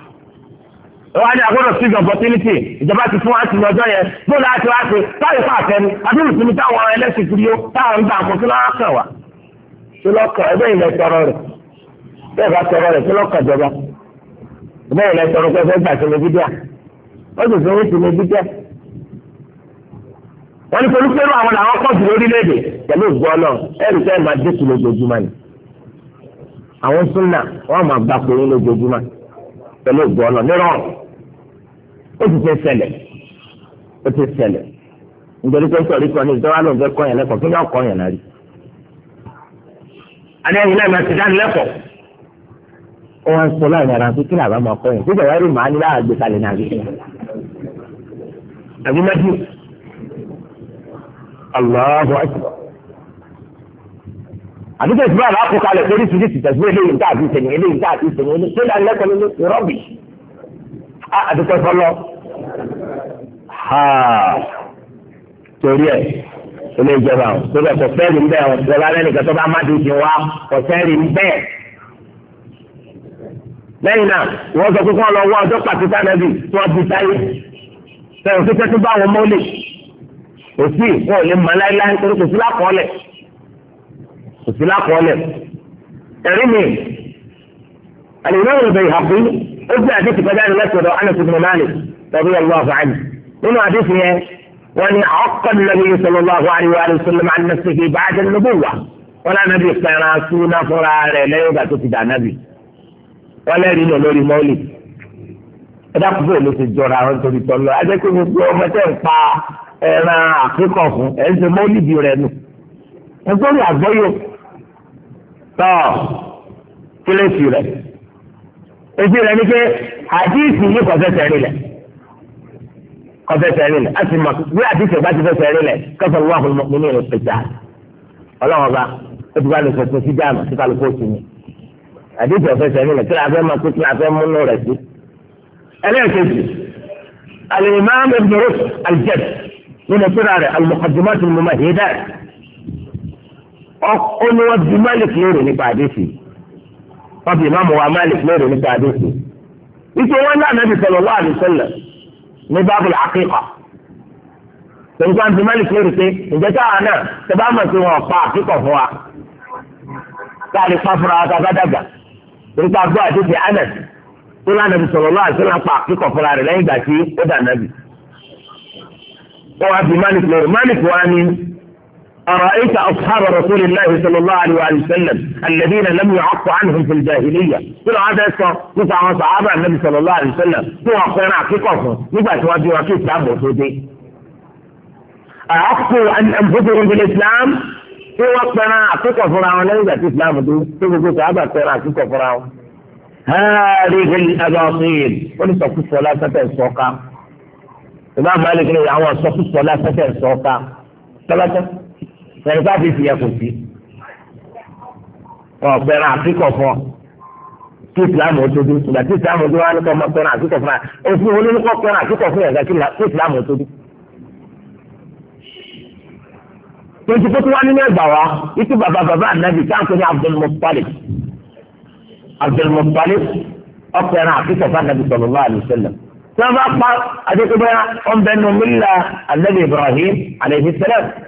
wọ́n ní agbọ́dọ̀ sí opportunity ìjọba ti fún wa ti lọ́jọ́ yẹn bó la ti wá pé táyọ̀ fún àfẹ́mi abúlù fún mi táwọn ẹlẹ́sìn kiri ó táwọn ń gbà fún kí lọ́wọ́ kàn wá kí lọ́wọ́ kàn ẹgbẹ́ ilẹ̀ tọrọ rẹ̀ bẹ́ẹ̀ bá tọrọ rẹ̀ kí lọ́wọ́ kàn jọba ẹgbẹ́ ilẹ̀ tọrọ pé fẹ́ gbà sílẹ̀ bídíà wọ́n sì fún ìsìnlẹ̀ bídíà wọ́n ní pẹ̀lú pẹ̀lú àwọn làwọn pọ̀ jù lórílẹ̀‐èdè pẹ̀lú ìgbọ́ náà ẹ̀rù tẹ́ ẹ̀ máa dé kìlọ̀ ojoojúmọ́ ni àwọn súnà wọ́n máa gbà pé lójoojúmọ́ pẹ̀lú ìgbọ́ náà nírọ̀rùn ó ti ṣe ṣẹlẹ̀ ó ti ṣẹlẹ̀ nítorí pé sọ̀rí kan ní ìjọba ló ń fẹ́ kọ́ yẹn lẹ́kọ̀ọ́ kí ni ọkọ̀ yẹn náà rí. adéyìn náà máa ti dá lẹ́kọ̀ọ́ ó wá ń sọ láàrin ara pé kí làbá máa kọ́ yẹn síbẹ̀ wá rí màá ní láà gbé kalẹ̀ náà rí. àbí mẹ́tì Allahu akbar àbí tẹ̀sí báyìí láàpò kalẹ̀ lórí ti ti tẹ̀sí eléyìí tá àti ìsẹ̀yìn eléyìí tá àti ìsẹ̀yìn eléyìí tó dá lẹ́kọ̀ọ́ torí ẹ̀ ó lè jọba àwọn tó bẹ̀ kò sẹ́ẹ̀rì ń bẹ̀ àwọn ìjọba lẹ́nìkan tó bá má di ti wá kò sẹ́ẹ̀rì ń bẹ̀. lẹ́yìn náà wọ́n sọ pé kí wọ́n lọ wá ọjọ́ pàtó sánẹ́bì tí wọ́n ti táyé sẹ́yìn tó tẹ́tí bá wọn mọ́lẹ̀ kò sí wọn ò lè mọ láéláé torí kò sí lákọọ́lẹ̀ kò sí lákọọ́lẹ̀ ẹ̀rí mi àlè ìnáwó ìbẹ̀yìn àpò ó gbé àdéhùn kọjá ní nínú àdéhùn yẹn wọn ni ọkọ nàbí sallallahu alaihi wa sallam an nafsihi ba'da an-nubuwwah wọn lànà bí pẹ̀ràn súná fúnra rẹ̀ lẹ́yìn ìgbà tó ti dà nàbì wọn lẹ́rìí lọ lórí mọ́lì ẹ̀dá púpọ̀ ló ti jọra àwọn torí tọ́lọ́ ajẹ́ pé gbogbo ọmọ tẹ́ ń pa ẹran àkókò fún ẹ̀ ń ṣe mọ́lì bí rẹ̀ nù ẹgbẹ́rì àgbọ́yò tọ́ kílẹ̀sì rẹ̀ èsì rẹ̀ ni pé àdéhùn yìí kọ̀ fẹsẹ̀ rí rẹ̀ kọfẹsẹ rin lẹ asi ma bí àdìsẹ bá ti fẹsẹ rin lẹ kẹfẹ wà fún mi ní ìlú pẹjà Ọlọ́run bá ó ti bá lè fẹsẹ sí dáàmà sí kálukú òsì mi àdìsẹ fẹsẹ rin lẹ kíláà fẹ máa kó kíláà fẹ múnú rẹ sí. ẹlẹ́ẹ̀kejì alimami ibn Rushd nínú kíra rẹ al-Muqaddimat al-Mumahidat ó ní wọn Malik lóore nípa àdìsẹ wọn bí Malik lóore nípa àdìsẹ ìṣòwò ńlá nàbì sallallahu alaihi wasallam ní bábùlù àkíkà tòǹkà ń tìmọ́lì fèrè pé ǹjẹ́ táwa náà tẹ bá mọ̀ sí wọn pa àkíkà fún wa táà lè pa fúnra wa tá a bá dàgbà nípa gbọ́ àdéhùn Anas tó lánàá bí sọ̀rọ̀ lọ́wọ́ àti lápá àkíkọ̀ fúnra rẹ̀ lẹ́yìn ìgbà tí ó dà nábì. wọ́n wá fi mánìkì lórí mánìkì wá ní أرأيت أصحاب رسول الله صلى الله عليه وسلم الذين لم يعق عنهم في الجاهلية كل عادة يسا نفع صحابة النبي صلى الله عليه وسلم هو أخيرا حقيقة نبع تواجه وكيف تعبه سودي أعقوا أن أنفسهم بالإسلام في وقتنا حقيقة فراون لم في إسلام دو تقول صحابة أخيرا حقيقة فراون هذه الأباطيل ولسا في الصلاة تتسوقا إمام مالك لي أعوى سوقا لا تتسوقا ثلاثة sẹ́yìn bá ti fi yẹ kò sí ọ̀pẹ̀rẹ̀ àfikọ̀ fún ọ kí islam òdodo ìgbà tí islam òdodo wà ní kọ́ ọmọ pẹ̀rẹ̀ àfikọ̀ fún ọ òfin olólùkọ́ pẹ̀rẹ̀ àfikọ̀ fún ẹ̀ka kí islam òdodo. tonti kó tó wá nínú ẹgbà wa ikú bàbá bàbá ànábì táǹkì ní abdulmuttalib abdulmuttalib ọ̀pẹ̀rẹ̀ àfikọ̀ fún ànábì sallallahu alaihi wasallam tí wọ́n bá pa adékòbẹ́yà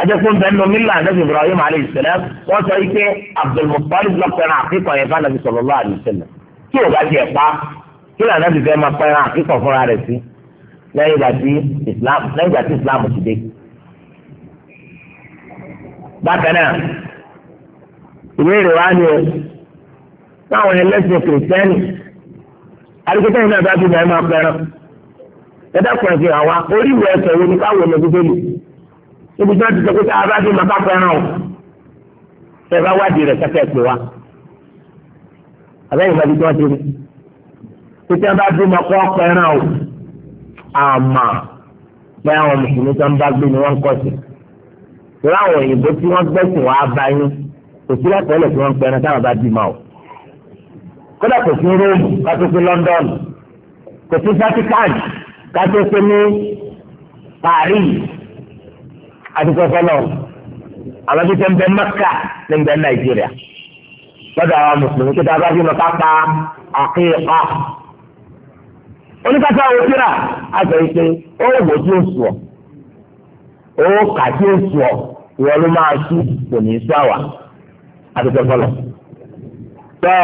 ajẹ́kùn bẹ́ẹ̀ nù mílà nàbì ibrahim alayhi salam wọ́n sọ ike abdulmutalib lọ́pẹ̀rẹ̀ àkíkọ̀ yẹn bá nàbì sallallahu alayhi wasallam tí o bá di ẹ̀ pa kí lànà bí fẹ́ máa pẹ́rẹ́ àkíkọ̀ fúnra rẹ̀ sí lẹ́yìn ìgbà tí islam lẹ́yìn ìgbà tí islam ti dé. bákan náà ìbéèrè wa ni o táwọn ẹlẹ́sìn kìrìsìtẹ́nì àdìgbẹ́tẹ́ yìí náà bá bí bẹ́ẹ̀ máa pẹ́rẹ́ níbi tí wọ́n ti sọ pé sáà bá dé màá bá fẹ́ràn o ṣe bá wádìí rẹ̀ kẹ́kẹ́ pé wa àbẹ́yìn ìbàdí tí wọ́n ti rí pé tí wọ́n bá dé màá kọ́ fẹ́ràn o àmà pé àwọn mùsùlùmí tó ń bá gbé ni wọ́n ń kọ́ sí ìrọ̀ àwọn òyìnbó tí wọ́n gbẹ̀sìn wá bá yín kò sí lẹ́kọ̀ọ́ lẹ̀ tí wọ́n ń pẹ́ran táwọn bá dì máa o kódà kò sí róòmù kátó sí London kò sí Vatican kátó sí ní Paris àdúgbò fọlọ́ àwọn tó ti ń bẹ mẹ́kà ní ń bẹ nàìjíríà lọ́dọ̀ àwọn mùsùlùmí kí dábàá bímọ ká pa àkíyèpá. oníkàtà wo síra a sọ yìí pé ó wò tí ó sùọ ó kà tí ó sùọ ìwọ ló máa sú kò ní í sọ àwà àdúgbò fọlọ́. tọ́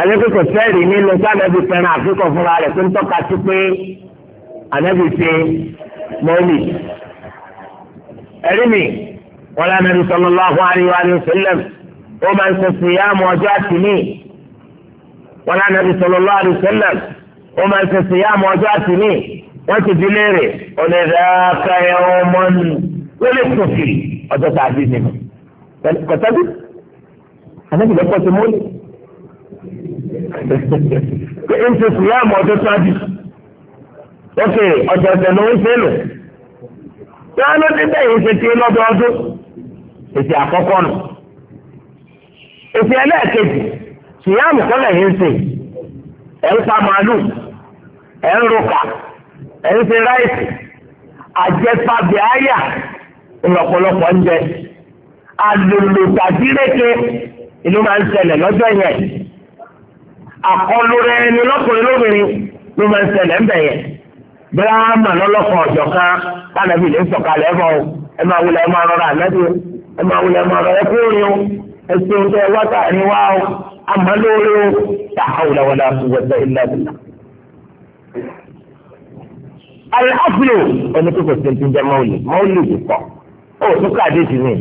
alẹ́kọ̀ọ́ kò fẹ́ẹ̀rì nínú sábẹ́bí fẹ́ràn àfikọ̀ fúnra rẹ̀ tó ń tọ́ka sí pé ànábì ṣe mọ́lì ẹ̀rí mi wọn lé anabi sallallahu alaihi wa sallam ó máa ń sọsọ ìyá àmọ́ ọjọ́ àtìní wọn lé anabi sallallahu alaihi wa sallam ó máa ń sọsọ ìyá àmọ́ ọjọ́ àtìní wọn ti di léèrè ọ̀nà ìdáka ẹ̀ ọmọ nù wọ́n lè sọ̀fì ọjọ́ tàbí nínú kọ̀tàbí anabi lọ́pọ̀ tó mọ́lẹ̀ pé ń sọsọ ìyá àmọ́ ọjọ́ tàbí ok ọjọ́ tẹ̀lé ń sẹ́lẹ̀ yàrá ló dé bẹ́ẹ̀ ṣe ti lọ́dọọdún èsì àkọ́kọ́ nù èsì ẹlẹ́ẹ̀kejì ṣìyàmù kọ́lẹ̀ yìí ń sè ẹ̀ ń pa màálù ẹ̀ ń roka ẹ̀ ń ṣe ráìsì àjẹpàbẹ àyà ìlọ̀pọ̀lọpọ̀ ń jẹ alòlò tàbí léke ìlú máa ń ṣẹlẹ̀ lọ́jọ́ yẹn àkọlù rẹ̀ ni lọ́kùnrin lóbìnrin ló máa ń ṣẹlẹ̀ ń bẹ̀ bíráàmà lọ́lọ́kọ̀ ọ̀jọ̀ kan tánàbí lè sọ̀kalẹ̀ ẹ̀fọ́ o ẹ máa wulẹ̀ ẹ máa rọra ànábì o ẹ máa wulẹ̀ ẹ máa rọra ẹkú orin o ẹ ṣe oúnjẹ wáta àárín wa o àmọ́ lóore o ta hawla wala quwwata illa billah. aláfíò oníkókò tuntun jẹ mọ́wùlì mọ́wùlì kò kọ́ ó tún káàdé sí mi.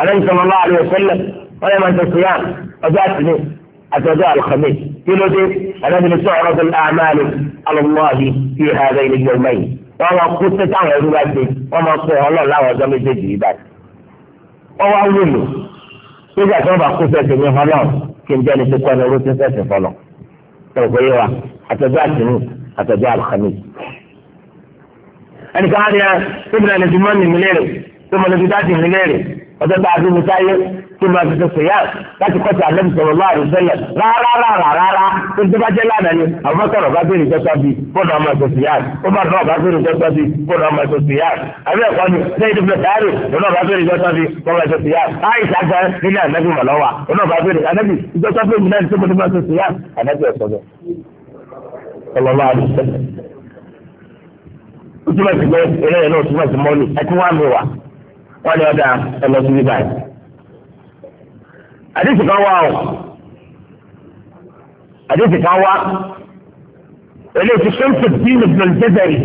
alẹ́ nìkan lọ́wọ́ àlè òṣèlè wọ́n yẹ máa ń tẹ̀síyàn ọjọ́ àtìní àti ọjọ́ àlùkàmẹ́sì kílódé àdájọ́ sọ ọ̀rọ̀ bẹ́ẹ̀ àmàlù alọ́láhi fi hàdà ilé yọ̀ọ́mọ́ yìí wọ́n máa kú sí táwọn ẹrú bá dé wọ́n máa kó ọ̀hún náà láwọn ọjọ́ méjèèjì yìí báyìí. wọ́n wá wù mí nígbà tí wọ́n bá kú sẹ́sẹ̀ mi hàn náà kí n jẹ́ ní kíkọ́ ní orúkú sẹ́sẹ̀ fọlọ́. tọ̀gbọ́ yé wa àtọ̀jọ́ àtìmú àtọ̀jọ́ àlùkàmì. ẹnì ọjọ́ tá a fi musáyé tó máa fi sọ̀sọ̀ yá láti kọ́ sí alẹ́mú sọ̀rọ̀ lọ́wọ́ àdìsẹ́lẹ̀ rárárárárá tó ti bá jẹ́ lánàá ni àbúkọ̀rọ̀ bá bẹ̀rẹ̀ ìjọsọ bí bọ́ọ̀nù ọmọ ìsọ̀sọ̀ yá Umar náà bá bẹ̀rẹ̀ ìjọsọ bí bọ́ọ̀nù ọmọ ìsọ̀sọ̀ yá àbí ẹ̀kọ́ ni sẹ́yìn ìdúpẹ́ sáré ọ̀nà bá bẹ̀rẹ̀ ìjọsọ bí bọ́ọ̀nù ìsọ̀sọ̀ yá àìsà gan nílẹ̀ ànábì mọ̀lọ́wà ọ̀nà bá bí mi wọ́n ní ọ̀dà ẹ̀lọ́ síbí báyìí. àdìsí kan wá o àdìsí kan wá eléyìí Shamsuddin ibn al-Jazari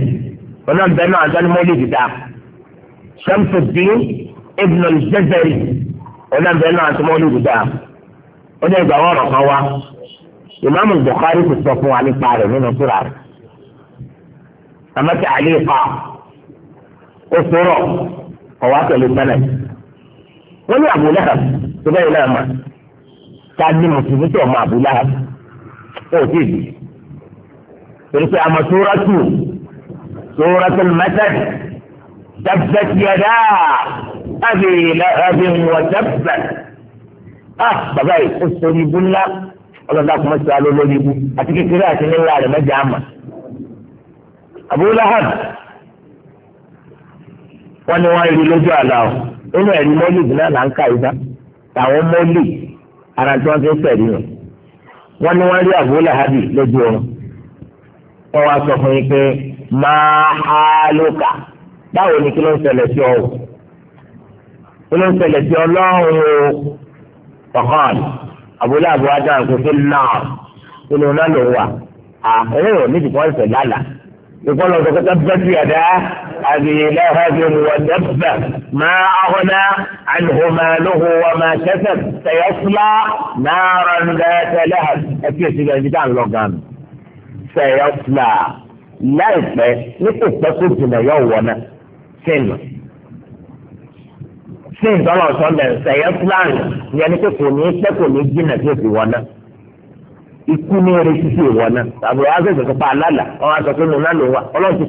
ọ̀nà ìbẹ̀rù àgbẹ̀ni mọ́lẹ̀ ìdìdá Shamsuddin ibn al-Jazari ọ̀nà ìbẹ̀rù àti mọ́lẹ̀ ìdìdá ọ̀nà ìgbà wọn ọ̀rọ̀ kan wá ìmáàmù Bukhari kò sọ fún wa imaamu bukari ti so nínú sùrà rẹ̀ àmọ́ tí àlè pa ó sọ̀rọ̀. ọ̀wá pẹ̀lú sánà wọ́n ní Abu Lahab tó bẹ́ẹ̀ náà mà ká ní mùsùlùmí tó ọmọ Abu Lahab ó ti di torí pé àmọ́ sóràtù sóràtù mẹ́tẹ́d tabbat yada abi lahabin wa tabba ah bàbá yìí ó sọ ní ọlọ́dà kò mọ̀ sí alólórí ibú àti kékeré àti nílá rẹ̀ àmà Abu wọ́n ní wọ́n rí lójú àlá o nínú ẹ̀rí mọ́lìd náà là ń kà yíká tàwọn mọ́lìd ara tí wọ́n fi ń pẹ̀lú nù wọ́n ní wọ́n rí Abu Lahabi lójú oorun wọ́n wá sọ fún yín pé máa ha lóka báwo ni kí ló ń ṣẹlẹ̀ sí ọ kí ló ń ṣẹlẹ̀ sí ọlọ́run o ọ̀kan Abu Lahabi wá dáhùn náà kí ló náà lò wà àwọn èèyàn níbi kan ń sẹ̀ lálàá ìkọlọ̀ ọ̀sẹ̀ kẹta أبي لهب ودب ما أغنى عنه ماله وما كسب سيصلى نارا ذات لهب أكيد سيجي جدان لوغان سيصلى láìpẹ́ ní kò pẹ́ kó jìnnà yọ wọ̀ náà sínú sí ìtọ́nà sọ́ndẹ̀ sẹ̀yẹ́ plan yẹn ni pé kò ní pẹ́ kò ní jìnnà tí fi wọ̀ ikú ní eré títí ìwọ̀ náà tàbí wọ́n á sọ̀tọ̀ pa àlàlà wọ́n á sọ nùnà ló wà ọlọ́run ti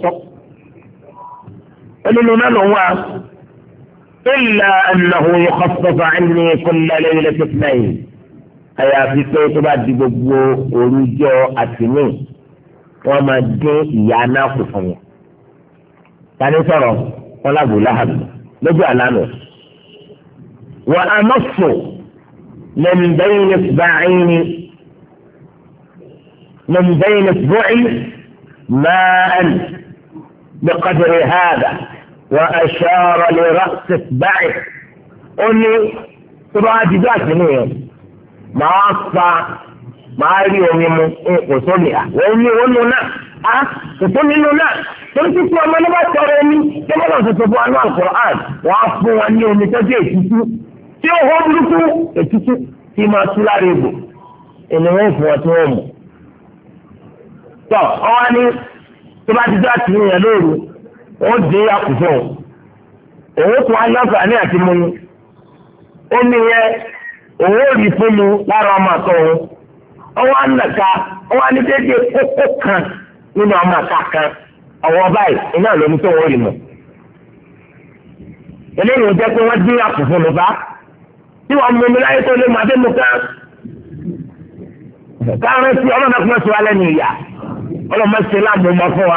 قالوا من هو إلا أنه يخفف عني كل ليلة اثنين أيا في سيت بعد ببو أريجو أتني وما دي يانا كفني كان يسرع ولا بلا هم لجو ألانو وأمص من بين إصبعين من بين إصبعي ماء بقدر هذا وأشار لرأس إتبعه ó ní tó bá di bá ma yẹn màá fa màá rí omi mu kò sómi à wọ́n ní omi náà á ah, kò sómi nínú náà torí tọrọ omi tó bá lọ́sọ̀ tó fún ó dín àkùtọ̀ òun tún á láǹfààní àti mú un ó ní yẹ òun ò rí fún mu lára ọmọ àtọ̀ òun ọwọ́ ànàká ọwọ́ ànídéédé kókó kan nínú ọmọ kan ọwọ́ báyìí iná lómi tó wọ́n rí eléyìí kan alẹ́ nìyà ọlọ́mọ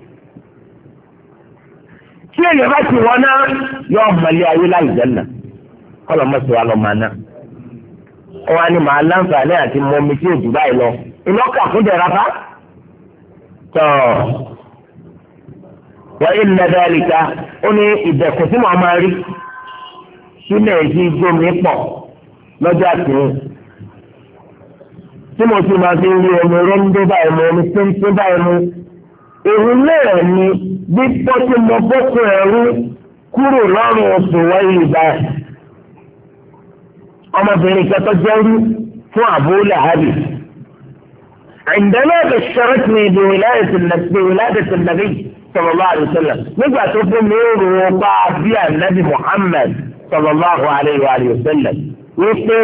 tí èyàn bá ti wọ́n náà yọ ọmọlé ayé láì jẹ́nà kọ́lọ̀ mọ́sọ̀ wa lọ máa ná. wọ́n á ní màá láǹfààní àti mọ omi tí òjò báyìí lọ iná kà fún jẹ̀rọ bá. tọ́ wọ́n yé nínú ẹ̀dá ẹ̀ríkà ó ní ìdẹ̀kùn tí màá máa rí sílẹ̀ sí gómi pọ̀ lọ́jọ́ àtìmú tí mo sì máa fi ń rí omi rẹ́ńdó báyìí mu omi tó ń tó báyìí mu. òun náà ni bíbọ́ tí mo bọ́kọ ẹ̀rú kúrò lọ́rùn oṣù wáyé ìgbà ọmọbìnrin kẹtọ́ jẹ́rú fún Abu Lahabi. عندما بشرتني بولادة بولادة النبي صلى الله عليه وسلم نجع تقول نور وقع فيها النبي محمد صلى الله عليه وآله وسلم وفي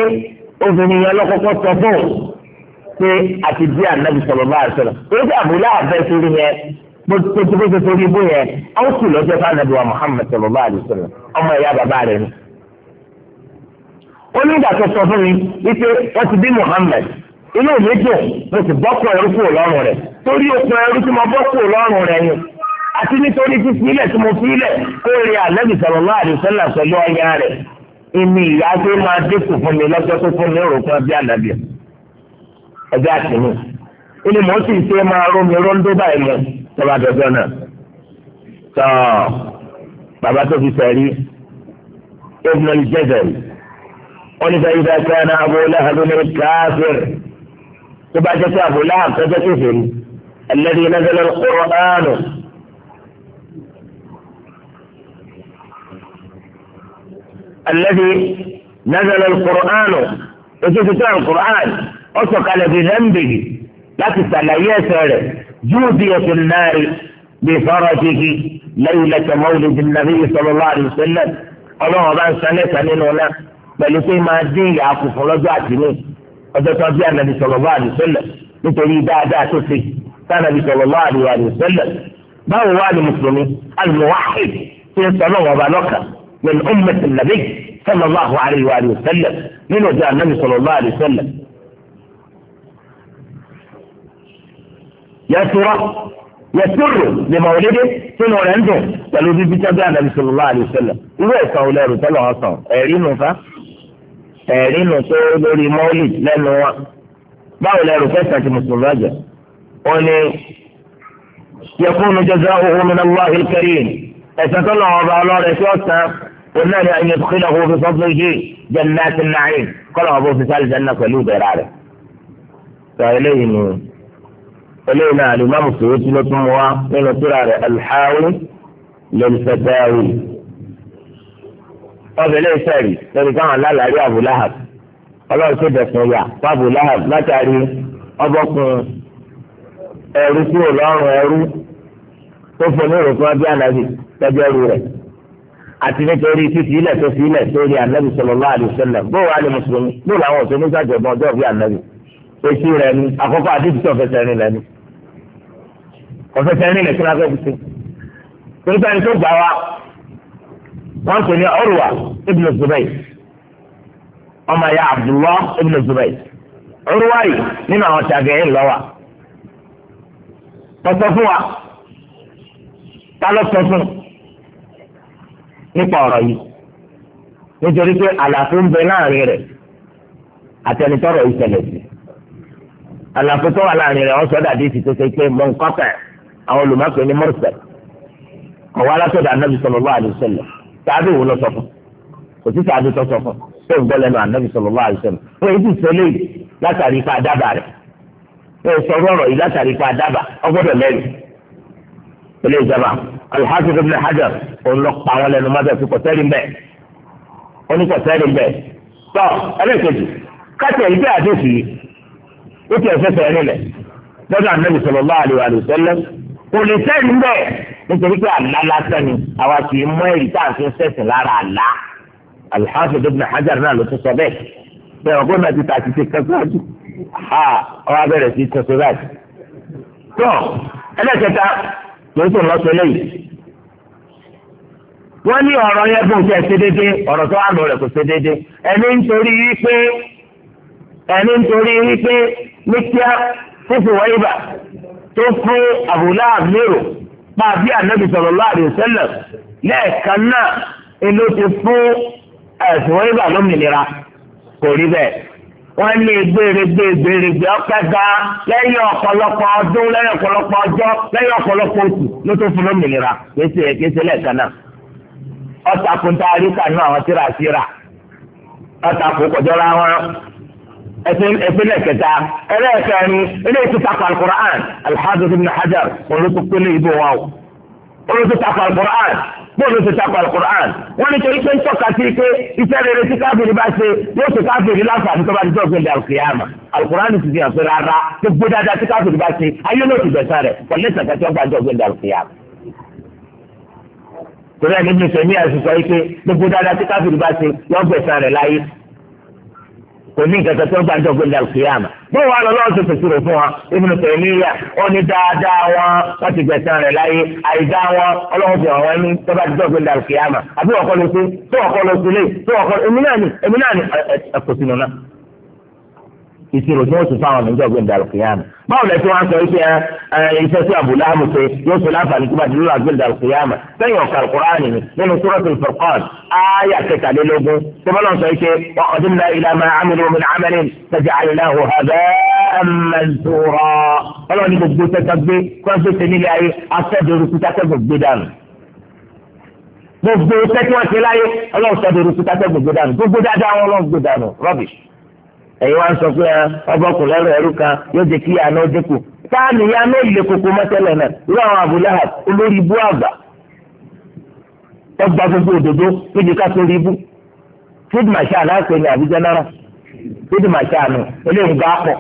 أذني لك قصة فوق pé àti bí ànábì sọ̀rọ̀ bá àṣọ̀rọ̀ torí pé àbúlá àbẹ́ torí yẹn gbogbo torí ibú yẹn ó sì lọ́jọ́ fáànàbì wa Muhammad sọ̀rọ̀ bá àṣọ̀rọ̀ ọmọ ìyá bàbá rẹ̀ ni. onígbà tó sọ fún mi wípé wọ́n ti bí Muhammad inú mi dùn mo sì ẹrú kúrò lọ́rùn rẹ̀ torí ẹrú tí mo lọ́rùn rẹ̀ ni àti nítorí tí mo fún mi lọ́jọ́ tó fún ẹjọ́ àtìmí ó ní mò ń sì ṣe máa rómi róńdó báyìí mu lọ́ba dọ́jọ́ náà tọ́ bàbá tó fi sẹ́rí ibn al-jazari wọ́n ní sẹ́yìn dáa kan náà Abu Lahab ní káfíìr tó bá jẹ́ pé Abu Lahab tó jẹ́ kéfìrí alladhi nazala al-Qur'an alladhi nazala al-Qur'an ètò ìfẹ́ al-Qur'an. ọsọ kalẹ̀ bí lẹ́ńbìlì láti sàlàyé ẹsẹ̀ rẹ̀ yóò di ẹ̀sìn náà rí bí farajihi lẹ́yìn lẹ́tọ̀ mọ́wùlì bí nàbí sallallahu alaihi wasallam ọlọ́run ọba ń san lẹ́sàn nínú náà pẹ̀lú pé máa dín ìyá àkùkù lọ́jọ́ àtìmí ọjọ́ tó bí ànàbì sallallahu alaihi wasallam nítorí dáadáa tó ti sànàbì sallallahu alaihi wasallam báwo wá ni mùsùlùmí al tí ń sọ̀rọ̀ wọn bá lọ́kàn min ummati nabi sallallahu alaihi wasallam nínú ìjọ ànàbì sallallahu alaihi wasallam yẹtura yẹtúrò lè mọ òlédè sínú rẹ ń dùn pẹ̀lú bíbí tẹgbẹ àdàbí sọlọlá àdìsọlọ irú ẹsàn olè rò tọlọ wọn sàn ẹrí nù fa ẹrí nù tó lórí mọlì lẹ́nu wọn báwo lẹ rò fẹsẹ àti mùsùlùmí àjẹ wọn ni yẹkùnú jẹjẹrẹ owó mi náà wáhìí kẹrin ẹsẹ tọlọ wọn bá ọlọrẹ tí wọn sàn wọn náà ni àyè kúkìlà owó fi sọfún yìí jẹ náà ti náà yìí kọlọ wọn bó fi sálì náà pẹ̀lú bẹ̀rẹ̀ rẹ eléyìí náà alimami Suyuti ló tún wá nínú tírà rẹ̀ alḥawi lẹ́lifẹ̀tẹ́wì. wọ́n fi eléyìí sẹ́rì lórí káwọn alálàárí Abu Lahab ọlọ́run tó dẹ̀sùn yà fún Abu Lahab látàrí ọbọ̀kun ẹrú kúrò lọ́rùn ẹrú tó fún onírò fún abíyá nàbì tẹ́jọ́ ẹrú rẹ̀ àti nítorí títí ilẹ̀ tó fi ilẹ̀ sórí ànábì sallallahu alaihi wasallam bó wà mùsùlùmí bó làwọn òṣèlú sàjọ̀bọ̀n ọjọ́ bí ànábì èsì rẹ̀ ni àkọ́kọ́ àdìsí tó rìn lẹ́nu. ọ̀fẹ́sẹ̀ rìn lẹ́sìn lábẹ́ òkúté torí báyìí tó gbà wá wọ́n pè ní Urwa ibn Zubayr ọmọ ya Abdullah ibn yìí nínú àwọn lọ́wọ́ fún wa nípa ọ̀rọ̀ yìí nítorí pé àlàfo ń bẹ láàrin àtẹnitọ́rọ̀ ìṣẹ̀lẹ̀ sí àlàfo tó wà láàrin àwọn olùmọ̀pẹ̀ ní mọ́rùsẹ̀ ọ̀wọ́ alásọ̀dọ̀ anábì sallallahu alaihi wasallam sáábì wò lọ sọ fún kò sí sáábì tó sọ fún tó ń gbọ́ lẹ́nu anábì sallallahu alaihi wasallam wọ́n èyí ti sẹ́lẹ̀ látàrí ipa dábàá rẹ̀ wọ́n sọ rọ̀rọ̀ yìí látàrí ipa dábàá ọgbọ́dọ̀ lẹ́nu ilé ìjọba alhaji ibn hajar òun lọ pa àwọn lẹ́nu mọ́tò fún kọ̀tẹ́rì mbẹ́ oníkọ̀tẹ́rì mbẹ́ tọ́ ẹlẹ́kẹ̀jì kò lè sẹ́rìí ń bẹ̀ nítorí pé ni àwa kì í mọ èrì tá à ń fi sẹ́sìn lára àlá al Hajar náà ló tún sọ bẹ́ẹ̀ bẹ́ẹ̀ ọgbọ́n náà ti ta àti ṣe kẹ́kọ̀ọ́dù ọwọ́ abẹ́rẹ́ sí tuntun báyìí. tó ẹlẹ́kẹta lóun tó sọ lẹ́yìn wọ́n ní ọ̀rọ̀ yẹn kẹ́ ṣe ọ̀rọ̀ tó wà tó fún àbúlá lérò máa bí ànábì sallallahu alaihi wasallam lẹ́ẹ̀kan náà èló ti fún ẹ̀sùn wọn nígbà lómìnira kò rí bẹ́ẹ̀ wọ́n ní gbèrègbè gbèrègbè ọ̀pẹ́ ga lẹ́yìn ọ̀pọ̀lọpọ̀ ọdún lẹ́yìn ọ̀pọ̀lọpọ̀ ọjọ́ lẹ́yìn ọ̀pọ̀lọpọ̀ oṣù ló tó fún lómìnira kéṣe kéṣe lẹ́ẹ̀kan náà ọ̀tàkùn tá a rí kànú àwọn tíra síra ọ̀tàkùn kọjọ́ra ẹ̀fínlẹ̀ kẹta ẹlẹ́ẹ̀kẹrin eléyìí tó takò alukur'an alḥadud ibn hajar olóso pélé ibò wa o olóso takò alukur'an bóòlù tó takò alukur'an wọn ni torí pé ń tọ́ka sí pé iṣẹ́ rere tí káfíìrì bá ṣe yóò ṣe káfíìrì láǹfààní tó bá ti tọ́jú ilẹ̀ alukiyama alukur'an ti fi hàn pé rárá tó gbé dáadáa tí káfíìrì bá ṣe ayé ló ti bẹ̀sán rẹ̀ pẹ̀lú ìtàkàtì ọgbà tọ́jú ilẹ̀ alukiyama torí ẹni bí sẹ́mi àti sọ yìí pé gbogbo dáadáa tí káfíìrì bá ṣe yọ gbẹ̀sán rẹ̀ láyé kò ní nǹkan kan tó ń gbà jọ gbẹ̀dẹ̀ àlùkìyàmà bó wàá lọ lọ́wọ́ tuntun kúrò fún wa Ibn Taymiyyah ó ní dáadáa wọn wọ́n ti gbẹ̀sán rẹ̀ láyé àìdá wọn ọlọ́run fi hàn wọ́n tó bá jọ gbẹ̀dẹ̀ àlùkìyàmà àbí wọ́n kọ́ lóṣù tó wọ́n kọ́ lóṣù lé tó wọ́n kọ́ èmi náà ni èmi náà ni ẹ̀kọ́ sínú náà ìṣirò tí wọ́n sùn fáwọn ọ̀nà ìjọba ìdàlùkìyàmù báwo lẹ tí wọ́n sọ iṣẹ́ iṣẹ́ sí Abu Lahab ṣe yóò sọ láǹfààní tó bá dúró àgbẹ̀ ìdàlùkìyàmù sẹ́yìn ọ̀kà Al-Qur'ani ni nínú Suratul Furqan ááyà kẹtàlélógún tó bá lọ sọ iṣẹ́ wa qadimna ila ma amilu min amalin faja'alnahu haba'an mansura ọlọ́ni gbogbo tẹ́tà gbé kọ́ńtẹ́tì gbogbo tẹ́tí wọn ti láyé ọlọ́run sọ́dọ̀ orúkú tàbí gbogbo dànù gbogbo dáadáa wọn ọlọ́run gbogbo dànù ẹ̀yin wá ń sọ pé ẹrụ lọ́rọ̀ ẹ̀rú kan yóò jẹ́ kí àná ya náà lè koko mọ́tẹ́lẹ̀ náà irú àwọn Abu Lahab olórí ibú àgbà ọgbà gbogbo òdòdó níbi ká tó ibú fídì màṣá náà pè ní àbújá náírà fídì eléyìí ń pọ̀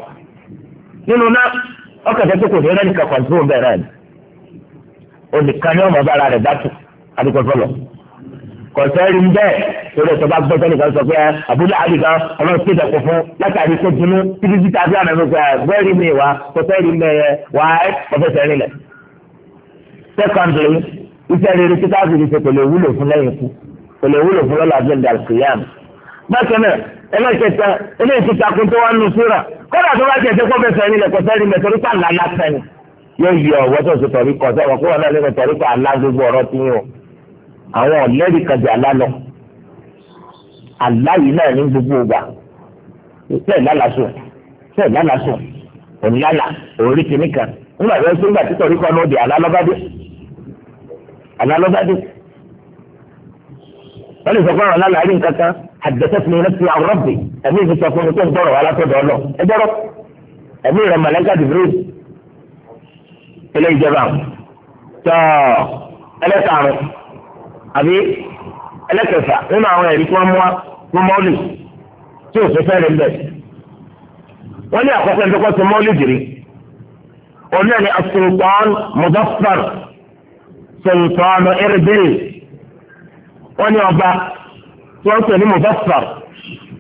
nínú náà tó kò ní bẹ̀rẹ̀ kọ̀sẹ́rì ń bẹ́ẹ̀ torí ẹ̀sọ́ bá gbọ́sẹ́ nìkan sọ pé àbúlé àdìgán ọlọ́run péjọ kò fún látàrí kó dunú títí títí àbí àná gbogbo àgbẹ̀rì mi wá kọ̀sẹ́rì ń bẹ́ẹ̀ wá ọ̀fẹ́sẹ̀ rìn lẹ̀. secondly iṣẹ́ rere tí káàkiri ṣe kò lè wúlò fún lẹ́yìn ikú kò lè wúlò fún lọ́la bí ẹ̀dà kìyàm. bákan náà ẹlẹ́kẹta eléyìí ti takun tó wá nù síra kódà tó bá jẹ́ pé kọ́fẹ́sẹ̀ rìn lẹ̀ kọ̀sẹ́rì ń bẹ̀ torí pàlà lásán yóò yọ ọ̀wọ́ tó ṣe tọ̀rí kọ̀ sẹ́wọ̀n kó wọn náà lè tọ̀rí pàlà gbogbo ọ̀rọ̀ àwọn ọ̀lẹ́rì kan jẹ́ àlá lọ àlá yìí náà ní gbogbo ìgbà bẹ́ẹ̀ lálàsùn bẹ́ẹ̀ lálàsùn ònlálà òórí kìíní kan nígbà tó ń gbà títọ̀ rí kan náà di àlá lọ́gádé àlá lọ́gádé wọ́n lè sọ fún àwọn àlá rí nǹkan kan àdẹ́sẹ́fún ní ẹ̀rọ àwọn rọ́bì ẹ̀mí ìfi sọ fún mi tó ń dọ̀rọ̀ wá látọ̀dọ̀ ọlọ ẹ dọ́rọ̀ ẹ̀mí rẹ̀ mọ̀lẹ́kà dìbírò eléyìí jẹba tọ́ ẹlẹ́sàárùn àbí ẹlẹ́kẹ̀fà nínú àwọn ẹ̀rí tí wọ́n mú wa fún mọ́ọ̀lì tí ò fẹ́fẹ́ rẹ̀ ń bẹ̀. wọ́n ní àkọ́kọ́ ẹni tó kọ́ sí mọ́ọ̀lì jìrì òun náà ni asultan mudaffar sultan erbil wọ́n ní ọba tí wọ́n pè ní mudaffar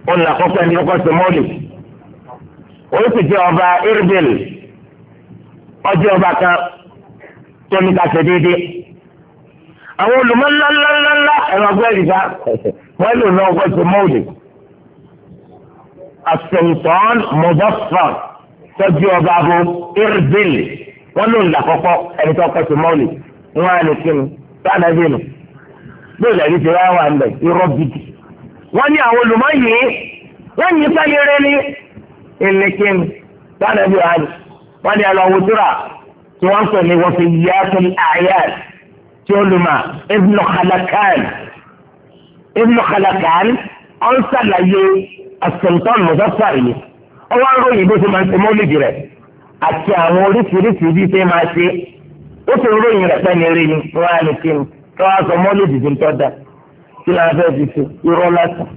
òun ní àkọ́kọ́ ẹni tó kọ́ sí mọ́ọ̀lì òun sì jẹ́ ọba erbil ọjọ́ ọba kan tó ní ká ṣe déédéé àwọn olùmọ̀ ńláńláńlá ẹ̀rọ ọgbẹ́ ìdá wọ́n lò náà wọ́n ti mọ́ọ̀lì. àṣẹ̀ǹtàn mọ̀bọ́fàn tọ́jú ọba bo irbil wọ́n lò ńlá kọ́kọ́ ẹni tó kọ́ ti mọ́ọ̀lì wọ́n á lè kíni sáàdà bí nù. bí ìlà yìí ti wá wà ńlẹ̀ irọ́ bìbì. wọ́n ní àwọn olùmọ̀ yìí wọ́n yìí sáyẹrẹ ní ìlẹ̀kìn sáàdà bí wọ́n á ní. wọ́n ní tí ó lùmà ibnu khalakan ibnu khalakan ó ń ṣàlàyé as-Sultan Muzaffar yìí ọwọ́ ròyìn bó ṣe máa ń ṣe mọ́lìdì rẹ̀ àti àwọn oríṣiríṣi bí ṣe máa ṣe ó sì ń ròyìn rẹ̀ pẹ́ni rí ni wọ́n á ni kí wọ́n á sọ mọ́lìdì tó ń da kí ni a fẹ́ fi ṣe irọ́ lásán.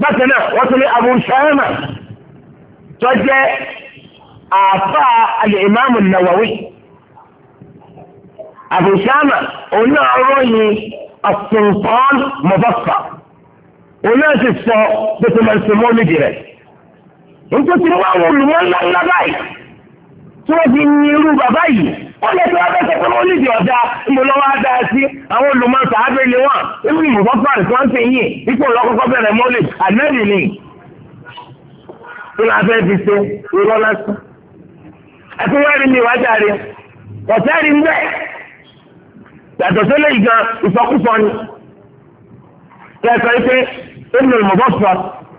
bákan náà wọ́n ti ní Abu Shama tó jẹ́ àáfàá al-Imam an àbùsàmà oní ọ̀rọ̀ yìí ọ̀sùnfọ́n mọ̀fọ́fà oní ẹ̀sìn sọ pẹ̀tẹ̀ máa ń sọ mọ́ nídìí rẹ̀. nítorí wọn àwọn olùwọ́n ńlá ńlá báyìí tí wọ́n fi ní irú bàbá yìí wọ́n lè fi abẹ́ sẹ́kọ̀ọ́ mọ́ nídìí ọ̀dà ìmọ̀lọ́wọ́ adá sí àwọn olùmọ̀ sàábẹ̀ lé wọn irú mọ̀fọ́fà tí wọ́n ti yìn ipò lọ́kọ́kọ́ bẹ̀rẹ̀ mọ́lẹ̀ ànẹ́rì ni. kí ni yàtọ̀ sílẹ̀ ìgbà ìsọkúsọ ni kẹsàn án pé ẹnu ìmọ̀bọ̀sọ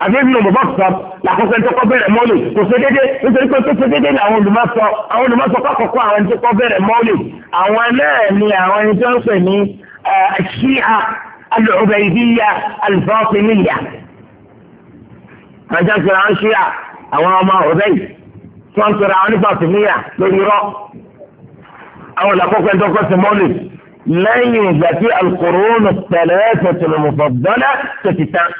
àbí ẹnu ìmọ̀bọ̀sọ làkọsọ ẹni tó kọ́ bẹ̀rẹ̀ mọ́lì kò ṣe déédé nítorí pé tó ṣe déédé ni àwọn olùmọ̀sọ àwọn olùmọ̀sọ kọ́kọ́kọ́ àwọn ẹni tó kọ́ bẹ̀rẹ̀ mọ́lì àwọn náà ni àwọn ẹni tó ń pè ní ṣíà alùbẹ̀yìdíyà alùfọ́ọ̀fìnìyà àjọ ìṣẹ̀lẹ̀ àwọn ṣíà àwọn ọmọ ọ̀bẹ́yì tí wọ́n ń pèrè àwọn onífọ̀ọ̀fìnìyà lórí rọ́ àwọn ìlàkọ́kọ́ ẹni tó kọ́ sí mọ́lì lẹ́yìn ìgbà tí alukóró tẹ̀lé tẹ̀tẹ̀lẹ̀ mọ̀fọ́dọ́lá tó ti tán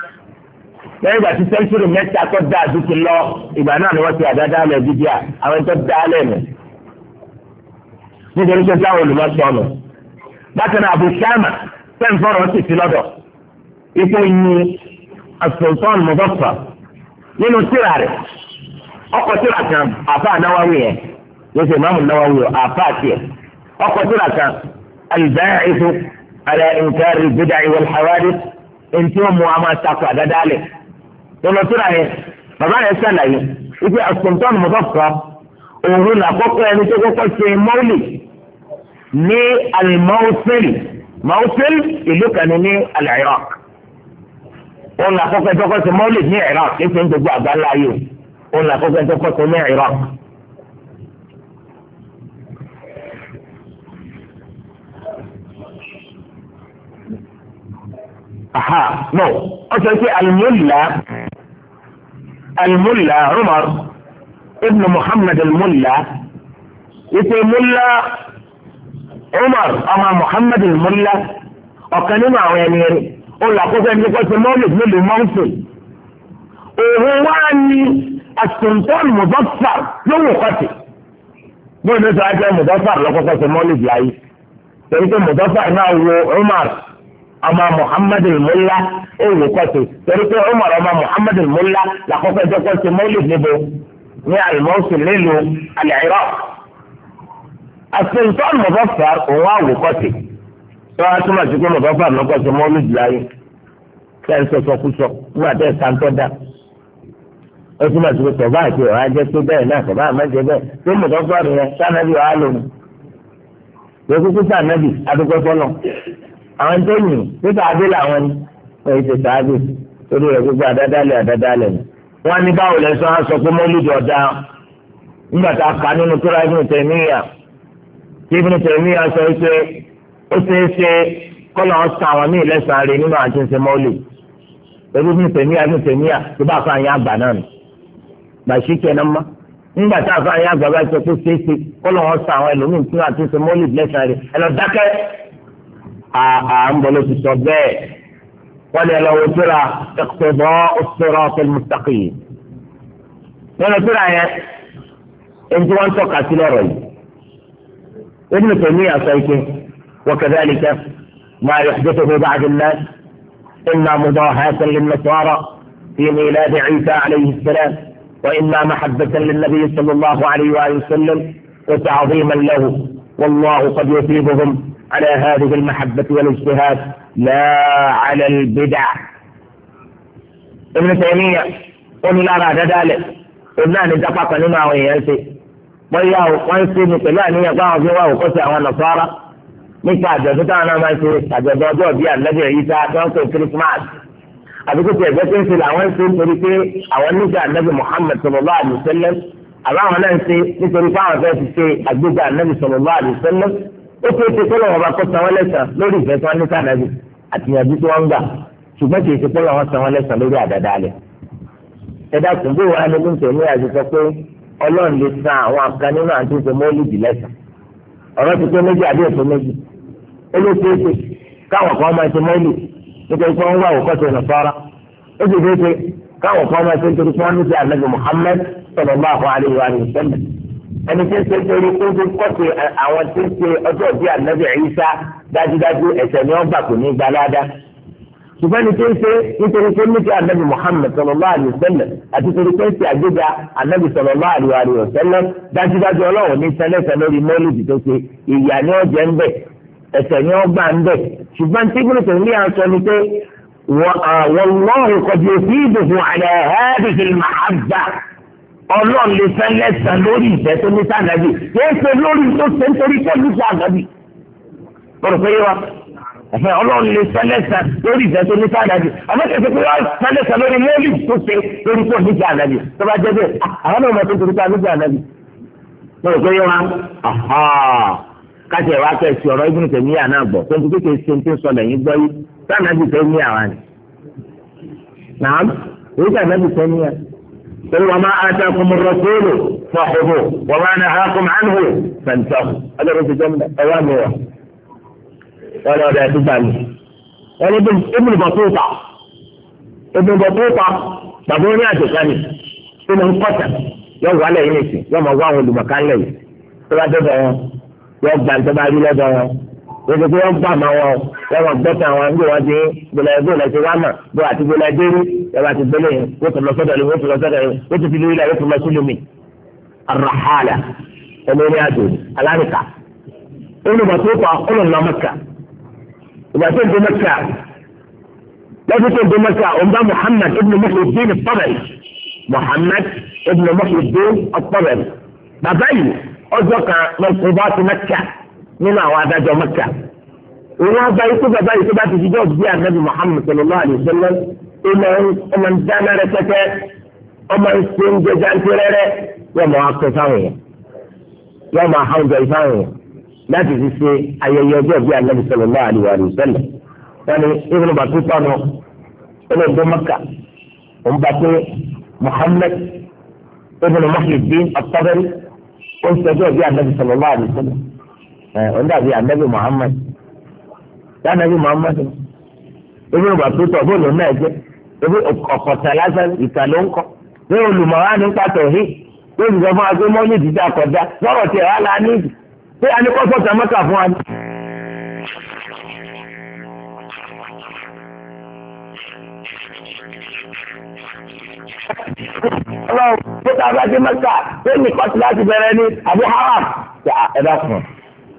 lẹ́yìn ìgbà tí sẹ́ńtúrì mẹ́ta tó dáa ju ti lọ ìgbà náà ni wọ́n ti àdáadáa lẹ̀ dídí à àwọn tó dáa bákan náà ti fi lọ́dọ̀ ipò nínú tíra rẹ̀ ọkọ̀ tíra kan àfa yẹn yóò ṣe àfa àti ọkọ̀ الباعث على إنكار البدع والحوادث انتم وما تقع ذلك lọ́nà tó rà yẹn bàbá yẹn sàlàyé wípé àsùntàn mọ̀tọ́fà òun làkọ́kọ́ ẹni tó kọ́kọ́ ṣe mọ́ọ̀lì ní alimọ́ọ̀sẹ̀lì mọ́ọ̀sẹ̀lì ìlú kan ní al-Iraq òun làkọ́kọ́ ẹni tó kọ́kọ́ ṣe mọ́ọ̀lì ní Iraq kí n ṣe ń gbogbo àgbáńlá yìí òun làkọ́kọ́ ẹni tó kọ́kọ́ ṣe ní Iraq. aha no ọsọ pé almulla almulla umar ibn muhammad almulla ipe mulla umar ọmọ muhammad almulla ọ̀kan nínú àwọn ẹni rẹ̀ olùkóso ẹni kọ́ ti mọ́lẹ̀ nílùú mọ́ǹsìn òun wá ní asuntan mudafar lóhùn kọ́tì bóyá ní sọ ajá mudafar lọ́kọ́kọ́ ti mọ́lẹ̀ bíi ayé torí pé mudafar náà wo umar ọmọ muhammad mulla èyí kọ́sì torí pé umar ọmọ muhammad mulla làkọ́kọ́ ẹjọ́ kọ́sì mọ́lì níbo ní al-Mosul nílùú al-Iraq. àṣeyìntàn Muzaffar òun àwò kọ́sì tí wọ́n á túmọ̀ sí pé Muzaffar ló kọ́sì mọ́lì jùláyé kí ẹ̀ ń sọ sọkúsọ nígbà tẹ́ ẹ̀ sáńtọ́ dá. ó túmọ̀ sí pé tọ́ba àti ọ̀rá jẹ́ pé bẹ́ẹ̀ náà tọ́ba àmẹ́jẹ bẹ́ẹ̀ pé Muzaffar rẹ̀ sànàbí ọ̀hálòmù àwọn tó yìn nípa abé làwọn ni wọ́n yìí ṣe sáábì torí rẹ̀ gbogbo àdádálẹ̀ àdádálẹ̀ ni. wọ́n ní báwo lẹ sọ aṣọ pé mọ́lúdì ọ̀dà nígbà tá a kà nínú tóra Ibn Taymiyyah tí Ibn Taymiyyah sọ pé ó ṣeé ṣe kọ́lá ọ̀sán àwọn míì lẹ́sàn-án rè nínú àti ṣe mọ́lì pẹ̀lú Ibn Taymiyyah Ibn Taymiyyah tó bá fún àyàn àgbà náà nù bàṣí kẹ́nà mọ́ nígbà tá a fún àyàn àgbà bá sọ pé ṣeé ṣe kọ́lá ọ̀sán àwọn ẹlòmíì tí àti ṣe mọ́lì lẹ́sàn-án rè ẹ à ń bọ̀ ló ti sọ bẹ́ẹ̀ wọ́n ní ẹlọ́wọ́ síra ìkpèbọ́ síra ọ̀tẹ̀lmùtàkì ابن تيمية سيكي وكذلك ما يحدثه بعض الناس إما مضاهاة للنصارى في ميلاد عيسى عليه السلام وإما محبة للنبي صلى الله عليه وآله وسلم وتعظيما له والله قد يصيبهم على هذه المحبة والاجتهاد لا على البدع ابن تيمية قل لا بعد ذلك قلنا نتفق لما ويأتي وياه وانسي مثل أن يقع في واه قسع والنصارى مكا جزتا أنا ما يسير حاجة دوجو بيا الذي عيسى توقف كريسماس أبيكو تيجتين في الأوان سي تريكي أوان نجا النبي محمد صلى الله عليه وسلم أبا ما ننسي نتريكا وفاسي سي النبي صلى الله عليه وسلم ó ṣe é ṣe kọ́lọ̀ wọn bá kó sanwó lẹ́sàn lórí ìfẹ́ tí wọ́n ní sànàbì àtìyànjú tí wọ́n ń gbà ṣùgbọ́n kì í ṣe kọ́lọ̀ wọn sanwó lẹ́sàn lórí àdàdà rẹ̀. ẹ dákun bí wọn ní gbọ́dọ̀ ní àti sọ pé ọlọ́run lè san àwọn àkàn nínú àti ìṣe mọ́lìdì lẹ́sàn ọ̀rọ̀ ti pé méjì àbí èso méjì ó ló ṣe é ṣe káwọn kan máa ṣe mọ́lì nítorí pé wọ́n wá òkọ́ṣe nàfọ́ra ẹni tí ń ṣe nítorí tó ń fi kọ́sì àwọn tí ń ṣe ọjọ́ ìdí ànábì Ìsá dájúdájú ẹ̀ṣẹ̀ ni wọ́n gbà kò ní gbalada ṣùgbọ́n ní tí ń ṣe nítorí pé níbi ànábì Muhammad sallallahu alaihi wasallam àti torí pé ń ṣe àgbéga ànábì sallallahu alaihi wasallam dájúdájú ọlọ́run ní sẹ́lẹ̀sẹ̀ lórí mọ́lìdì tó ṣe ìyà ni ó jẹ́ ń bẹ̀ ẹ̀ṣẹ̀ ni ó gbà ń bẹ̀ ṣùgbọ́n tí gbọ́dọ̀ ní aṣọ ni pé wọ́n lọ́rùn kọjú òfin ìdòfin àlẹ́ ọlọ́run lè fẹ́ lẹ́sàn lórí ìfẹ́ tó ní sànàbì yéé ṣe lórí tó ṣe ń torí pẹ̀lú sànàbì. bọ̀dọ̀ pé wa ẹ̀fẹ̀ ọlọ́run lè fẹ́ lẹ́sàn lórí ìfẹ́ tó ní sànàbì àmọ́ kẹsì pé wọ́n fẹ́ lẹ́sàn lórí lórí tó ṣe lórí tó ní sànàbì tó bá jẹ́ bẹ́ẹ̀ ah, àwọn ọmọ tó torí pẹ̀lú sànàbì. bọ̀dọ̀ pé wa káṣẹ̀ wá kẹ̀sì ọ̀rọ̀ ibùdó tẹ̀mí àná gbọ̀ tó ń tó kékeré ṣe ń tó sọ lẹ́yìn gbọ́ yìí قل وما آتاكم الرسول فاحفظوه وما نهاكم عنه فانتهوا هذا رد الجملة أوامر ولا لا تفعل يعني ابن بطوطة ابن بطوطة بابوني أتقاني إنه قتل yóò wálé yìí nìsín yóò mọ̀ wá àwọn olùmọ̀ká lẹ́yìn tó bá dọ́dọ̀ wọn gbèsè pé wọ́n gbà máa wọn wọ́n wọ́n gbọ́ tán àwọn àgbẹ̀ wọn dé gbọ́dọ̀ ẹgbẹ́ ìlẹ̀ ti wá mà bó àti gbọ́dọ̀ ẹgbẹ́ rí yàrá ti gbẹ́lẹ̀ yẹn wọ́n tún lọ sọ́dọ̀ ẹ̀lẹ́ wọ́n tún lọ sọ́dọ̀ ẹ̀lẹ́ wọ́n tún fi lórí ilẹ̀ wọ́n tún lọ sí lómi. arahala olórí àjò alárìkà olùbàtòkọ olùlọ mẹ́kà ìbàtò ìdó mẹ́kà lọ́dún tó ìdó mẹ́kà ọ̀nbá muhammad ibn muhyiddin al muhammad ibn muhyiddin al bàbá yìí ọjọ́ kan lọ́sọ̀rọ̀ bá ti mẹ́kà nínú àwọn adájọ́ mẹ́ta òun á gba ikú bàbá yìí tó bá ti fi jọ́ọ̀bù bí anabi muhammed sallallahu alayhi wa sallam ọmọ ọmọ dáná rẹpẹtẹ ọmọ ìṣe oúnjẹ jáńtìrẹrẹ yóò máa kọ fáwọn yẹn yóò máa hàn jẹ fáwọn yẹn láti fi ṣe ayẹyẹ ọjọ́ bí anabi sallallahu alayhi wa sallam wọn ni ibùdó bàtú tọ́nu ọlọ́dún mẹ́ka òun bá muhammed ibùdó muhammed bíi ó ń ṣẹjọ́ bí anabi sallallahu alayhi ọ̀ eh, ń dàbí anabi muhammad anabi muhammad ebi ìgbà tó tọ̀ bóòlù náà jẹ́ ebi ọ̀kọ̀tà lásán ìta ló ń kọ́ bí olùmọ̀wá ní pàtó hí bí olùsọ fún agbé mọ́lì dídá kọjá lọ́rọ̀ tiẹ̀ wá la ní ìdí bí a ní kọ́ sọ́tà mọ́tà fún wa ní. ọlọ́run tó tá a bá dé mọ́tà tó ní kọ́tù láti bẹ̀rẹ̀ ní àbí haram ẹ̀dá fún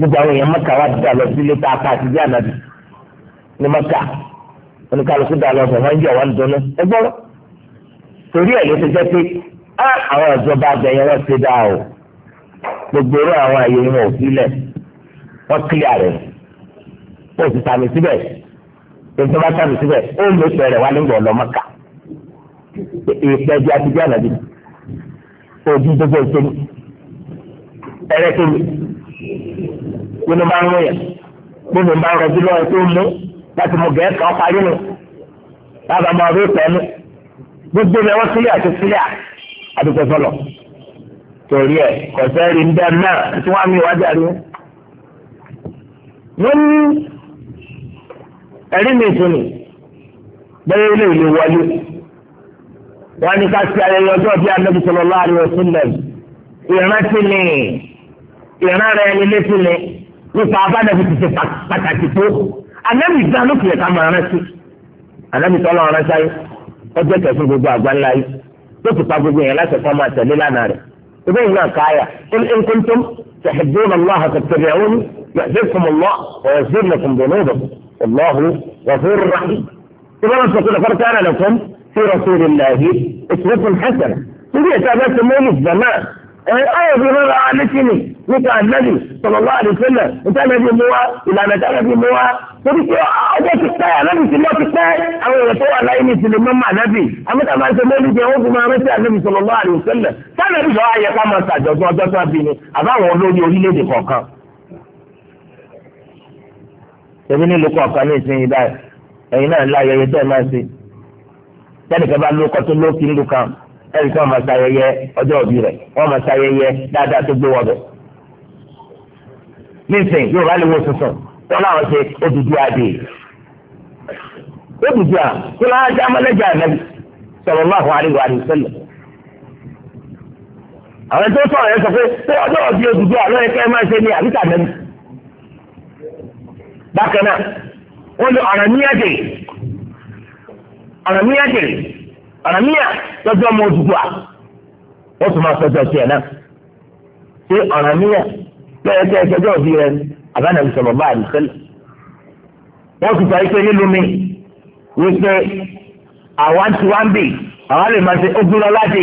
nígbà àwọn èèyàn mẹ́ka wá dá lọ sílé tá a ká àti bí ànábì ní mẹ́ka oníkàlùkù dá lọ sọ wọn jẹ wọn dùnú ẹgbọrọ torí ẹ ló ti jẹ pé á àwọn ìjọba àgbẹyẹ wọn ti dá o gbogbo irú àwọn àyè wọn ò sílẹ̀ wọn kílíà rẹ wọn ò sì sàmì síbẹ̀ tuntun bá sàmì síbẹ̀ ó lè pẹrẹ wá nígbà ọlọ mẹ́ka ìpẹjọ àti bí ànábì ojú gbogbo ìṣẹ̀lẹ̀ ẹrẹ kéwì nínú bá ń rìn yẹn nínú bá ń rọjú lọ́wọ́ tó mú láti mú gẹ̀ẹ́ kan parí nù bàbá máa rí pẹ̀lú gbogbo ni wọ́n sílẹ̀ àti sílẹ̀ àdúgbò sọlọ torí ẹ kọ̀sẹ́ rí ń dẹ́ náà tí wọ́n á mi wájà rí wọ́n ní ẹ̀rí mi tún ni bẹ́ẹ̀ ilé ìlú wọlé wọ́n ní ká ṣe ayẹyẹ ọjọ́ bí Ànábì sallallahu alaihi wasallam ìrántí ni ìrán rẹ̀ ní ni. nípa abánẹ́bí ti ṣe pàtàkì tó anẹ́bí gan ló kìlẹ̀ ká máa rántí anẹ́bí tọ́lọ́ rántí ayé ọjọ́ kẹfún gbogbo àgbáńlá yìí tó ti pa gbogbo yẹn láti kọ́ tẹ̀lé lánàá rẹ̀ ìgbẹ́ yìí náà káyà in kuntum tuhibbuna Allaha fattabi'uni yuhbibkum Allah wa yaghfir lakum dhunubakum wallahu ghafurur rahim ìgbẹ́ wọn sọ̀tún lọ́kọ́ kana lakum fi rasulillahi uswatun hasanah torí ẹ̀ta bá ti mọ́lù jàmáà ayọ̀ fi rán ara létí ni nípa ànábì sallallahu alaihi wasallam ìtànàbí mú wa ìlànà ìtànàbí mú wa torí pé ọjọ́ ti pẹ́ ànábì ti lọ ti pẹ́ àwọn èèyàn tó wà láyé ní ìsinmi mọ́mọ́ ànábì àmọ́tà máa ń ṣe lórí jẹ́ wọ́n fi máa rántí ànábì sallallahu alaihi wasallam tànàbí lọ́wọ́ ayẹ ká máa ṣàjọ̀dún ọjọ́ tó bí ni àbáwọn olórí orílẹ̀-èdè kọ̀ọ̀kan. nílùú kọ̀ọ̀kan ní ìsinyìí báyìí ẹ̀yin náà láyẹyẹ tẹ́ ẹni tí wọ́n máa ṣayẹyẹ ọjọ́ òbí rẹ̀ wọ́n máa ṣayẹyẹ dáadáa tó gbé wọbẹ nísìnyí yóò bá lè wo tuntun tó láwọn ṣe odùdú adé odùdú à kí ló á jẹ amálẹjà ànábi sallallahu alaihi wa sallam àwọn tó sọ̀rọ̀ yẹn sọ pé pé ọjọ́ òbí odùdú àlọ yẹ kẹ máa ṣe ní àbíkà ànábi bákan náà wọ́n lo àràmíyàdè àràmíyàdè. Ọ̀rànmíyà lọ́jọ́ ọmọ Odùduwà ó tún máa sọjọ́ tiẹ̀ náà ṣé Ọ̀rànmíyà lọ́yẹ̀ tẹ́ ẹ̀ṣẹ́jọ́ òbí rẹ àbánàbí sọ̀rọ̀ bá àdìsẹ́lẹ̀ wọ́n ti sọ ike nílùú mi wípé àwa ti wá ń bì àwa lè máa ṣe ogun lọ láti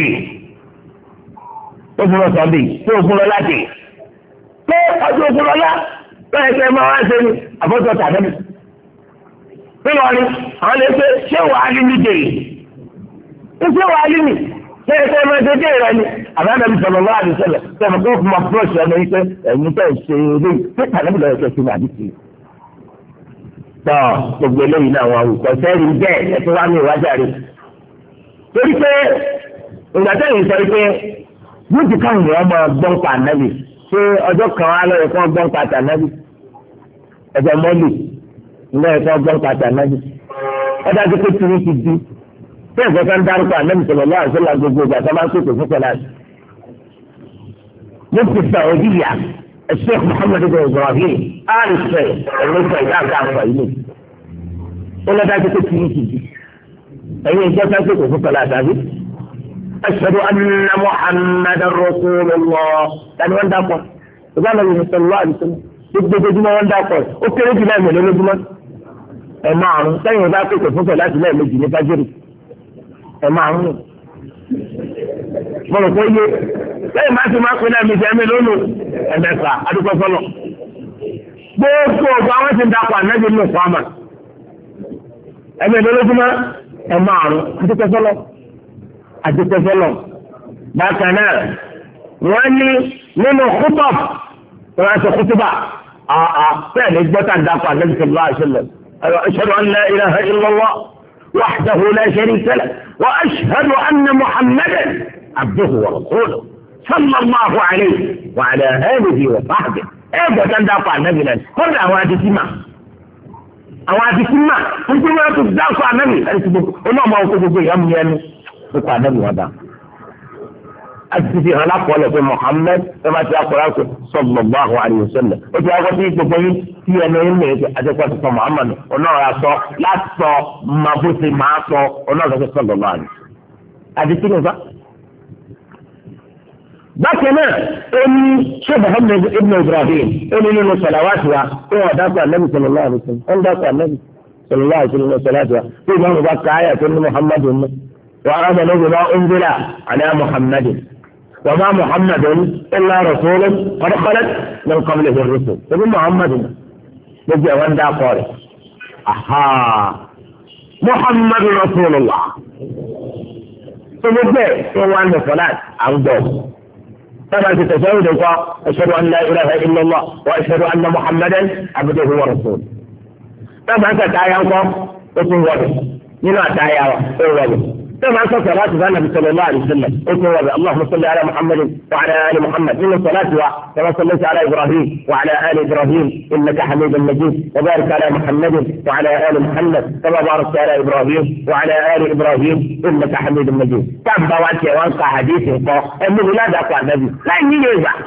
ogun lọ sọ̀ ń bì tó ogun lọ láti pé ọjọ́ ogun lọ́lá lọ́yẹ̀ tẹ́ máa wá ṣe ni àbọ̀tọ̀ tàbí mi. nínú ọ̀rìn àwọn lè ṣe ṣé wàá rí mi dèrè iṣẹ́ wa yìí nì lẹ́yìn tẹ́ ẹ máa ṣe déèrè ni àbáyọ̀ mi sọ̀rọ̀ lọ́wọ́ àdìsẹ́lẹ̀ tẹ́ ẹ máa gbọ́ fún ma búrọ̀ṣì ọ̀nà yìí pé ẹ̀yin tẹ́ ẹ ṣe eré pé kàlẹ́ bìlọ̀ ẹ̀ṣẹ̀ sí màdí sí i. tọ́ gbogbo eléyìí náà wọn àwùjọ sẹ́ẹ̀rì bẹ́ẹ̀ ẹ ti wá ní ìwájà rẹ̀. torí pé ìgbà tẹ́yìn sọ pé yóò ti káwọn èèyàn máa gbọ́n pa ànábì ṣé ọjọ́ kan á lọ́yẹ̀ kí pa tí nǹkan kan dárúkọ ànábì sọlọ lọ́wọ́ àti sọlá gbogbo ìgbà tó máa ń sèkò fún sọlá yìí. mo ti Saudiya Sheikh Muhammad ibn Ibrahim àrùsẹ̀ ẹ̀rọ̀sẹ̀ ìdáàgbà àgbà yìí ni. ó lọ dájú pé kìí kìí ẹ̀yin ìjọ kan sèkò fún sọlá tàbí. ashhadu anna Muhammadan rasulullah tani wọ́n dákọ̀ ìgbà náà lè sọ lọ́wọ́ gbogbo ojúmọ́ wọn dákọ̀ ó kéré jù láì mẹ́lẹ́ lójúmọ́ ẹ̀ máa rún sẹ́yìn ìbá sèkò fún sọlá ti معروف بلو كوي اي ما سي ما كنا مي سي امي لونو انا سا ادو كو فلو بوكو باو سي دا كو نجي لو فاما امي لونو كما امارو ادو كو فلو ادو كو فلو ما كان واني منو خطب راس خطبه اه اه فعل اجبتا دا كو نجي صلى الله عليه وسلم اشهد ان لا اله الا الله وحده لا شريك له وأشهد أن محمدا عبده ورسوله صلى الله عليه وعلى آله وصحبه ẹgbẹ́ tó ń dáko ànábì náà kọ́ńdà a adìsí mà àwọn adìsí mà nítorí wọn tó dáko ànábì ẹni tó gbogbo asisi hàn lakọọlẹ pé Muhammad bàbá ti akọrọ akọ sallallahu alaihi wasallam o ti akọ sí gbogbo yín tí ẹnu yín lè ṣe àtẹkọ ti sọ Muhammad ọlọ́rọ̀ asọ lásọ màbúsí màá sọ ọlọ́rọ̀ sọ sallallahu alaihi àdìsí nìkan. bákan náà ó ṣé Muhammad ibn Ibrahim ó nínú sọlawàtì wa ó wà dákọ anabi sallallahu alaihi wasallam ó ń dákọ anabi sallallahu alaihi wasallam sọlawàtì wa tó ìgbà wọn bá káyà tó ní Muhammad wa arábìnrin náà ń gbéra àlẹ́ Muhammad وما محمد إلا رسول قد خلت من قبله الرسل ابن محمد نجي وندا قاري أها محمد رسول الله هو وان صلاة عن دوم فما تتشهد أشهد أن لا إله إلا الله وأشهد أن محمدا عبده ورسوله فما تتعيا وقام وتنوري من أتعيا وقام كما أنت صلاة النبي صلى الله عليه وسلم قلت اللهم صل على محمد وعلى آل محمد إن الصلاه كما صليت على إبراهيم وعلى آل إبراهيم إنك حميد مجيد وبارك على محمد وعلى آل محمد كما باركت على إبراهيم وعلى آل إبراهيم إنك حميد مجيد تبا وأنت وأنقى حديثه قال إنه لا دافع النبي لا يجي يزعل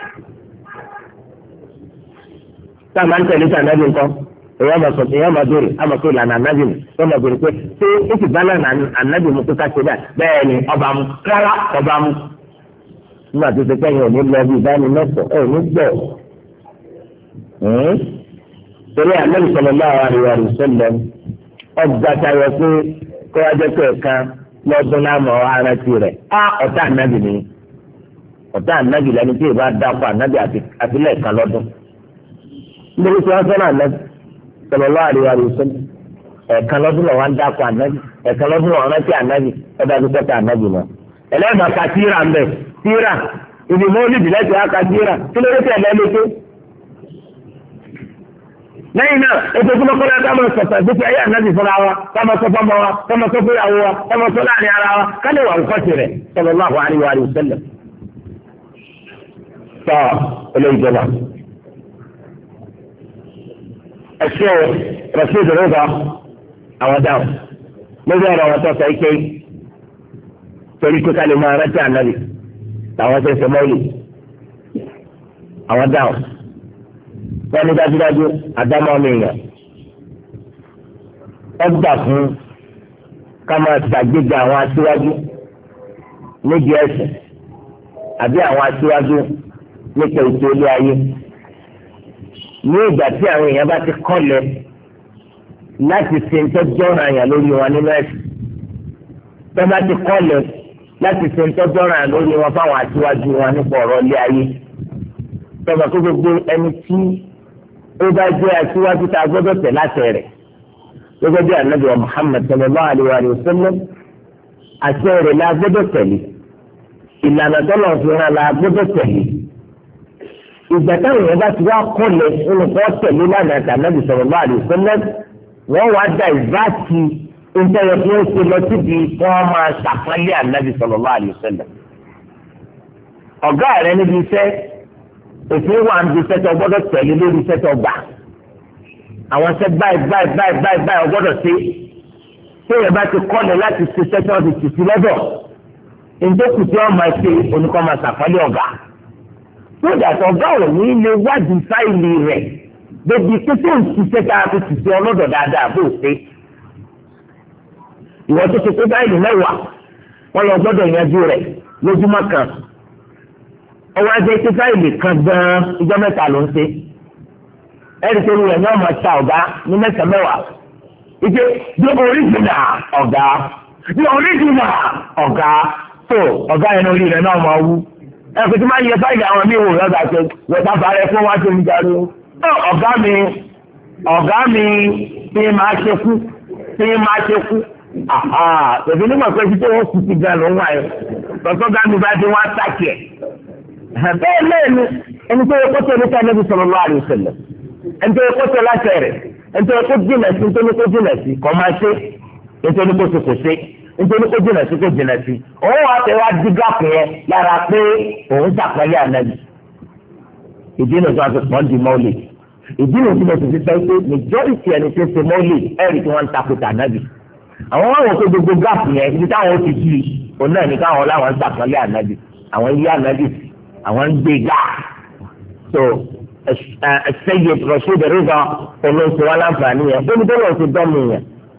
كما أنت لسان النبي قال èyàn máa sọ èyàn máa béèrè àmọ́ pé ìlànà ànábì mu yóò máa béèrè pé ṣé èsì bálànà bẹ́ẹ̀ ni ọba mu rárá ọba mu. nígbà tó kẹ́yìn òní lọ bí ẹ̀ ní hmm? torí ọgbà tayọ pé kó jẹ́ pé ẹ̀ka lọ́dún ara ti rẹ̀ á ọ̀tá ni ọ̀tá lẹ́ni tí sọlọ́lá àríwá rẹ̀ sọ́lẹ̀ ẹ̀ẹ̀kan lọ́dún lọ́wọ́ ń dákọ̀ ànábì ẹ̀ẹ̀kan lọ́dún lọ́wọ́ rántí ànábì ọ̀dà tó tẹ̀ka ànábì lọ. ẹlẹ́dàá ka tíra ń bẹ̀ tíra ìdí mọ́lìdì lẹ́sẹ̀ á ka tíra kí ló dé tẹ̀ lẹ́lẹ́tẹ́. lẹ́yìn náà ètò ìfúnnakọ́lá ká máa sọ̀tà gbèsè ayé ànábì fúnra wa ká máa sọ fọ́mọ wa ká máa sọ fúyàwó wa ká máa sọ láàrin ara wa ká ẹ̀ṣẹ́ rasheed rẹ́bà àwọn dáhùn lórí ọ̀rọ̀ àwọn tọ́sà ike torí pé kálí máa rántí ànábì làwọn ṣe ń sọ mọ́ọ̀lì àwọn dáhùn wọ́n ní dájúdájú àdámọ́ mi yàn wọ́n gbà fún ká máa ṣàgbéga àwọn aṣíwájú níbi ẹ̀sìn àbí àwọn aṣíwájú nípa ètò ilé ayé ní ìgbà tí àwọn èèyàn bá ti kọ́lẹ̀ láti ṣe ń tọ́jú ọ̀ràn àyàn lórí wọn nínú ẹ̀sìn tó bá ti kọ́lẹ̀ láti ṣe ń tọ́jú ọ̀ràn àyàn lórí wọn fáwọn aṣíwájú wọn nípa ọ̀rọ̀ ilé ayé tó bá kó gbogbo ẹni tí ó bá jẹ́ aṣíwájú tá a gbọ́dọ̀ tẹ̀ láti rẹ̀ gbogbo bí anabi wa Muhammad sallallahu alayhi wa sallam àṣẹ rẹ̀ la gbọ́dọ̀ tẹ̀lé ìlànà tọ́lọ̀ fi hàn la gbọ́dọ̀ tẹ̀lé ìgbà táwọn yẹn bá ti wá kọlẹ̀ nínú kọ́ tẹ̀lé lánàá tàbí sọ̀rọ̀ bá rè fẹ́lẹ́ wọ́n wá da ìbáàtì ìtẹ̀yẹ fún oṣù lọ síbi kí wọ́n máa ṣàpálẹ̀ ànábì sọ̀rọ̀ bá rè fẹ́lẹ̀. ọ̀gá rẹ níbi iṣẹ́ òfin wà níbi iṣẹ́ tó gbọ́dọ̀ tẹ̀lé lórí iṣẹ́ tó gbà àwọn iṣẹ́ báyìí báyìí báyìí báyìí báyìí ọgbọ́dọ̀ ṣe tí yẹn bá ti kọ́lẹ̀ láti ṣiṣẹ́ tí wọ́n ti tì sí lọ́dọ̀ ìjókòó tí wọ́n máa ṣe oníkọ́ máa ṣàpálẹ̀ ọ̀gá sódà tó ọgá ò ní lè wádìí fáìlì rẹ̀ bèbí pé tó ń ṣiṣẹ́ tá a fi ṣiṣẹ́ ọlọ́dọ̀ dáadáa bó ṣe. ìwọ tó ṣe pé báyìí mẹ́wàá wọ́n lọ gbọ́dọ̀ yanjú rẹ̀ lójúmọ́ kan ọwọ́ ajẹ́ pé fáìlì kan gan-an ìjọ mẹ́ta ló ń ṣe ẹ̀rí tó rú rẹ̀ ní ọmọ ta ọ̀gá ní mẹ́ta mẹ́wàá ike the original ọ̀gá the original ọ̀gá tó ọ̀gá yẹn orí rẹ̀ náà máa wú ẹ̀kú tí máa ń yẹ sáìdì àwọn míì wò lọ́dà tó wọ́tá fàárẹ̀ fún wá tó ń jarí ọ̀gá mi ọ̀gá mi tí máa ṣe kú tí máa ṣe kú tòbí nígbà pé títí wọ́n kú ti gan ló ń wá yẹn lọ́sọ́ gá mi bá dé wọ́n á tàkì ẹ̀ bẹ́ẹ̀ lẹ́nu ẹni tó yẹ kó tẹ̀lé ká níbi sọ̀rọ̀ lọ́wọ́ àdìsẹ̀lẹ̀ ẹni tó yẹ kó tẹ̀lé àtẹ̀rẹ̀ ẹni tó yẹ kó jìnà sí ẹni tó yẹ kó jìnà sí kọ́ máa ṣe ẹni tó yẹ kó ṣe kò ṣe nítorí kó jìnà sí kó jìnà sí òun wà tẹ wá dí gáàpù yẹn lára pé òun sàpẹ́lẹ́ ànábì ìdí nìyẹn tó a ti pọ̀ ń di mọ́ọ̀lì ìdí nìyẹn tó a ti fi sọ pé majority ẹni tó ṣe mọ́ọ̀lì ẹ̀rì tí wọ́n ń takùtà ànábì àwọn wọn wò pé gbogbo gáàpù yẹn ibi táwọn ti di òun náà ní káwọn láwọn ń sàpẹ́lẹ́ ànábì àwọn ilé ànábì àwọn ń gbé gáà so ẹ̀ṣẹ́yẹ rọ̀ṣẹ́dẹ̀rẹ́gbà olóńtò wà láǹfààní yẹn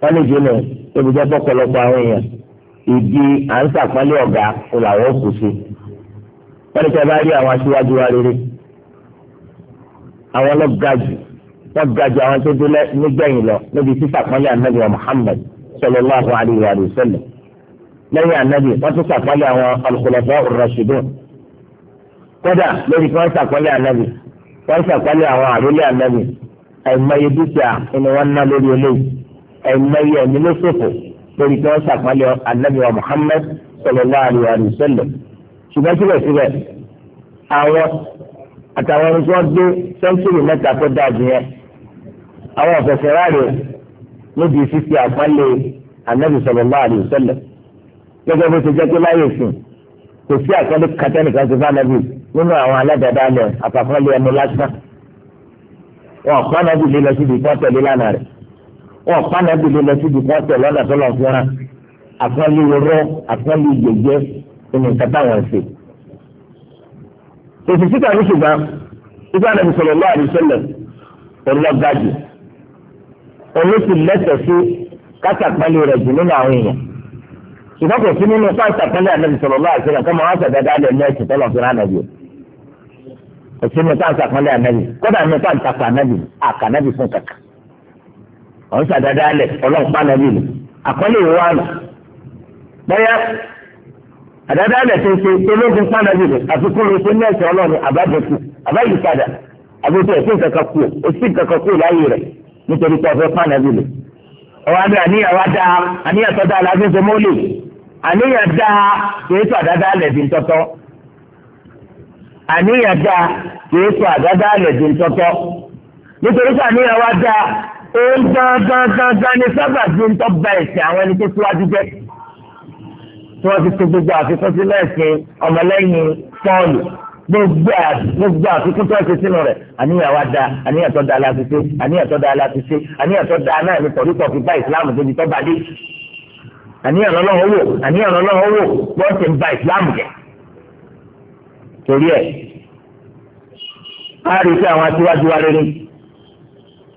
wọ́n lè jẹ́ lọ ebi jẹ́ pọ̀pọ̀lọpọ̀ àwọn èèyàn ìdí à ń sàpọ́nlé ọ̀gá làwọn ò kù sí wọ́n ní kí ẹ bá rí àwọn aṣíwájú wa rere àwọn ọlọ́gá jù wọ́n ga jù àwọn tó dúró nígbẹ̀yìn lọ níbi sísàpọ́nlé ànábì wa Muhammad sallallahu alayhi wa sallam lẹ́yìn ànábì wọ́n tún sàpọ́nlé àwọn al rashidun kódà lórí kí wọ́n sàpọ́nlé ànábì wọ́n sàpọ́nlé àwọn àrólé ànábì àìmọye ẹ̀mẹ́yẹ ẹ̀mí ló ṣòfò lórí tí wọ́n ṣàpálẹ̀ anabi wa muhammed sallallahu alaihi wa sallam ṣùgbọ́n síbẹ̀síbẹ̀ àwọn àtàwọn ẹni tí wọ́n dé sẹ́ńtúrì mẹ́ta tó dáa jù yẹn àwọn ọ̀fẹ̀sẹ̀ ráàlì níbi fífi àpálẹ̀ anabi sallallahu alaihi wa sallam gẹ́gẹ́ bó ṣe jẹ́ pé láyé sùn kò sí àkọlé kátẹ́nìkan tó bá nàbì nínú àwọn aládàáda lẹ̀ àpapọ̀ lé lásán wọn kọ́ nàbì lílọ síbi ìfọ́tẹ̀lé lánàá rẹ̀ wọn kpana bi lọ síbi kan tẹ lọ́nà tó lọ fúnra àfọlì rọ àfọlì gbẹgbẹ ẹni kata wọn fè. òṣìṣẹ́ tàbí ṣùgbọ́n ibà nàbì sọ̀rọ̀ lọ́wọ́ àdìsẹ́lẹ̀ ọlọ́gàjù olóṣù lẹ́sẹ̀ sí kásàpẹ́lì rẹ̀ jù nínú àwọn èèyàn ṣùgbọ́n kò sí nínú kásàpẹ́lì ànàbì sọ̀rọ̀ lọ́wọ́ àdìsẹ́lẹ̀ kọ́mọ wọn sàdáadáa lẹ̀ lẹ́sẹ̀ tọ́lọ̀ fúnra nàbì o kò sí nínú kásàpẹ́lì ànàbì kọ́dà nínú kásàpẹ́lì ànàbì àkànàbì fún kàkà ọ̀n sàdáda alẹ̀ ọlọ́ọ̀pá nàbí ni àkọlé ìwọ àná bẹ́ẹ̀ àdáda alẹ̀ tó ṣe ológun pànàbí ni àfikún ló ṣe nẹ́ẹ̀sì ọlọ́ọ̀ni àbájọkù àbáyípadà àbótó ẹ̀sìn kankan kú òsìn kankan kú láyé rẹ̀ nítorí pé ọ̀fẹ́ pànàbí ni. ọ̀wá mi àníyàn wá dáa àníyàn tọ́ dáa láti ṣe mọ́lẹ̀ àníyàn dáa kìí tó àdáda alẹ̀ di ntọ́tọ́ àníyàn dáa kìí tó àdáda alẹ̀ di ntọ́tọ́ nítorí pé àníyàn wá dáa òun gangan ni sábà fi ń tọ́ba ẹ̀sìn àwọn ẹni tó síwájú jẹ́ tí wọ́n ti tó gbogbo àfikún sí lẹ́sìn ọmọlẹ́yìn pọ́ọ̀lù gbogbo gbogbo àfikún tó ṣe sínú rẹ̀ àníyàn wa da àníyàn tó da aláfi ṣe àníyàn tó da aláfi ṣe àníyàn tó da náà ní tọ̀rítọ̀ fi bá ìsìláàmù débi tó bá dé àníyàn lọ́lọ́wọ́ wò àníyàn lọ́lọ́wọ́ wò wọ́n ti ń ba ìsìláàmù jẹ́ torí ẹ̀ á rí sí àwọn aṣíwájú wa rere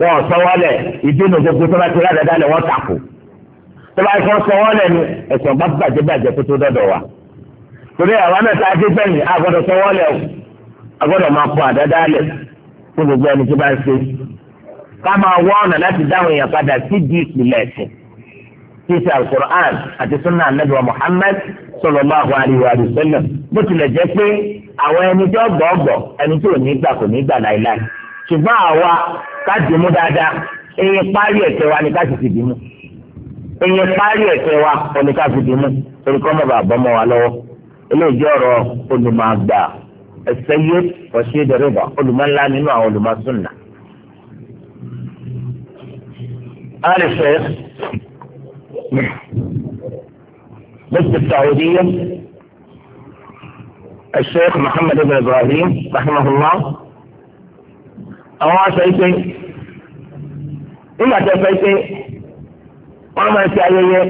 wọn sọwọ́lẹ̀ ìdínà gbogbo tó bá ti rádà dálẹ̀ wọ́n takò tó bá ti sọwọ́lẹ̀ ni ẹ̀sùn bá bàjẹ́ bàjẹ́ tó tó dọ̀dọ̀ wa torí àwọn náà tá a dé bẹ́yìn a gbọ́dọ̀ sọwọ́lẹ̀ o a gbọ́dọ̀ máa kọ àdádálẹ̀ fún gbogbo ẹni tó bá ń ṣe ká máa wá ọ̀nà láti dáhùn èèyàn padà sí di ìpìlẹ̀ ẹ̀sìn tí ṣe àti sunna anabi wa muhammad sallallahu alayhi wa sallam bó tilẹ̀ jẹ́ pé àwọn ẹni tí ọgbọ̀ọgbọ̀ ẹni tí ò ní gbà kò ní gbà láìláì ṣùgbọ́n àwa ká dìímú dáadáa eyín parí ẹ̀tẹ̀ wa ni ká sì ti dìímú eyín parí ẹ̀tẹ̀ wa ni ká sì dìímú torí kọ́ mọ̀ bàbá mọ́ wa lọ́wọ́ eléyìí ọ̀rọ̀ olùmọ̀gbà ẹ̀sẹ̀ yé wọ́sí ìdẹ̀rẹ́bà olùmọ̀lá nínú àwọn olùmọ̀sùnà. àrẹ̀fẹ́ مثل السعودية الشيخ محمد بن إبراهيم رحمه الله àwọn aṣọ ife nígbà tó fẹ́ ṣe wọ́n máa ṣe ayẹyẹ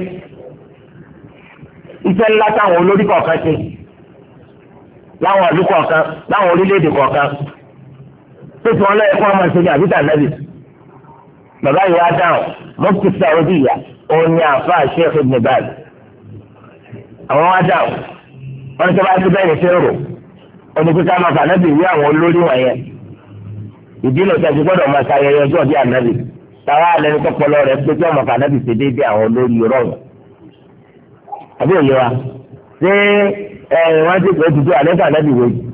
iṣẹ́ ńlá táwọn olórí kọ̀ọ̀kan ṣe láwọn ọdún kọ̀ọ̀kan láwọn orílẹ̀-èdè kọ̀ọ̀kan tó ti wọn lọ́yẹ̀ fún ọmọ ìṣẹ́jú àbíta lẹ́bi bàbá yìí wá dáhùn mọ́tò sàrọ́dì ìyá òun ni àfa Sheikh Ibn Baz àwọn wá dáhùn wọn ní sọ bá ti bẹ́ẹ̀ ní sẹ́rò oníkíkà máa fà lẹ́bi ìwé àwọn olórí wọ̀nyẹn ìdílé tó ti gbọ́dọ̀ máa ṣayẹyẹ ọjọ́ bíi ànábì táwa lẹni tọpọlọ rẹ pé tí ọmọ kànábì ṣe déédé àwọn olórí rọrùn àbí òye wa ṣé ẹ wọn ti pè é dùdú àlẹ kànábì wò yìí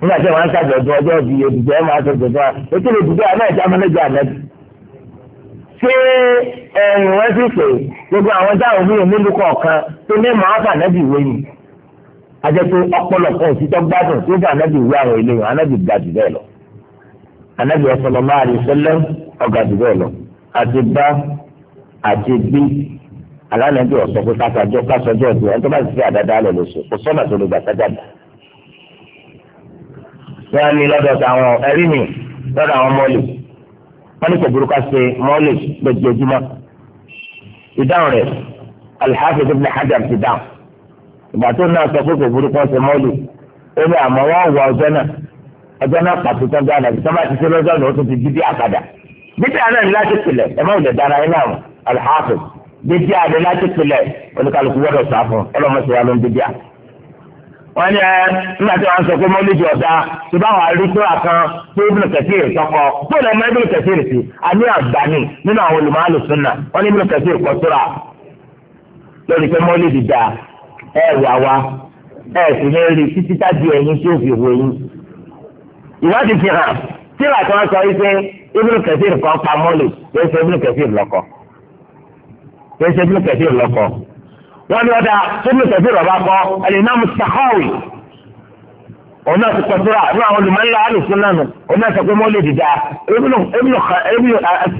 nígbà tí wọn ń ṣàjọ̀dún ọjọ́ bíi òdùdú ẹ máa ṣàjọ̀dún ètò òdùdú àná ìjà mọ́lẹ́jọ ànábì ṣé ẹ wọn ti pè gbogbo àwọn táwọn míì nílùú kọ̀ọ̀kan tó ní màá kànábì wò yìí àjẹpé ọpọlọpọ òṣìṣẹ́ gbádùn tó bá ànábì wí àwọn eléyìí ànábì gbàdúrà lọ anabi sallallahu alaihi wasallam ọ̀gá jù bẹ́ẹ̀ lọ àti bá àti gbé alánàbí ọ̀sọ́ pé kásọjọ́ kásọjọ́ ọ̀dù ẹni tó bá ti fi àdáda alẹ̀ lóṣù kò sọ́nà tó lè gbà sájàdà. wọ́n ní lọ́dọ̀ àwọn ẹ̀rí mi lọ́dọ̀ àwọn mọ́lì wọ́n ní kò burúkú ṣe mọ́lì lójoojúmọ́. ìdáhùn rẹ̀ al-Hafiz ibn Hajar ti dáhùn ìgbà tó náà sọ pé kò burúkú ṣe mọ́lì ó ní àmọ́ wọ́n wọ ọjọ́ náà ọjọ́ náà pàtó tán bí ànàbì tán bá ti ṣe lọ́jọ́ náà ó tún ti dídí àkàdà dídí àná ni láti pilẹ̀ ẹ má wùlẹ̀ dára yín náà alhafi dídí àná láti pilẹ̀ oníkàlùkù gbọ́dọ̀ sá fún ọlọ́mọṣẹ́ wa ló ń dídí à. wọ́n ní ẹ nígbà tí wọ́n sọ pé mọ́lídìí ọ̀dà tí báwọn arísọ́ra kan tó ibùdó kẹsìrì sọ́kọ tó lọ mọ ibùdó kẹsìrì sí àní àgbàní nínú àwọn olùmọ̀ọ́lù súnà ìwádìí fi hàn tíra tí wọ́n sọ wípé ibùdó kẹfìrì kan pa mọ́lì kìí ṣe ibùdó kẹfìrì lọ́kọ̀ kìí ṣe ibùdó kẹfìrì lọ́kọ̀ wọ́n ní ọ̀dà ibùdó kẹfìrì ọ̀bá kọ́ alimami Sakhawi òun náà ti kọtura ní àwọn olùmọ̀lá alùsùn náà nù òun náà sọ pé mọ́lì dìda ibùdó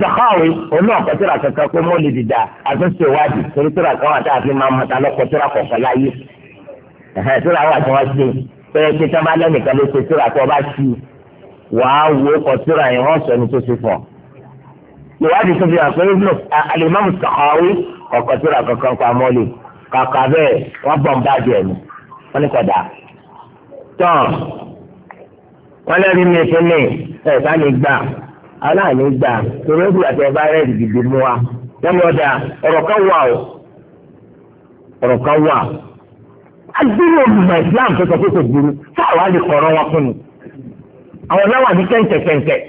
Sakhawi òun náà kọtura kankan pé mọ́lì dìda àtúnṣe ìwádìí torí tura kan àti àfi máa wàá wo kọtíra yẹn wọ́n sọ ní tó ṣe fọ̀. ìwádìí tó fi hàn pé ibùdó alimami Sakhawi kọkọtíra kankan pa mọ́lẹ̀ kàkà bẹ́ẹ̀ wọ́n bọ̀ ń bàjẹ́ ni wọ́n ní kọ̀dà. tán wọ́n lẹ́rìí mi fún mi ẹ̀ bá mi gbà aláàánú gbà torí ó bìyà tẹ bá rẹ̀ gidi mú wa wọ́n ní ọ̀dà ọ̀rọ̀ kan wà o ọ̀rọ̀ kan wà. adúlọ̀ mọ̀ islam tó sọ pé kò burú táwa lè kọ̀ọ̀rọ̀ wọn fún mi. àwọn náà wà ní kẹ̀ǹtẹ̀kẹ̀ǹtẹ̀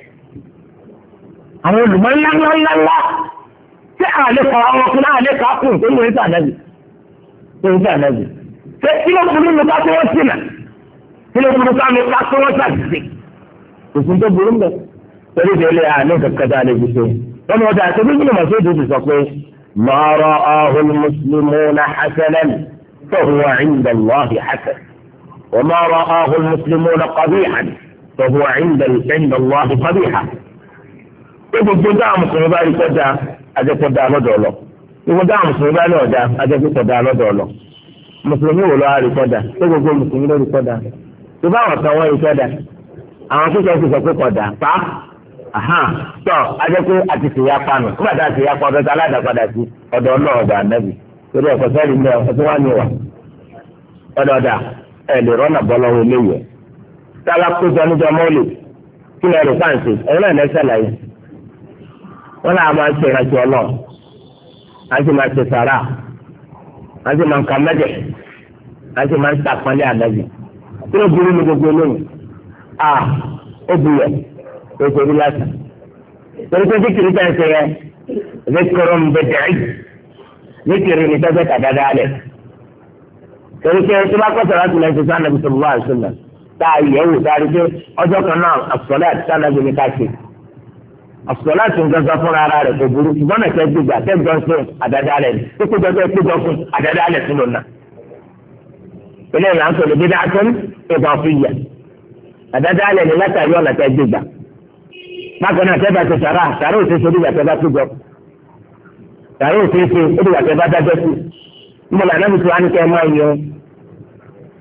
àwọn olùmọ̀ ńlá ńlá ńlá ńlá ṣé àlẹ́ kọ àwọn ọkùnrin àlẹ́ kọ ákùn tó lórí tà nàbì tó lórí tà nàbì ṣé kí ló burú nípa tó wọ́n sì nà kí ló burú nípa tó wọ́n sàgbèsè òfin tó burú mbẹ torí ìdílé àná kankan dáa lè gbèsè wọn kẹ́ńtẹ̀ kẹ́ńtẹ̀ awon olumo nla nla nla dà sí bíbélì màsí òdòdó sọ pé mọ̀ọ́rọ̀ ọ̀hún so pe mọ̀rọ̀ ohun musulumi hasanan tó hùwà ìndàlọ́ọ̀hì hasan wọ́n mọ̀ọ́rọ̀ ọ̀hún mùsùlùmí فهو عند عند الله قبيحة gbogbo dáhùn mùsùlùmí bá rí bá rí ọjà ajẹkọjá lọ́dọ̀ lọ á rí kọjá bá wọn kan wọn rí kọjá àwọn akókò ti sọ pé kọjá pa tọ ajẹkọ àti a tìyà panu ọdọ aládàpadà sí tába péjọ níjọ mọ́lẹ̀ kí lè rí fáǹsì ẹ̀rọ náà lẹ́sẹ̀ láyé wọn náà máa ń ṣe ìrìnàjò ọlọ́ọ̀ àti máa ṣe sàrà àti máa ń ka mẹ́jẹ̀ àti máa ń sàpọ́nlé àdájì kí ló burú ní gbogbo olóyìn à ó buyọ̀ ó torí láti torí pé kíkiri tá ṣe yẹ ẹ̀fẹ́kọ̀rọ̀ ń bẹ dẹ́rì níkiri ní tẹ́tẹ́ kàdáadáa lẹ̀ torí pé tí wọ́n kọ́ sọ̀rọ̀ àti lẹ́sẹ̀ sọ́nà bí sọ̀rọ̀ wá àṣọ náà tá a yẹ̀ wò dárí pé ọjọ́ kan náà àsọ̀lá àti sànàbí ni ká ṣe àsọ̀lá àti nǹkan fúnra ara rẹ̀ kò burú ìgbọ́n ẹ̀kẹ́ gbígbà kẹ́gbọ́n fún àdáda rẹ̀ kókó jọjọ́ kójọ fún àdáda rẹ̀ sínú náà. ilé ìlà ń sọ̀rọ̀ bídá tó ń ìgbà fún ìyà àdáda rẹ̀ ni látàrí ọ̀nà tẹ́ gbígbà. bákan náà tẹ́bà ti sàrà sàrà òṣèṣe ó dìgbà tẹ́ bá kójọ sàrà òṣèṣe ó dìgbà tẹ́ dájọ́ sí. mo là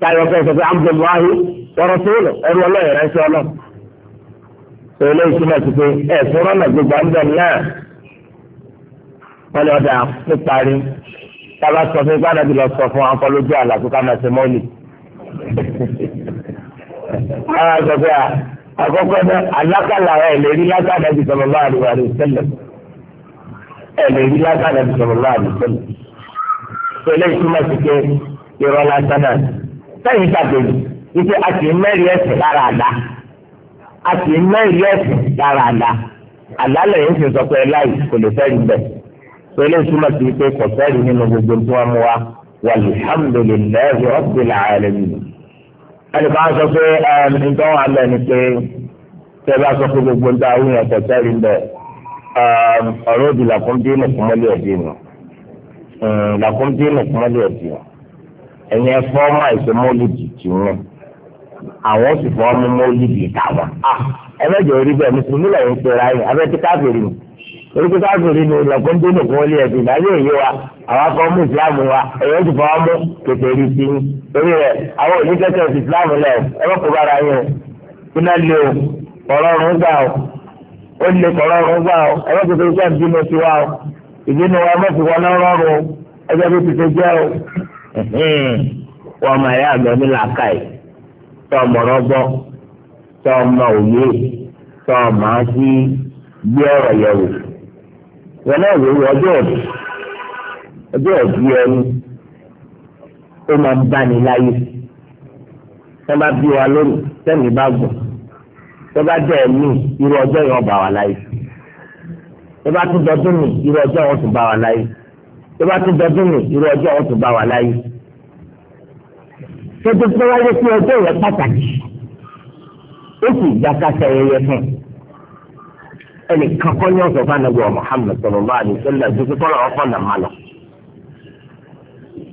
náà fi wọ́rọ̀ sóòlù ẹrú ọlọ́yẹ̀ rẹ̀ ń sọ lọ. Sọ̀rọ̀ yìí túmọ̀ sí pé ẹ̀sùn rọ́nà gbogbo àńdọ̀ náà wọ́n lè ọ̀dà píparí tábà sọ fún gbàdá bí lọ sọ fún akọlójú àlà tó ká máa ṣe mọ́lì. Àwọn àgbẹ̀fẹ́ àkọ́kọ́ náà alákàlà ẹ̀ lè rí lákàlà bí sọ̀rọ̀ bá àdúrà rẹ̀ sẹ́lẹ̀. Ẹ̀ lè rí lákàlà bí sọ̀rọ̀ bá àdúrà sẹ́lẹ̀. Sọ̀rọ̀ yìí túmọ̀ sí pé ìrọ̀lá sánà sẹ́yìn tàbí ife a kì í mẹ́rin ẹ̀sìn lára àlá a kì í mẹ́rin ẹ̀sìn lára àlá àlá lẹ́yìn sì sọ pé láì kò lè fẹ́ rí bẹ́ẹ̀ tó ilé ìtumọ̀ sí pé kò fẹ́ rí nínú gbogbo tí wọ́n mú wa walhamdulillahi rabbil alamin. ẹnì kan sọ pé nǹkan wà lẹ́ ni pé tẹ́ bá sọ pé gbogbo ń ta àwọn èèyàn kò fẹ́ rí bẹ́ẹ̀ ọ̀rọ̀ òdì làkúndínù kúmọ́lẹ̀ ọ̀dì nù làkúndínù kúmọ́lẹ̀ ọ̀dì nù ẹ̀yin ẹ̀fọ́ máa ìsọmọ́lẹ̀ jì jì àwọn sì fọ́ mú mọ́lìdì táwọn. Ah, ẹ mẹ́jọ orí bẹ́ẹ̀ mùsùlùmí lẹ́yìn pera yìí abẹ́ ti káfíìrì nù orí ti káfíìrì nù lọ́gbọ́n tó nù fún ilé ẹ̀sìn ìdájọ́ èyí wa àwọn akọ mú ìsìláàmù wa ẹ̀yọ́ sì fọ́ mú kẹtẹ rí sí i torí rẹ̀ àwọn òní kẹtẹ sí ìsìláàmù lẹ̀ ẹ bá kó bára yín o iná lé o kọ̀rọ̀rùn gbà o ó lé kọ̀rọ̀rùn gbà o ẹ bá kẹtẹ sí ìbínú ti wa o ìbínú wa mọ̀ sí wọn lọ́rùn o ẹgbẹ́ bí o wọ́n tọ́ ọmọrọ́ gbọ́ tọ́ ọmọ òye tọ́ ọmọ àti gbé ọ̀rọ̀ yẹ̀ wò. wọn náà wò ó ọjọ́ òbí ọjọ́ òbí ẹni ó máa ń bá ní láyé tọ́ bá bí wa lónìí tẹ́mi bá gbọ̀ tọ́ bá dẹ̀ mí irú ọjọ́ yẹn ọba wa láyé tọ́ bá tún dọdún mi irú ọjọ́ wọn tún bá wa láyé tọ́ bá tún dọdún mi irú ọjọ́ wọn tún bá wa láyé tọ́jú pé wáyé sí ọjọ́ rẹ̀ pàtàkì ó sì gbàkásẹ̀ ẹyẹ fún ẹnì kankan ní ọ̀sán fún anabi wa Muhammad sallallahu alaihi wasallam dúpẹ́ kọ́lá ọkọ̀ nà má lọ.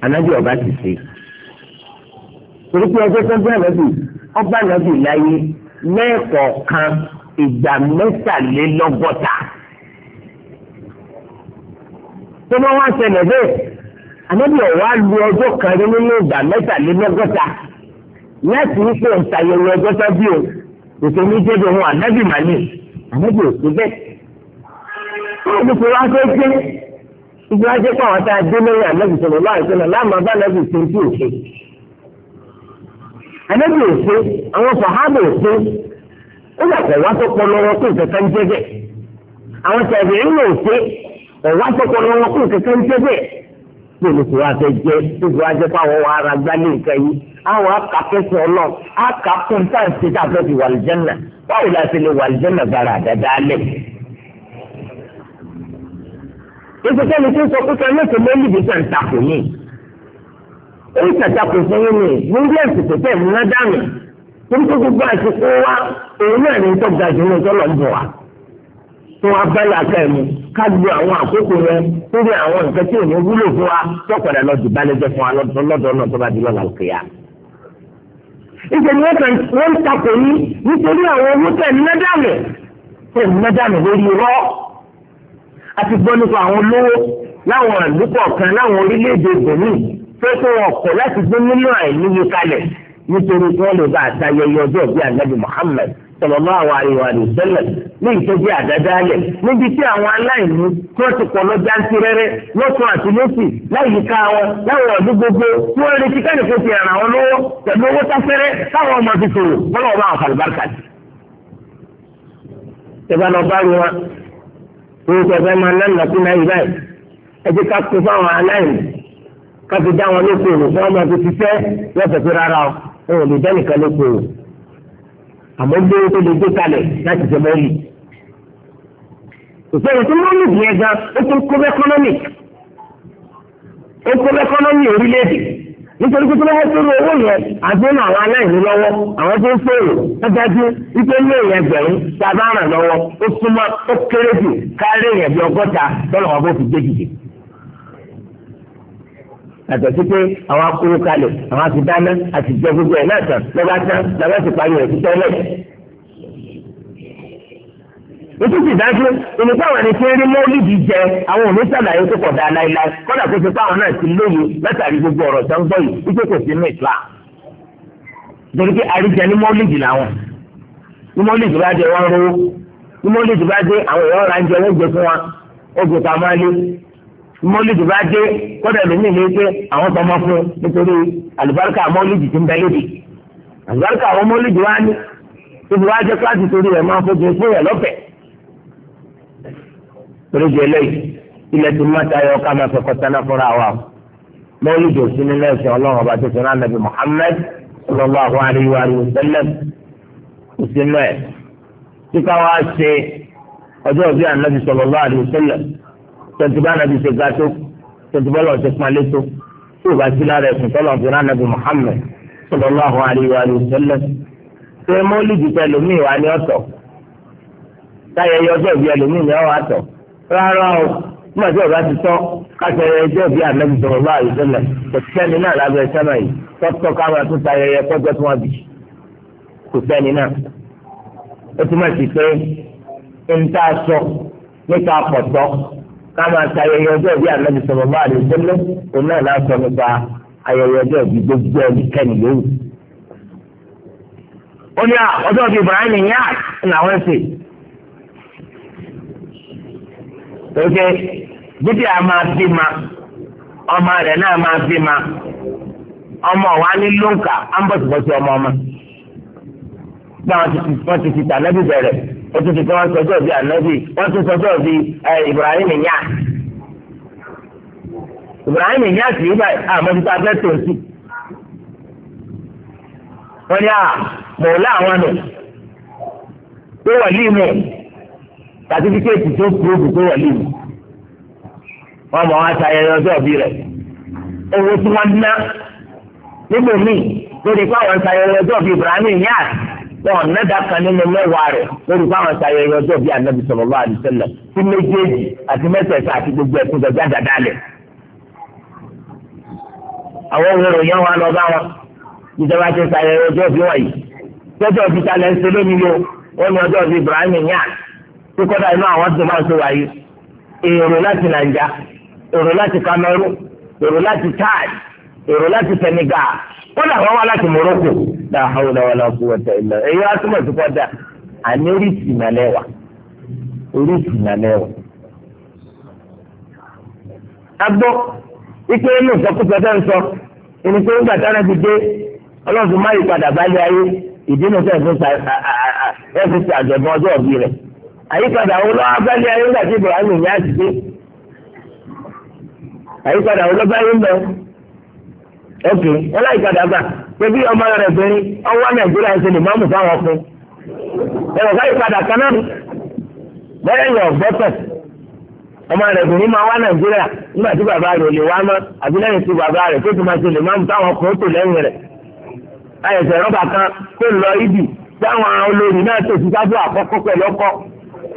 anabi ọba ti ṣe torí pé ọjọ́ tó ń bẹ̀rẹ̀ lọ́bì ọba nàbì láyé lẹ́ẹ̀kọ̀ọ̀kan ìgbà mẹ́tàlélọ́gọ́ta. tó bá wá ṣẹlẹ̀ bẹ́ẹ̀. ànábì ọ̀wá lu ọjọ́ kan rí nínú ìgbà mẹ́tàlélọ́gọ́ta láti ní pé ìtayẹ̀wò ọjọ́ tó bí o ètò mi jẹ́ bí ohun ànábì màní ànábì ò sí bẹ́ẹ̀. wọ́n aka fi wá pé pé ìgbà jẹ́ pé àwọn tá a dé sọ̀rọ̀ sọ̀rọ̀ láàmú ò sí àwọn ò sí ó wá tó lọ́wọ́ pé ìkẹ́kẹ́ ń jẹ́ bẹ́ẹ̀. àwọn tí olùsọ wa fẹ́ jẹ tí olùsọ wa jẹ pé àwọn wa ara gbá lè nǹkan yìí àwọn akakẹsẹ Ọlọ́run akakun táǹtì tá a fẹ́ fi wàlìjẹnà báwo la ṣe lè wàlìjẹnà gbára àdáda alẹ. ìfúnṣẹ́ mi ti sọ pé sọ mẹ́sàn-án ló lùdí sàn takò yìí èyí sàtakò fún yín ni lórí àsìkò tẹ̀ ń ná dànù torí pé gbogbo àsìkò wa òun náà ní tó ga jù ní ọjọ́ lọ́dún wa tó wá bá ká lu àwọn àkókò yẹn lórí àwọn nǹkan tí òní wúlò fún wa tọkọdà lọ jù balẹ̀jẹ́ fún wa lọ́dọ̀ náà tó bá di lọ́la òkè ya. ìṣe ni wọ́n ń takò yín nítorí àwọn owó tẹ̀ nẹ́dàmù tẹ̀ nẹ́dàmù lórí rọ́ àti gbọ́ nípa àwọn olówó láwọn ìlú kọ̀ọ̀kan láwọn orílẹ̀-èdè benin tó tó ọkọ̀ láti gbé nínú àìníye kalẹ̀ nítorí kí lè bá àtayẹyẹ ọjọ́ ìbí àgbẹ̀bí Muhammad sallallahu alaihi wa sallam ní ìtọ́jú àdádálẹ̀ níbi tí àwọn aláìní tí wọ́n ti pọ̀ lọ́jà ń tirẹ́rẹ́ lọ́tún àti lọ́sì láyìíká wọn láwọn ọdún gbogbo tí wọ́n retí kẹ́nìkó ti ràn àwọn lọ́wọ́ pẹ̀lú owó táfẹ́rẹ́ káwọn ọmọ ti sòrò bọ́lá ọba àwọn àlùbáríkà sí. ìbá lọ bá ru wọn ní ìjọba máa ná nàkú náà ìbá yìí ẹ ká kó fáwọn aláìní ká fi dá wọn lóko òrò fún ọmọ àmọ́ gbówó tó lè gbé kalẹ̀ láti jẹ mọ́ rí. òṣèlú tó mọ́ nìyí ẹ gan ó tún kó bẹ́kọ́nọ́mì ó kó bẹ́kọ́nọ́mì orílẹ̀-èdè nítorí pé tó lọ́wọ́ tó rú owó yẹn àdéhùn àwọn aláìní lọ́wọ́ àwọn tó ń fèrè dájú wípé ní èèyàn ẹgbẹ̀rún tá a bá ràn lọ́wọ́ ó súnmọ́ ó kéré jù kárí èèyàn bí ọgọ́ta tọ́lọ̀ wọn bó fi gbé dìde yàtọ̀ sí pé àwọn akúrú kalẹ̀ àwọn àti dáná àti jẹ gbogbo ẹ̀ náà tán lọ́ba tán lọ́ba ti parí rẹ̀ títọ́ lẹ̀. Ètò sì dájú ìní táwọn ẹni tí ń rí mọ́lìdì jẹ àwọn òní sàlàyé tó kọ̀ dáa láéláé kọ́dà tó ti páwọn náà ti lóye látàrí gbogbo ọ̀rọ̀ tó ń gbọ́ yìí wípé kò sí inú ìfà. Nítorí pé àríjẹ ní mọ́lìdì làwọn. Ní mọ́lìdì bá jẹ wọ́n rówó. Ní mọ́lìdì bá jẹ àwọn èèyàn ra ń jẹ wọ́n fún wa. Ó gbé pamọ́ lé mọ́lìdì bá dé kọ́dà lómi lè dé àwọn tọmọ fún nítorí àlùbáríkà mọ́lìdì ti ń bẹ lóde àlùbáríkà àwọn mọ́lìdì wá ní ibi wá jẹ́ kíláàsì torí rẹ̀ máa fojú fún rẹ̀ lọ́fẹ̀ẹ́. torí di eléyìí ilẹ̀ tí má tayọ ká máa fẹ́ kọ́tánná fúnra wa mọ́lìdì òsín ní lẹ́sìn ọlọ́run ọba tó sọ̀rọ̀ ànábì Muhammad sallallahu alaihi wa sallam òsín náà kíkà wá ṣe ọjọ́ ìbí ànábì sallallahu tẹ̀tùbá nàbí ṣe ga tó tẹ̀tùbá lọ́ọ̀ ṣe pọn létó tí o bá sí lára ẹ̀sìn tọ́lọ̀ fi rán nàbí Muhammad sallallahu alaihi wa sallam ṣé mọ́lìdì tẹlómìn wà ní ọ̀tọ̀ táyẹyẹ ọjọ́ ìbí ẹlòmíì ní ọ̀wà tọ̀ rárá o nígbà tí ọ̀gá ti tọ́ kásẹ̀yẹ ọjọ́ ìbí ànábì sallallahu alaihi wa sallam kò sẹ́ni náà lábẹ́ sẹ́nà yìí tọ́tọ́ káma ta ayẹyẹ ọjọ́ ìbí ànábi sọ̀rọ̀ bá àdé sẹ́lẹ̀ òun náà náà sọ nípa ayẹyẹ ọjọ́ ìbí gbogbo ẹbí kẹ́ni lóhùn. ó ní ọjọ́ ìbí Ibrahim yá a máa bí ma ọmọ rẹ̀ náà máa bí ma ọmọ wa ní lóńkà á ń ó tún ti kí wọ́n sọjọ́ bíi ànábì wọ́n tún sọjọ́ bíi Ibrahim nyà Ibrahim nyà sí ibà àmọ́títà fẹ́ tó sí wọ́n ní à mọ̀ọ́lá àwọn nù tó wà límù sàtífíkẹ́ẹ̀tì tó kúròbù tó wà límù wọ́n mọ̀ wọ́n aṣayẹyẹ ọjọ́ bíi rẹ̀ owó tí wọ́n ná níbo míì lórí pé àwọn aṣayẹyẹ ọjọ́ bíi Ibrahim nyà sí wọn nẹ́dà kan nínú mẹ́wàá rẹ̀ lórí báwọn ṣayẹyẹ ọjọ́ bíi anabi sallallahu alaihi wasallam tí méjèèjì àti mẹ́tẹ̀ẹ̀ta àti gbogbo ẹ̀sìn gbọ̀gbá dàda lẹ̀. àwọn òwúrò yẹn wọn lọ bá wọn ìjọba ti ṣayẹyẹ ọjọ́ bíi wọ̀nyí tọ́jọ́ bíi talẹ̀ ń ṣe lónìí o wọ́n ní ọjọ́ bíi Ibrahim yan tó kọ́dà inú àwọn tó máa ń ṣe wáyé èrò láti èrò láti Senegal wọ́n làwọn wá láti Morocco la hawla wala quwwata illa èyí wá túmọ̀ sí kọ́dà àní oríṣi nàlẹ́wà oríṣi nàlẹ́wà. a gbọ́ ike inú ìsọkúsọ tẹ́ ń sọ ẹni pé nígbà táwọn ti dé ọlọ́run má yí padà bálé ayé ìdínà tẹ̀ fún ẹ̀fíìsì àjọ̀dún ọjọ́ òbí rẹ̀ àyípadà wo lọ́wọ́ bálé ayé nígbà tí Ibrahim yá ti dé àyípadà wo lọ́wọ́ bálé ń bẹ̀rù. òkè ọláìpadà gbà pẹ̀lú ọmọ rẹ̀ bẹ̀rẹ̀ ọwọ́ nàìjíríà ń ṣe lè mọ́mù fáwọn ọkùn ẹ̀rọ káyìpadà kan náà bẹ́ẹ̀ yọ gbọ́tọ̀ ọmọ rẹ̀ bẹ̀rẹ̀ máa wá nàìjíríà nígbà tí bàbá rẹ̀ ò lè wá mọ́ àbí tí bàbá tó ti máa fáwọn ọkùn ó kan tó lọ ibì táwọn olórí náà ọkọ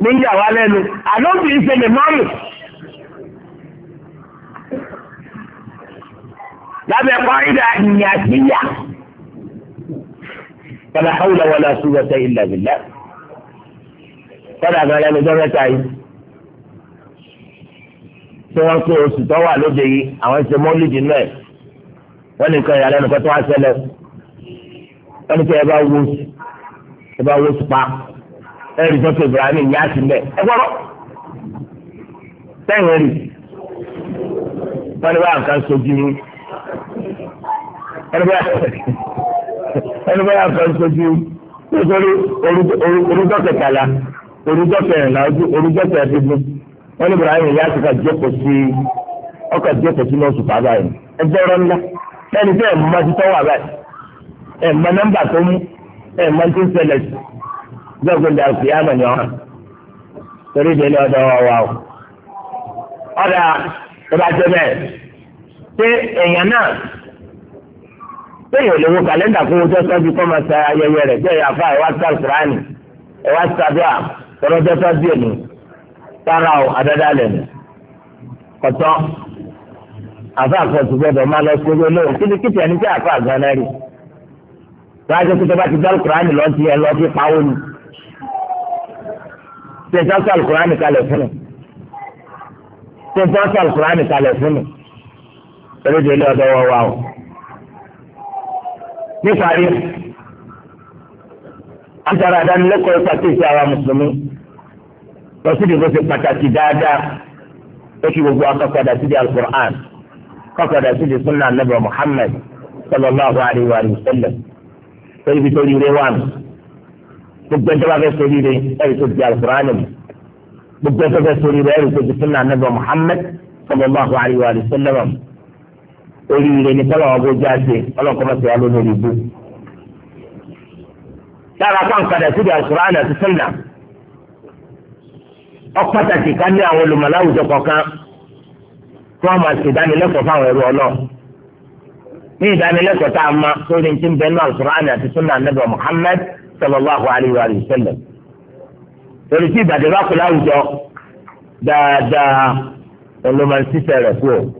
níyàwó àlọ́ lábẹ́ kọ́rídà ìyàtíyà kala hawla wala quwwata illa billah kọ́dà gan-an lẹ́nu dọ́kítà yìí tí wọ́n pé oṣù tó wà lóde yìí àwọn ṣe mọ́lìdì náà wọ́n ní nǹkan ìyàlẹ́nu kan tó wá ṣẹlẹ̀ wọ́n ní kí ẹ bá wo ẹ bá wo spa ẹ rí sọ́kè Ibrahim ìyá sí mẹ́ ẹ gbọ́dọ̀ sẹ́yìn rí wọ́n ní báyìí nǹkan sojú yìí ẹni bá yà kọ́ sojú nítorí orúkọ kẹtàlá orúkọ kẹrìnlá orúkọ kẹrìndínlógún wọn ní Ibrahim ìyá ti ka jókòó sí ọkọ jókòó sí lọ́sùn bàbá yìí ẹgbẹ́ ọ̀rọ̀ ńlá lẹ́ni tí ẹ̀ mọ ti tọ́wọ́ àbá yìí ẹ̀ mọ nọ́mbà tó mú ẹ̀ mọ ti ń ṣẹlẹ̀ sí gbọ́gbọ́n dà sí àmọ̀ ni ọ̀hán torí ìdílé ọ̀dọ̀ wa wà o ọ̀dà ìbàjẹ́ bẹ́ẹ̀ ṣé èèyàn náà bẹ́ẹ̀ lè wo kàlẹ́ndà fún ọjọ́ sọ́jú kọ́ máa ṣe ayẹyẹ rẹ̀ bẹ́ẹ̀ àfa ẹ̀wá sàlùkùránì ẹ̀wá sàdúà tọ́lọ́jọ́ sọ́jú ẹ̀mí sára o àdáda lẹ̀mí kọ́tọ́ àfa àkọsù gbọ́dọ̀ máa lọ sórí olóhùn kí ni kí tẹ̀ ní kí àfa àgànná rí láti kí tọ́ba ti sàlùkùránì lọ sí ẹ lọ sí pawó ni tẹ̀sán sàlùkùránì kalẹ̀ fún mi tẹ̀sán sàlùkùránì kalẹ̀ fún mi níparí àtàrà àdánilẹ́kọ̀ọ́ pàkíyèsí àwa mùsùlùmí lọ sí ìdìbò ṣe pàtàkì dáadáa ó kí gbogbo akọ́kọ̀dà sí di alukur'an kọ́kọ̀dà sí di sunna anabi muhammed sallallahu alayhi wa sallam torí bí torí rẹ wà mí gbogbo ẹjọ́ bá fẹ́ sórí rẹ ẹ̀rí tó di alukur'an mi gbogbo ẹjọ́ fẹ́ sórí rẹ ẹ̀rí tó di sunna anabi muhammed sallallahu alayhi wa sallam oríire ní bọ́lá ọgbọ́n jáde ọlọ́kọ́ bá ti wá lónìí ibú. dára kan padà síbi àṣùrán àti sọ́nà ọ̀pọ̀tàkì ká ní àwọn olùmọ̀lá àwùjọ kọ̀ọ̀kan tí wọ́n máa ṣèdánilẹ́kọ̀ọ́ fáwọn ẹ̀rọ ọlọ́ọ̀ ní ìdánilẹ́kọ̀ọ́ tá a ma sórí ní ti ń bẹnu àlùkùránì àti sunna anabi muhammed sallallahu alayhi wa sallam. torí tí ìbàdí bá kú láwùjọ dáadáa olùmọ̀síṣẹ́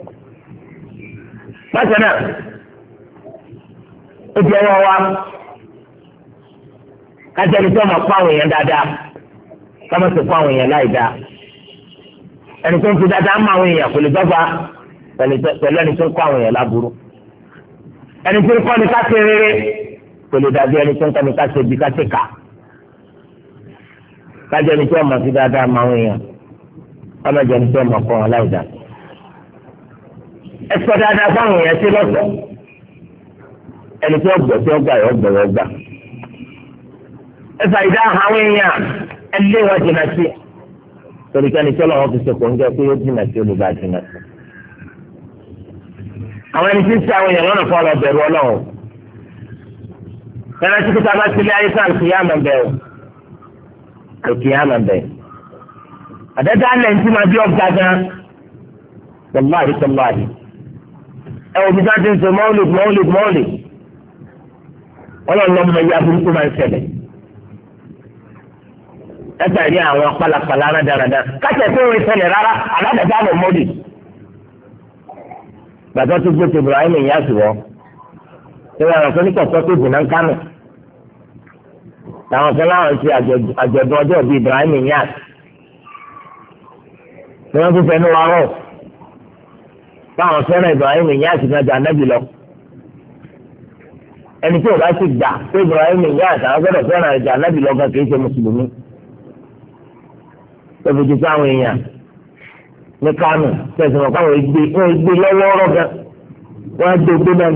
bákan náà ó di ọwọ́ wa kájẹ́ni tó máa pa àwọn èèyàn dáadáa ká má sì pa àwọn èèyàn láì dáa ẹni tó ń fi dáadáa mọ àwọn èèyàn kò lè dọ́gba pẹ̀lú ẹni tó ń kọ́ àwọn èèyàn láburú ẹni tó ń kọ́ ni ká ṣe rere kò lè dàbí ẹni tó ń kọ́ ni fi dáadáa mọ àwọn èèyàn ká má jẹ́ni tó máa kọ́ wọn láì dáa ẹsọ dáadáa fáwọn èèyàn sí lọ́sọ̀ọ́ ẹni tí ọgbọ̀ tí ọgbà yọ ọgbọ̀ yọ gbà ẹsọ ìdá àwọn èèyàn ẹlẹ́ wọn jìnnà sí torí kẹ́ni tí ọlọ́wọ́ fi sọ̀kò ń jẹ́ pé ó jìnnà sí olùbá jìnnà sí. àwọn ẹni tí ń sọ àwọn èèyàn lọ́nà fún ọlọ́bẹ̀rù ọlọ́run ẹ̀rọ tí kíkọ́ bá tilé ayé sáà kìí àmà bẹ́ẹ̀ o kìí àmà bẹ́ẹ̀ àdẹ́dá lẹ́yìn tí máa bí ọ̀gá ẹ wò bí sáà ti ń sọ mọ́ọ̀lì mọ́ọ̀lì mọ́ọ̀lì ọlọ́run lọ́mọ ẹ̀yà burúkú máa ń ṣẹlẹ̀ látàrí àwọn pálapàla aládàradà káṣẹ tó ń ṣẹlẹ̀ rárá aládàjà lọ mọ́ọ̀lì gbàtọ́ tó gbé tèbúrò ayé nìyá sí wọ́n tó wà lọ́sọ́ ní kọ̀ọ̀kan tó dùn náà kánò làwọn kan láwọn ti àjọ̀dún ọjọ́ bíi Ibrahim Niass ni wọ́n tún fẹ́ ní wa rọ̀ báwọn fẹ́ràn Ibrahim Inyas náà ju anábì lọ ẹni tí o bá ti gbà pé Ibrahim Inyas àwọn gbọ́dọ̀ fẹ́ràn anábì lọ gan kìí ṣe mùsùlùmí tóbi ju sáwọn èèyàn ní Kánò tẹsán ọ̀pá wọn gbé wọn gbé lọ́wọ́ gan wọn gbé gbé náà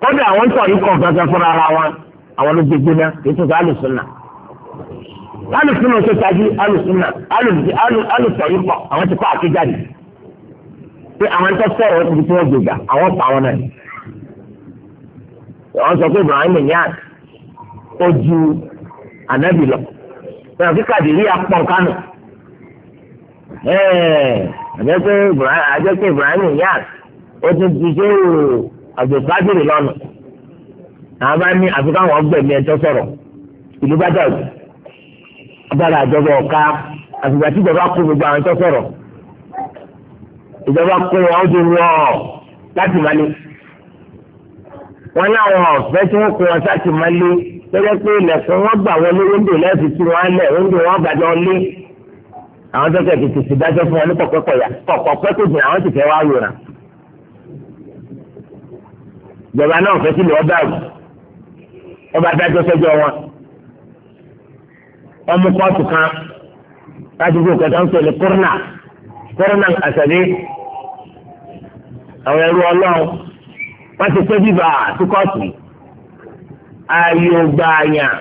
kọ́dà àwọn tó àyíkọ̀ fúnra ara wọn àwọn ló gbé gbé náà alùsùnà tó tajú alùsùnà alùsọ̀yìnpọ̀ àwọn ti kọ́ pé àwọn ibi tí gbèjà àwọn pa wọn náà pé lọ kíkà dìrí kánò ti di ṣé lọ́nà àwọn bá ní àfikún àwọn agbára àjọba ọ̀ka àtìgbà tí ìjọba kó gbogbo àwọn tó sọ̀rọ̀ ìjọba kó wọn ó di wọn láti máa lé wọn ní àwọn ọ̀fẹ́ tí wọ́n kó wọn láti máa lé lọ́jọ́ pé ilẹ̀kùn wọn gbà wọn lé wíńdò lẹ́ẹ̀fì tí wọ́n á lẹ̀ wíńdò wọn gbàdọ̀ lé àwọn tó kẹ̀ tètè sì dájọ́ fún wọn ní pọ̀pẹ́pọ̀yà pọ̀pọ̀pẹ́ tó jìn àwọn sì fẹ́ wá wòrán ìjọba náà fẹ́ sílẹ̀ ọ ọmú kóòtù kan láti gbé òkè tó ń pèlè kúrúnà kúrúnà àṣàbí àwọn ẹrú ọlọ́run wọ́n ti pé bíbá sí kóòtù ààyè ògbà àyàn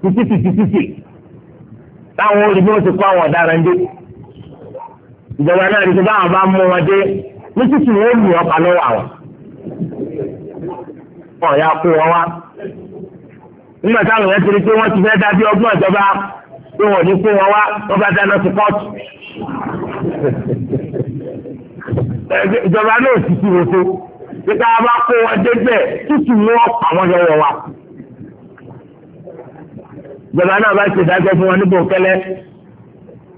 títí títí títí táwọn olùdó ti kó àwọn ọ̀daràn dé ìjọba náà ní ti bá àwọn bá mú wọn dé ní títí wọn ó lù ọ́ pa lọ́wọ́ àwọn. ọ̀ ya kó wọn wá nígbà táwọn èèyàn ti rí pé wọ́n ti fẹ́ dábí ọgbọ́n ìjọba pé wọ́n ní kó wọn wá wọ́n bá dáná sí kóòtù. ìjọba náà ti ti wò tó pé ká bá kó wọn débẹ̀ tútù mú ọ̀pọ̀ àwọn yọ̀yọ̀ wa. ìjọba náà bá ṣe ìdájọ́ fún wọn níbo kẹ́lẹ́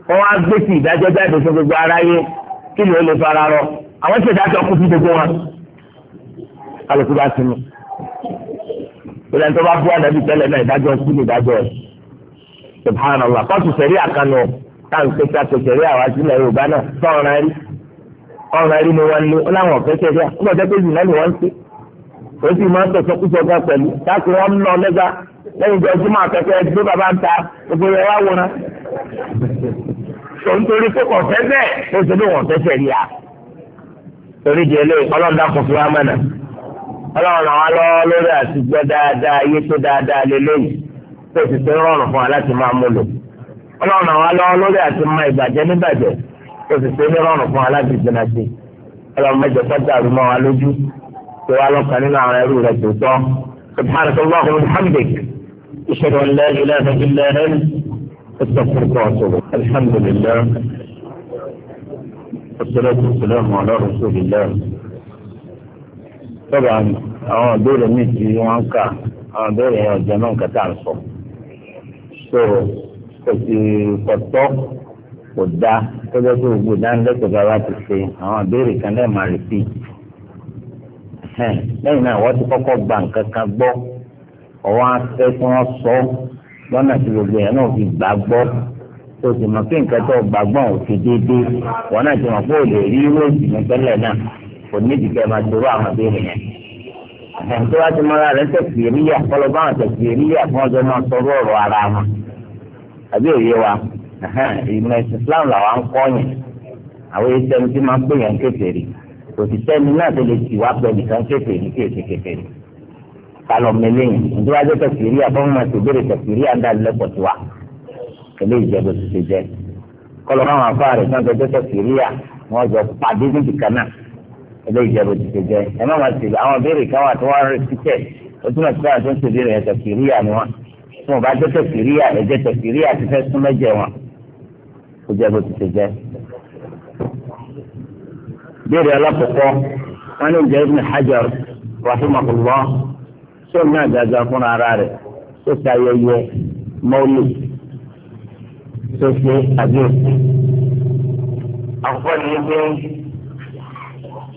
wọ́n wá gbé sí ìdájọ́ jáde fún gbogbo aráyé kí ni ó lè fara rọ àwọn ṣèdájọ́ kú fún gbogbo wọn. alùpùpù bá sinmi. ìlànà tó bá bú ànábì tẹ́lẹ̀ náà ìdájọ́ sí ní ìdájọ́ ẹ̀ subhanallah kóòtù sẹ̀rí àkànnù táǹkì tàkì sẹ̀rí àwa sílẹ̀ yorùbá náà sọ̀rọ̀ rí ọ̀rọ̀ rí ni wọ́n ní ó láwọn ọ̀fẹ́ sẹ̀rí à ó ni wọ́n ń ó sì máa ń pẹ̀lú táàkì wọ́n ń lẹ́yìn ọlọ́run àwọn lọ́wọ́ lórí àtijọ́ dáadáa ayé tó dáadáa lélẹ́yìn tó sì ti rọrùn fún wa láti máa mú lò ọlọ́run àwọn lọ́wọ́ lórí àti máa ìbàjẹ́ níbàjẹ́ tó sì ti rọrùn fún wa láti jìnnà sí ọlọ́run mẹ́jọ sọ́jà dàrú mọ́ wa lójú tó wá lọ́kàn nínú àwọn ẹrú rẹ̀ tó tọ́ subhanaka allahumma wa bihamdik ashhadu an la ilaha illa anta astaghfiruka wa atubu alhamdulillah والصلاة والسلام على رسول الله sọ́ba àwọn ìbéèrè míì tí wọ́n ń kà àwọn ìbéèrè yẹn ọ̀jọ̀ náà nǹkan tá à ń sọ. sọ̀rọ̀ kò sì pọ̀tọ́ kò dáa tọ́jọ́ tó gbogbo dánilẹ́kọ̀ọ́ bá wa ti ṣe àwọn ìbéèrè kan náà máa rètí. lẹ́yìn náà wọ́n ti kọ́kọ́ gba nǹkan kan gbọ́ ọ̀wọ́n afẹ́ tí wọ́n sọ lọ́nà tí gbogbo yẹn náà fi gbà gbọ́ tó ti mọ̀ pé nǹkan tó gbàgbọ́ òfin déédéé wọ́n náà ti mọ̀ pé ò lè rí ìwé òsì kò ní ìdíkẹ́ máa ṣòro àwọn abéèrè yẹn. àwọn tó bá ti mọ́ra rẹ̀ tẹ̀sí ríyà kọ́lọ́ bá wọn tẹ̀sí ríyà fún ọjọ́ náà sọ̀rọ̀ ọ̀rọ̀ ara wọn. àbí òye wa ìmọ̀ ẹ̀sìn Islam làwọn ń kọ́ yẹn àwọn ẹ̀sẹ̀ni tí máa ń pè yẹn kékeré kò sì sẹ́ni náà tó lè tì wá pẹ̀lú kan kékeré kéèké kékeré kalọ̀ mẹ́lẹ́yìn nítorí ajẹ́ tẹ̀sí ríyà fún ọmọ ẹ̀sìn ìbéèrè tẹ̀sí ríyà dá lẹ́pọ̀ tó wa kẹlẹ́ ìjẹ́bù ti ti jẹ́ kọlọ́ máa wà fún àrẹ̀ náà tó jẹ́ tẹ̀sí ríyà wọ́n jọ pàdé níbi náà eléyìí jẹ́ bòtítì jẹ́ ẹ má máa tèbi àwọn béèrè kan wà tó wá rẹ̀ títẹ̀ ó túmọ̀ sí káwọn tó ń tèbi rẹ̀ ẹ̀sẹ̀ kìríyà ni wọn tí wọn bá jẹ́ tẹ̀kìríyà ẹ̀jẹ̀ tẹ̀kìríyà ti fẹ́ sún mẹ́jẹ wọn ó jẹ́ bòtítì jẹ́. béèrè alákọ̀ọ́kọ́ wọn ní ìjẹ́ ibn hajar rahimahullah tó ní àjàgà fún ara rẹ̀ tó ṣe ayẹyẹ mọ́lù tó ṣe àdéhùn. àkọ́kọ́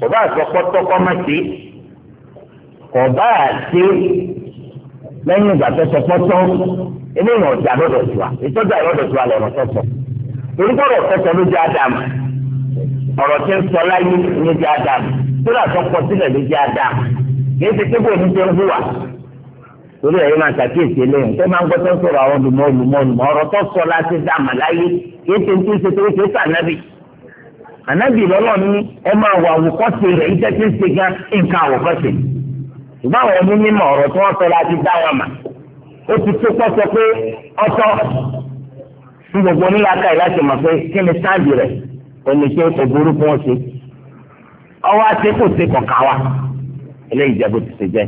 kò bá àsọpọtọ kọmọtì kò bá àti lẹ́yìn ìgbà tó sọpọtọ eléyìí ọjà lọ́dọ̀ tiwa ìtọjà lọ́dọ̀ tiwa lọrọ sọsọ torí kọrọ sọsọ ló jẹ ádámù ọ̀rọ̀ tí ń sọ láyé ló jẹ ádámù tóra sọpọ sílẹ̀ ló jẹ ádámù kì í ṣe kébù òní tó ń hùwà torí ẹ̀yin máa ṣàkíyèsí eléyìí ṣé máa ń gbọ́ tó ń sọ̀rọ̀ àwọn olùmọ̀ olùmọ̀ olùmọ̀ ọ̀rọ̀ tó sọ láti dàmà láyé kì í ṣe ń tún ṣe torí ṣe é sànẹ́bì ànábì lọ́lọ́ ní ẹ máa wọ àwòkọ́ṣe rẹ̀ nke tí ń ṣe gan nǹkan àwòkọ́ṣe ṣùgbọ́n àwọn ẹni mímọ̀ ọ̀rọ̀ tí wọ́n sọ láti dá wọn mà ó ti tó pọ́ sọ pé ọtọ́ ń gbogbo láti mọ̀ pé kí ni sáàdì rẹ̀ òní ṣe kò burú ọ ṣe ọwọ́ àti kò ṣe kọ̀ọ̀ká wa eléyìí jẹ́ bó ti ṣe jẹ́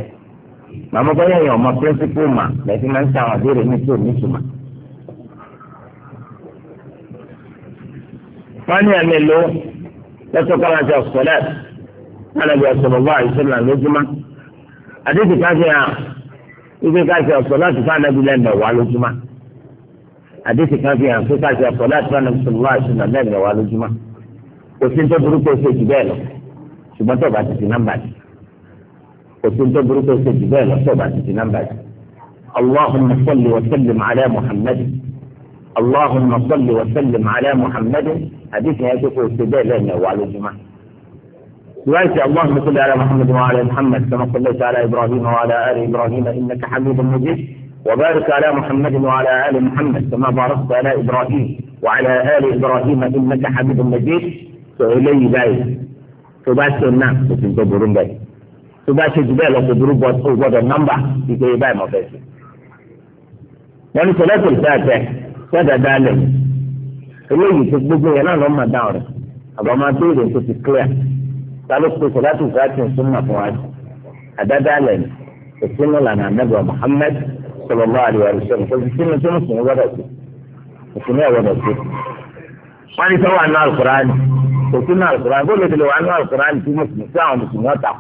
màmú bọ́yá ọmọ píríncípù mà lẹ́sìn máa ń wọ́n ní ẹ̀mí ló lọ́sọ̀kọ́ láti ọ̀sọ̀lẹ̀ lánàbí ọ̀sọ̀rọ̀ bá àìsílẹ̀ lójúmọ́ àdéhùn káfíń hàn ibi káfíń ọ̀sọ̀ láti fànàbí lẹ́nu wà lójúmọ́ àdéhùn káfíń hàn pé káfíń ọ̀sọ̀ láti fànàbí sọ̀rọ̀ àìsílẹ̀ lẹ́nu wà lójúmọ́ òfin tó burúkú ṣe jù bẹ́ẹ̀ lọ ṣùgbọ́n tó bá ti di nọ́mbà jù òfin tó burúkú ṣe jù bẹ́ẹ̀ lọ tó bá ti di nọ́mbà jù اللهم صل وسلم على محمد اللهم صل وسلم على محمد حديث yẹn pé kò لنا وعلى lẹ́ẹ̀mẹ̀wá lójúmọ́. رواية اللهم صل على محمد وعلى محمد كما صليت على إبراهيم وعلى آل إبراهيم إنك حميد مجيد وبارك على محمد وعلى آل محمد كما باركت على إبراهيم وعلى آل إبراهيم إنك حميد مجيد فإلي باي تباشر الناس وتنتظرون باي tó bá ṣe jù bẹ́ẹ̀ lọ kò burú bọ́ ó gbọ́dọ̀ nọ́mbà ìpè eléyìí tó gbogbo yẹn náà lọ́ máa dá ọ̀rẹ́ àbá máa béèrè tó ti clear ta ló pe sọláàtù fàtì súnmọ́ fún wa àdáda alẹ́ ní òsínú lànà anábìá Muhammad sọlọ́lá àríwá rẹ̀ sọ̀rọ̀ tó ti sínú tó ń sìn wọ́dọ̀ sí òsínú ẹ̀ wọ́dọ̀ sí. wọ́n ní sọ́wọ́ àná alukuraani òsínú alukuraani bó ló ti lè wà ná alukuraani tí mùsùlùmí sí àwọn mùsùlùmí ọ̀tà.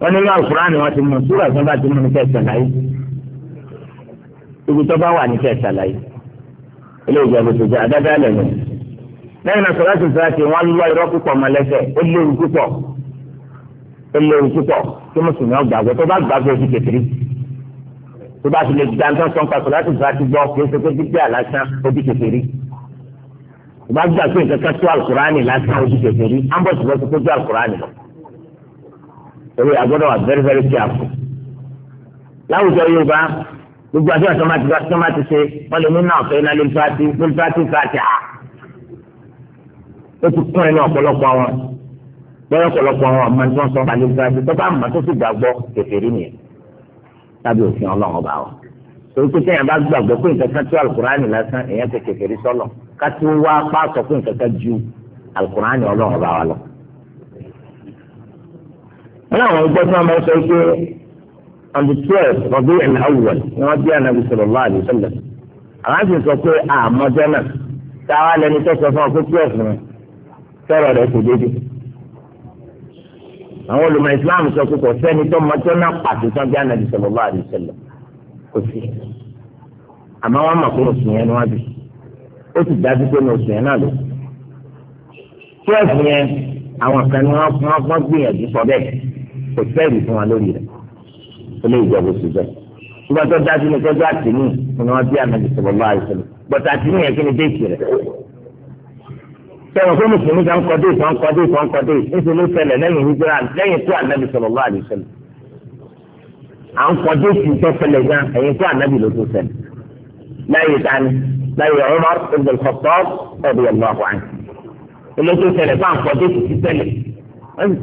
wọ́n nínú alukuraani wọn ti mú sùúrù àti mú ní kẹsàn-án láyé. bá wà ní kẹsàn-án ilé ìjọba ìṣèjọ adájọ́ alẹ́ yẹn lẹ́yìn náà sọ̀rọ̀ àti sọ̀rọ̀ àti wọn lọ irọ́ púpọ̀ mọ́lẹ́sẹ̀ ó léwu púpọ̀ ó léwu púpọ̀ kí mùsùlùmí ọgbàgbọ́ tó bá gbàgbọ́ ojú kékeré tó bá ti lè gba nǹkan sọ̀n pa sọ̀rọ̀ àti sọ̀rọ̀ àti gbọ́ kí ó ṣe pé dídé àlásán ojú kékeré tó bá gbà pé nǹkan kan tó alukurani lásán ojú kékeré á ń bọ̀ sí bọ́sí tó tó alukurani lọ. torí agbọ́dọ̀ wà very very careful láwùjọ Yorùbá gbogbo àti àti ọmọ àti gbàtí ọmọ àti ṣe wọn lè ní náà fẹ náà lórí fati lórí fati fati à ó ti kún ẹni ọ̀pọ̀lọpọ̀ àwọn lọ́yọ̀ ọ̀pọ̀lọpọ̀ àwọn ọmọ tí wọ́n sọ wà lórí fati tọ́ba àmọ́ tó sì gbàgbọ́ kẹfẹ́rí nìyẹn tàbí òfin ọlọ́run ọba wa torí pé téèyàn bá gbàgbọ́ pé nǹkan kan tó alukurani lásán èèyàn ti kẹfẹ́rí sọ́lọ̀ ká tí wọ́n wá pàṣọ pé nǹkan kan ju on the twelve Rabi' al-Awwal ni wọ́n bí Ànábì sallallahu alaihi wasallam àwọn àti sọ pé àmọ́jọ́ náà táwa lẹni tó sọ fún ọ pé twelve ni sọ̀rọ̀ rẹ̀ kò dédé àwọn olùmọ̀ Islam sọ pé kò sẹ́ni tó mọ́jọ́ náà pàṣẹ tán bí Ànábì sallallahu alaihi wasallam kò sí àmọ́ wọn mọ̀ pé oṣù yẹn ni ó sì dájú pé oṣù yẹn náà lò twelve yẹn àwọn kan ni wọ́n gbìyànjú sọ bẹ́ẹ̀ kò sẹ́ẹ̀lì fún wa lórí rẹ̀ ilé ìjọba oṣù jẹ ìgbà tó dájú ní tọ́jú àtìní ni wọ́n bí àmì ìṣẹ̀lẹ̀ bá ìṣẹ̀lẹ̀ bọ̀tà àtìní yẹn kí ni déètì rẹ̀ sọ̀rọ̀ fún mùsùlùmí kan kọ́dé kan kọ́dé kan kọ́dé níṣẹ́ ló ṣẹlẹ̀ lẹ́yìn hijira lẹ́yìn tó ànábì sọ̀rọ̀ bá àlè ṣẹlẹ̀ à ń kọ́dé sí tó ṣẹlẹ̀ gan ẹ̀yìn tó ànábì ló tó ṣẹlẹ̀ láyé tani láyé Umar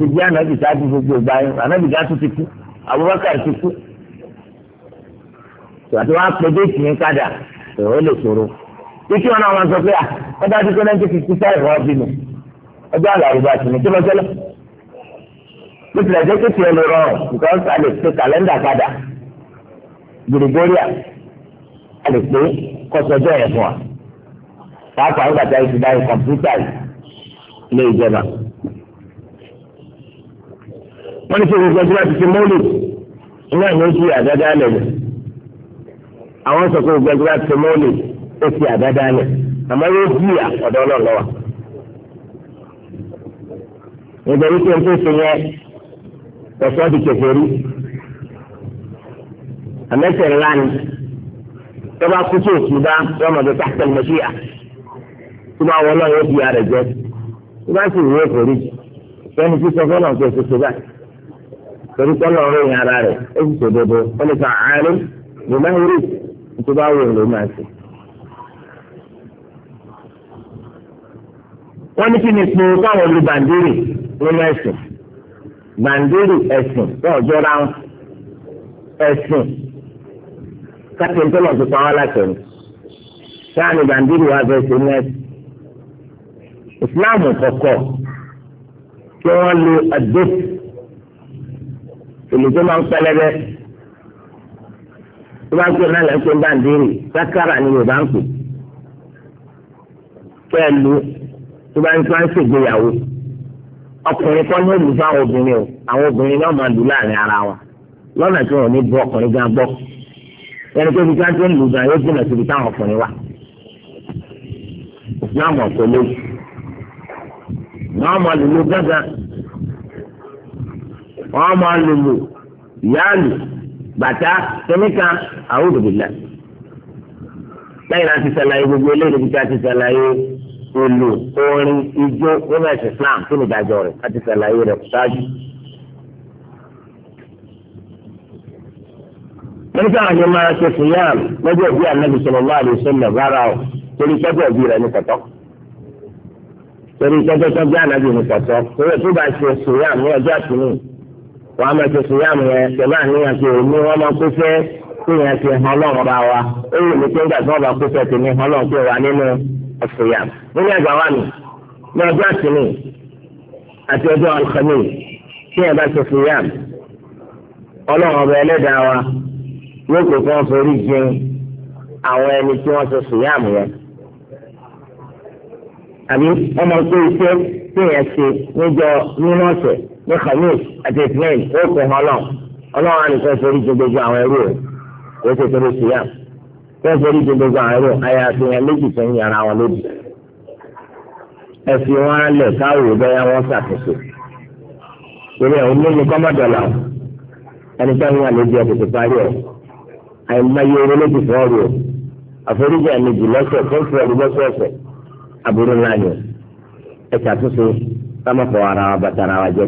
ibn al yẹn ànábì Abubakar ti kú àti wọn apẹ déètì yẹn kadà ó lè ṣòro títí wọn náà wọn sọ pé ah, ọ dájú pé náà ti fi kú sáì wọn bínú ọjọ́ àlàrúbá tì mí kí lọ ṣẹlẹ̀ bí tilẹ̀ jẹ́ kékeré lè rọrùn nǹkan ọ̀sán pe kàlẹ́ndà kadà gbèrègbèrèà a lè pé kọ́sọ́jọ́ yẹn fún pàápàá nígbà tí a ti wọ́n ní kí gbogbo ẹgbẹ́ láti ṣe mọ́lì iná ní kí àdáda lẹ̀ lẹ̀ àwọn sọ pé gbogbo ẹgbẹ́ láti ṣe mọ́lì ó fi àdáda lẹ̀ àmọ́ yóò jìyà ọ̀dọ́ ọlọ́ọ̀lọ́wà nítorí pé nǹkan ṣe yẹn ẹ̀sọ́ di kékeré àmẹ́sẹ̀ ńlá ni tó bá kú tó kú bá rọ́mọdé káṣẹ́ lọ́síyà tó bá wọ́n náà yóò di ara jẹ tó bá sì wúwo kò rí sẹ́ni tí sọ fọ́nà tó báyìí. torí pé ọlọ́run yẹn ara rẹ̀ ó sì ṣòdodo ó lè fa àárín lè má rí bá wù ló máa ṣe. wọ́n ní kí ni pé káwọn lu bàǹdírì nínú ẹ̀sìn bàǹdírì ẹ̀sìn tó ọjọ́ ẹ̀sìn káfíń tó lọ́ọ́ fi pa wọ́n bàǹdírì èlò tó máa ń pẹlẹbẹ tó bá gbé náà lẹ́sẹ̀ bá ń dérè sákàrà ni yorùbá ń pè pẹ̀lú tó bá ń tó ń ṣègbéyàwó ọkùnrin kan yóò lù fáwọn obìnrin o àwọn obìnrin náà máa lù láàrin ara wọn lọ́nà tí wọn ò ní bọ́ ọkùnrin gan gbọ́ ẹni tó fi káńtó ń lù gan yóò jìnnà síbi táwọn ọkùnrin wà náà mọ̀ pẹ̀lú náà mọ̀ lù lù gángan wọ́n máa lòlò ìyáàlù bàtà kẹ́míkà àwòdòdìlà lẹ́yìn láti ṣàlàyé gbogbo eléyìí níbi tí a ti ṣàlàyé èlò orin ijó nínú ẹ̀sìn Islam tó ní ìdájọ́ rẹ̀ a ti ṣàlàyé rẹ̀ ṣáájú. wọ́n ní káwọn àjọ máa ṣe fìyàm lọ́jọ́ ìbí ànábì sallallahu alaihi wasallam rárá o torí tọ́jọ́ ìbí rẹ̀ ní kọ̀tọ́. torí tọ́jọ́ tọ́jọ́ ànábì ní kọ̀tọ́ torí ẹ̀ tó bá ṣe fìyàm ní ọjọ́ àtúnú wọ́n á máa ṣe sùúyàmù yẹn pẹ̀lú àníyàn pé òní wọ́n máa kó fẹ́ kí yẹn ti hàn lọ́wọ́ bá wa ó wù mí pé nígbà tí wọ́n bá kó fẹ́ tèmi hàn lọ́wọ́ pé wà nínú sùúyàmù. nínú ẹgbàá wa mi ní ọjọ́ àtìmí àti ọjọ́ àlùkàmí kí yẹn bá ṣe sùúyàmù ọlọ́wọ́ ọba ẹlẹ́dàá wa yóò kó fún forí jin àwọn ẹni tí wọ́n ṣe sùúyàmù yẹn. àbí wọ́n máa kó iṣẹ́ tí yẹn ṣe níjọ nínú ọ̀sẹ̀ ní khamis àti ismail ó kò hàn ọlọ́run ọlọ́run ànìkan sórí ju gbogbo àwọn ẹrú rẹ̀ kò ó ṣe sórí siyam kò ó sórí ju gbogbo àwọn ẹrú àyà àfihàn méjì tó ń yàrá wọn lódì ẹ fi wọn lẹ káwọ bẹyà wọn ṣàkóso torí ẹ oníyẹ kọmọdọlà ẹni tó ń wà lójú ẹ tètè parí ẹ àìmọye eré ló ti fọọrù ẹ àforíjì àmì lọ́sẹ̀ fẹsẹ̀ ọdúnbọsọsẹ ẹ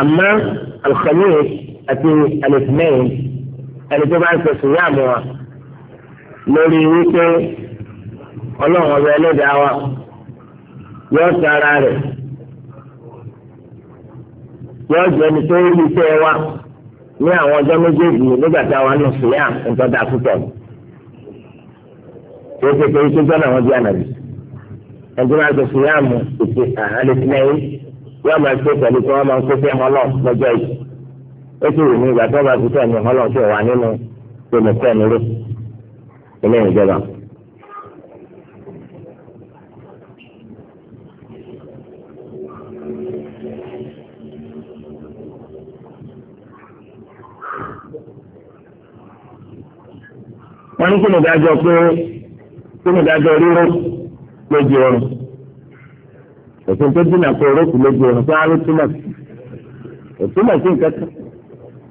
àmọ́ alùpàmì àti alùpàmì ẹni tó bá ń sọ sùn yàmù wa lórí wípé ọlọ́run ọba ẹlẹ́dàá wa yóò tara rẹ̀ yóò jẹ́ ẹni tó rí iṣẹ́ wa ní àwọn ọjọ́ méjèèjì nígbà tá a wà nù sílẹ̀ nǹkan dà púpọ̀ tó ṣe pé iṣẹ́ jọ́nà wọn bí ànàbì ẹni tó bá ń sọ sùn yàmù ètè àhálẹ́sílẹ̀ yóò máa ṣe pẹ̀lú kí wọ́n máa ṣe fẹ́ hàn lọ́n lọ́jọ́ yìí ó sì wù mí ìgbà tó bá ti tẹ̀mí hàn lọ́n tó wà nínú tòmùtẹ́mi rẹ̀ ilé ìjọba. wọ́n ní kí ni dájọ́ pé kí ni dájọ́ ríró lójú ọrùn òfin tó dínà kó orókù lójú ọ̀run tó arú túmọ̀ sí kò túmọ̀ sí nǹkan kan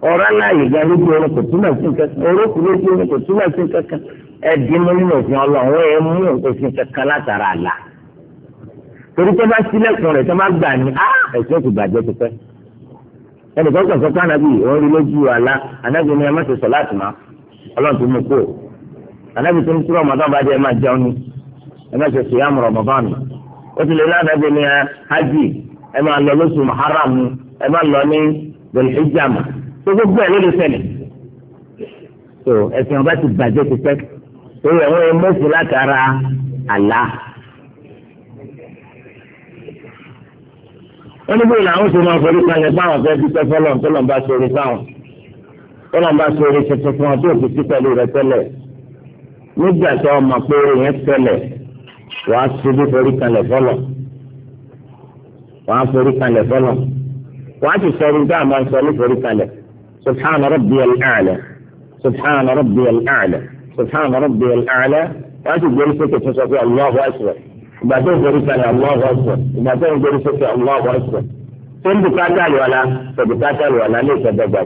ọ̀rá láàyè ga lójú ọ̀run kò túmọ̀ sí nǹkan kan orókù lójú ọ̀run kò túmọ̀ sí nǹkan ẹ̀dín mú nínú òfin ọlọ́run ẹ̀ mú òfin kankan látara àlà torí tó bá sílẹ̀kùn rẹ̀ tó bá gbà ní ẹ̀sìn òkú bàjẹ́ ti pẹ́ ẹnì kan sọ pé ànábì òun rí lójú àlá ànábì ni ẹ má ti sọ láti má ọlọ́run tó mú kó ànábì tó ń túrọ̀ mọ́tàn bá ẹ má jẹun ni ẹ má ti sọ yá mọ̀rọ̀ mi ó ti lè ládàbí ní hajj ẹ máa lọ lóṣù muharram ẹ máa lọ ní belhijjam tó gbogbo ẹ ló lè ṣẹlẹ̀ tó ẹsìn ọba ti bàjẹ́ ti pẹ́ tó yẹ wọ́n mọ̀ọ́sì látara àlá. wọ́n ní bóyá làwọn tó máa forí kalẹ̀ bá àwọn fẹ́ẹ́ dúpẹ́ fọlọ́ tọ́lọ̀ ń bá sórí fáwọn tọ́lọ̀ ń bá sórí tuntun fún wọn tó fi sí pẹ̀lú rẹ tẹ́lẹ̀ nígbà tó ọmọ pé orin tẹ́lẹ̀ wàá ṣubú forí kanlẹ̀ fọlọ̀ wàá forí kanlẹ̀ fọlọ̀ wàá ti sọ̀rọ̀ dáa máa ń sọ ní forí kanlẹ̀ subhana rabbiyal a'la subhana rabbiyal a'la subhana rabbiyal a'la wàá ti gbórí sókè tó sọ pé allahu akbar ìgbà tó ń forí kanlẹ̀ allahu akbar ìgbà tó ń gbórí sókè allahu akbar tó ń bùkátà lọ́la tó bùkátà lọ́la lè sọ dọ́gba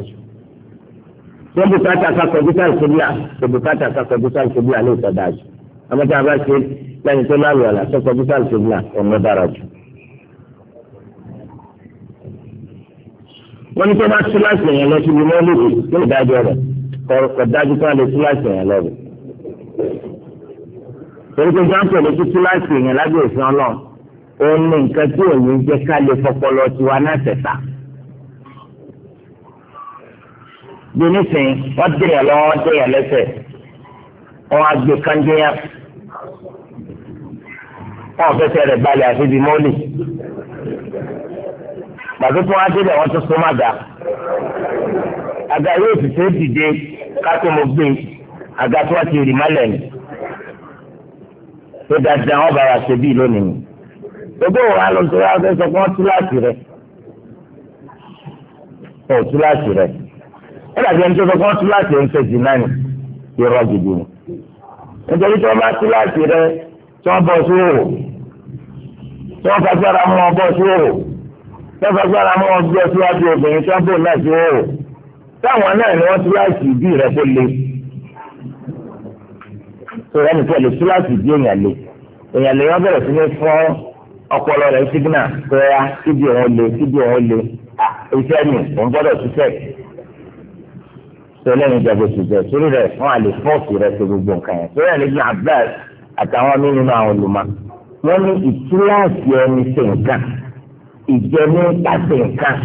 tó ń bùkátà kakọ̀ bùkátà ìṣubúlà tó bùkátà kakọ̀ bùkátà ìṣubúlà lè sọ dáa àmọ́tí a bá ṣe lẹ́yìn tó lálù àlà tó kọjú sáà ṣe gbà ọ̀nà dára jù. wọ́n ní tó bá síláṣì yẹn lọ síbi mọ́ lòdì ní ìdájọ́ rẹ̀ kọ̀ dájú tó wà lè síláṣì yẹn lọ rẹ̀. torí pé jáǹpọ̀ lè fi síláṣì yẹn lábẹ́ òfin ọlọ́run ó ní nǹkan tí òun jẹ́ ká lè fọpọlọ tiwa náà tẹ̀sà. bí nísìnyí wọ́n dìrẹ̀ lọ́wọ́ káwọn fẹsẹ̀ rẹ̀ balẹ̀ àfi bíi mọ́lì gbàtó tó wá délẹ̀ wọ́n tún so má ga àga yóò sì ṣe é dìde kátó mo gbé àga tó wá ti rì málẹ̀ ni tó dáadáa wọn bá wa ṣe bíi lónìí ni gbogbo wa ló ń sọ wá fẹ́ sọ pé wọ́n tú láti rẹ̀ ọ̀ tú láti rẹ̀ ẹ dàbí ẹni tó sọ pé wọ́n tú láti rẹ̀ ń fẹ́ jù náà ni irọ́ gidi ni nítorí tí wọ́n bá tú láti rẹ̀ tí wọ́n bọ̀ sí òwò tí wọ́n fagbára mú wọn bọ́ sí òrò tí wọ́n fagbára mú wọn bọ́ síwájú obìnrin tó ń bò náà sí òrò táwọn náà ni wọ́n túláàsì ìdí rẹ̀ kó le sọ̀rọ̀ ẹnì pẹ̀lú túláàsì ìdí èèyàn le èèyàn lè yàn bẹ̀rẹ̀ sí ní fún ọpọlọ rẹ̀ sígínà pẹ́ẹ́yà ah, kíbi òun le kíbi òun le ah, iṣẹ́ mi òun gbọ́dọ̀ ṣiṣẹ́ sọ̀rọ̀ ẹni jẹ́ bó ti jẹ́ sórí rẹ̀ wọ́n á lè fọ́ọ̀sì rẹ̀ sí gbogbo nǹkan yẹn sọ̀rọ̀ ẹni bí Abbas àtàwọn mí nínú àwọn wọ́n ní ìkíláàsì ẹni ṣe nǹkan ìjẹni pàṣẹ nǹkan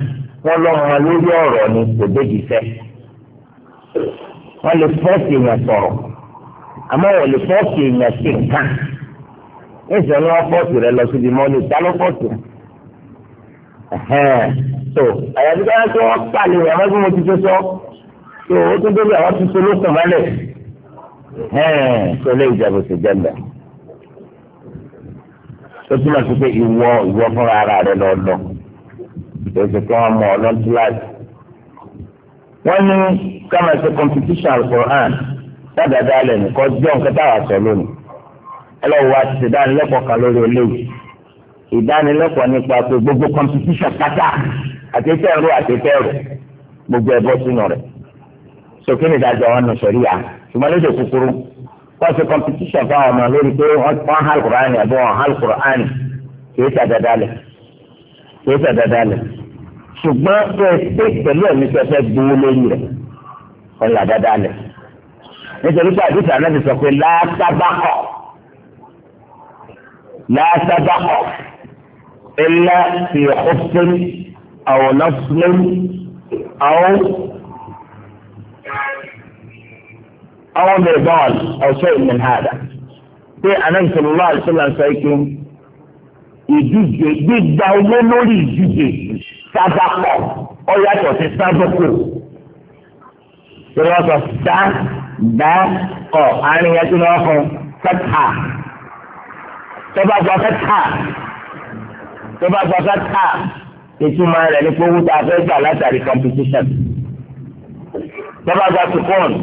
wọ́n lọ wọn lórí ọ̀rọ̀ ni kò débi fẹ́ wọ́n lè fọ́ọ̀sì èèyàn sọ̀rọ̀ àmọ́ wọ́n lè fọ́ọ̀sì èèyàn ṣe nǹkan níṣẹ́ ni wọ́n fọ́ọ̀sì rẹ lọ síbi mọ́lẹ̀ ta ló fọ́ọ̀sì tó àyàfi ká tó wọ́n pàlè wọn àwọn tí mo ti tó sọ tó o tó débi àwọn tó so lókun mọ́lẹ̀ tó lè ìjàgbọ̀sẹ̀ jẹ́ mbẹ́ tó túmọ̀ sí pé ìwọ ìwọ fúnra ara rẹ lọ lọ èsì kí wọ́n mọ ọlọ́n kíláàsì. wọ́n ní káma ṣe competition alukur'an dáadáa lẹ̀ nìkan jọ́ nǹkan táwa sọ lónìí ẹlọ́wọ́ wa ti dánilẹ́kọ̀ọ́ kan lórí olóyè ìdánilẹ́kọ̀ọ́ nípa pé gbogbo competition pátá àtẹ̀tẹ̀rù àtẹ̀tẹ̀rù gbogbo ẹ̀bọ́ sínú rẹ̀ sókè nìdájọ́ wọn nù sọ̀rí à ṣùgbọ́n lóde kúkúrú wọ́n ṣe competition fáwọn ọmọ lórí pé wọ́n hàn kùránì àbí wọ́n hàn kùránì kìí ṣàdàdà lẹ̀ kìí ṣàdàdà lẹ̀ ṣùgbọ́n pé pé pẹ̀lú ẹ̀mí sẹ́fẹ́ gbowó lórí rẹ̀ wọ́n là dáadáa lẹ̀ nítorí pé àdúrà náà ti sọ pé láàtàbàkọ̀ láàtàbàkọ̀ ilá fi ọ̀fẹ́ àwọn náà fúlẹ́mù àwọn. أو مرضان أو شيء من هذا pé anamisọ̀rọ̀ lọ́wọ́ àṣọlá sọ pé ìdíje gbígba owó lórí ìdíje sábàpọ̀ ó yàtọ̀ sí sábàpọ̀ ìrọ̀ sọ sá dá ọ̀ àárín yẹn tí wọ́n fún fẹ́tà tọ́ba gba fẹ́tà tọ́ba gba fẹ́tà ìtumọ̀ rẹ̀ ní pé owó tá a fẹ́ gbà látàrí competition tọ́ba gba tukọ́ọ̀nù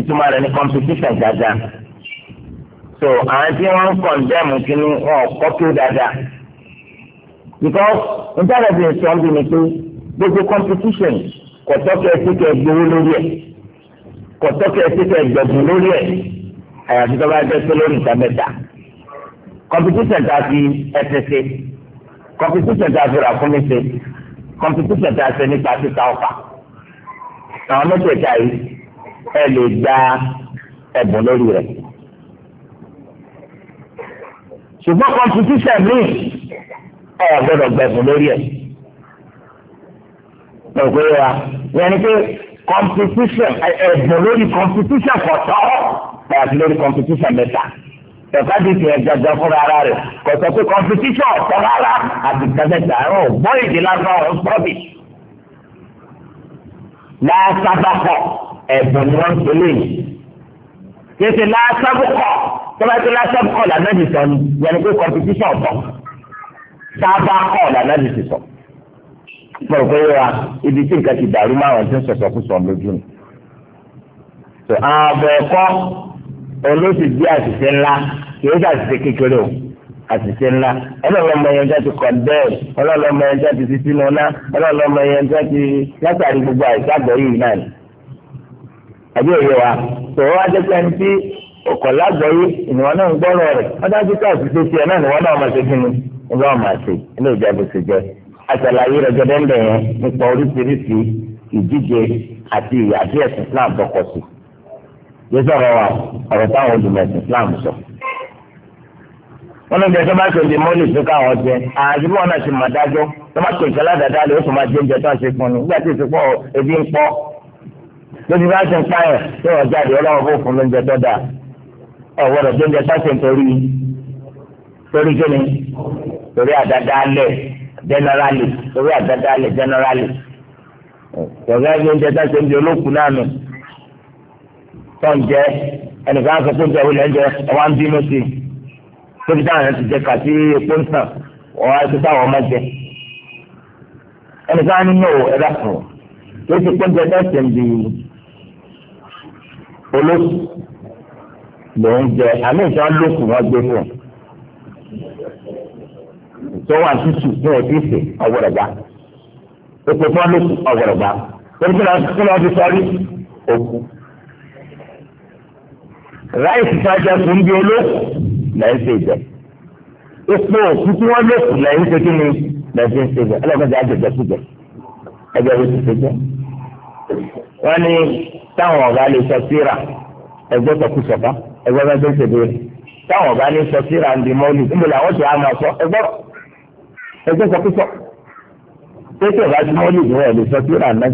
ìtumọ̀ rẹ̀ ní competition dada. so àwọn tí wọ́n ń kọ̀ndẹ́mù kínní wọn ò kọ́ dada. dáadáa because internet ń sọ bí mi pé gbogbo competition kò tọ́kẹ́ ẹ sí kẹ́ gbowó lórí ẹ̀ kò tọ́kẹ́ ẹ sí kẹ́ gbẹ̀bùn lórí ẹ̀ àyàfi tó bá jẹ́ pé lórí ìta mẹ́ta competition ta fi ẹsẹ̀ ṣe competition ta fi ràkúnmí ṣe competition ta ṣe nípa títa ọ̀fà àwọn mẹ́tẹ̀ẹ̀ta yìí ẹ lè gba ẹ̀bùn lórí rẹ̀. ṣùgbọ́n kọ́mpútíṣàn míì ẹ gbọ́dọ̀ gbẹ̀bùn lórí ẹ̀. ọ̀gbẹ́ wa yẹn ni pé kọ́mpútíṣàn ẹ̀bùn lórí kọ́mpútíṣàn kọ̀tọ́ àti lórí kọ́mpútíṣàn mẹ́ta ẹ̀ka di tiẹ̀ gbàgbà fúnra ara rẹ̀ kọ̀tọ̀ pé kọ́mpútíṣàn ọ̀tọ̀ rárá àti gbàgbà ẹ̀rọ gbọ́ ìdílágbà ọ̀hún sọ́ọ̀bì. láàsábàkọ̀ ẹ̀bùn ni wọ́n ń pèlè yìí. Yẹ́sẹ̀ lásàbùkọ̀ tọ́ba tó lásàbùkọ̀ lànàbì sọ ni yẹn pé kọ̀mpìtíṣàn ọ̀tọ̀. Sábà kọ̀ lànàbì ti sọ. Pọ̀rọ̀ pé wa ibi tí nǹkan ti dàrú máa wọ̀n tí ń sọ̀sọ̀ kú sọ̀ lójú ni. Tó ààbọ̀ ẹ̀kọ́ olóṣù bí àṣìṣe ńlá kìí ṣe àṣìṣe kékeré o àṣìṣe ńlá ọlọ́lọ́mọ yẹn tó ti kọ̀ndẹ́ẹ̀ ọlọ́lọ́mọ yẹn tó ti fi sínú ọlá ọlọ́lọ́mọ yẹn tó ti látàrí gbogbo àìsàgbọ̀ yìí náà àbí òye wa tòwọ́ wá jẹ́pẹ́ ní tí ọkọ̀ lágbọ̀ọ́yé ìnáwó náà ń gbọ́rọ̀ rẹ̀ wọ́n dájú pé àṣìṣe tiẹ̀ náà ìnáwó náà máa ṣe kí ni ìnáwó náà máa ṣe ilé ìjà bó ṣe jẹ́ àṣàlàyé rẹ̀ gẹ́dẹ́ńdẹ̀ yẹn nípa oríṣiríṣi ìdíje àti ìyà tí ẹ̀sìn Islam tọkọ̀ sí yé sọ̀rọ̀ wa ọ̀rọ̀ táwọn olùmọ̀ ẹ̀sìn Islam sọ. wọ́n lóúnjẹ tó bá ṣe di mọ́lì tó káwọn jẹ àti bí náà ṣe mọ̀ dájọ́ tó ṣe ìṣẹ́lá dáadáa lè ó sì máa jẹ oúnjẹ tó ń ṣe fún ni nígbà tí ìṣèpọ̀ ebi ń pọ̀ lóbi bá ti ń pa ẹ̀ tí wọ́n jáde ọlọ́wọ́ bó fún lóúnjẹ dọ́dà ọ̀wọ́dọ̀ lóúnjẹ sáṣẹ torí torí kíni torí àdádálẹ̀ generally torí àdádálẹ̀ generally tọ̀gá ẹni oúnjẹ sáṣẹ ń di olókùn náà nù tọ́ǹjẹ ẹnìkan sọ pé oúnjẹ wo lẹ́ńjẹ ọwọ́ ń bínú sí i tóbi táwọn ti jẹ kàtí epo ń tàn ọ̀hún àti táwọn ọmọ jẹ ẹnìkan ní yóò ẹ̀dá fún un tó ti pé oúnjẹ sáṣẹ ń di olóṣù ló ń jẹ àmì ìtàn lóṣù wọn gbé fún un tó wà tútù ní òtí ìsè ọ̀wọ̀rọ̀gbá ètò fún lóṣù ọ̀wọ̀rọ̀gbá torí kí ló ti sọ rí òkú ráìsì sájà fún bí olóṣù lẹ́yìn ṣe jẹ ipò òkú tí wọ́n lóṣù lẹ́yìn ṣe kí ni lẹ́yìn ṣe jẹ ẹlẹ́gbẹ̀dẹ̀ àjẹjẹ kújẹ ẹgbẹ́ wo ti ṣe jẹ wọ́n ní táwọn ọba lè sọ síra ẹgbẹ́ sọkúsọ̀ká ẹgbẹ́ bẹ́ẹ̀ bẹ́ẹ̀ bẹ́ẹ̀ táwọn ọba lè sọ síra ń di mọ́lì níbo làwọn ti àmọ́ sọ ẹgbẹ́ ẹgbẹ́ sọkúsọ tẹ́tẹ̀ bá ti mọ́lì ìwọ ẹ̀ lè sọ síra náà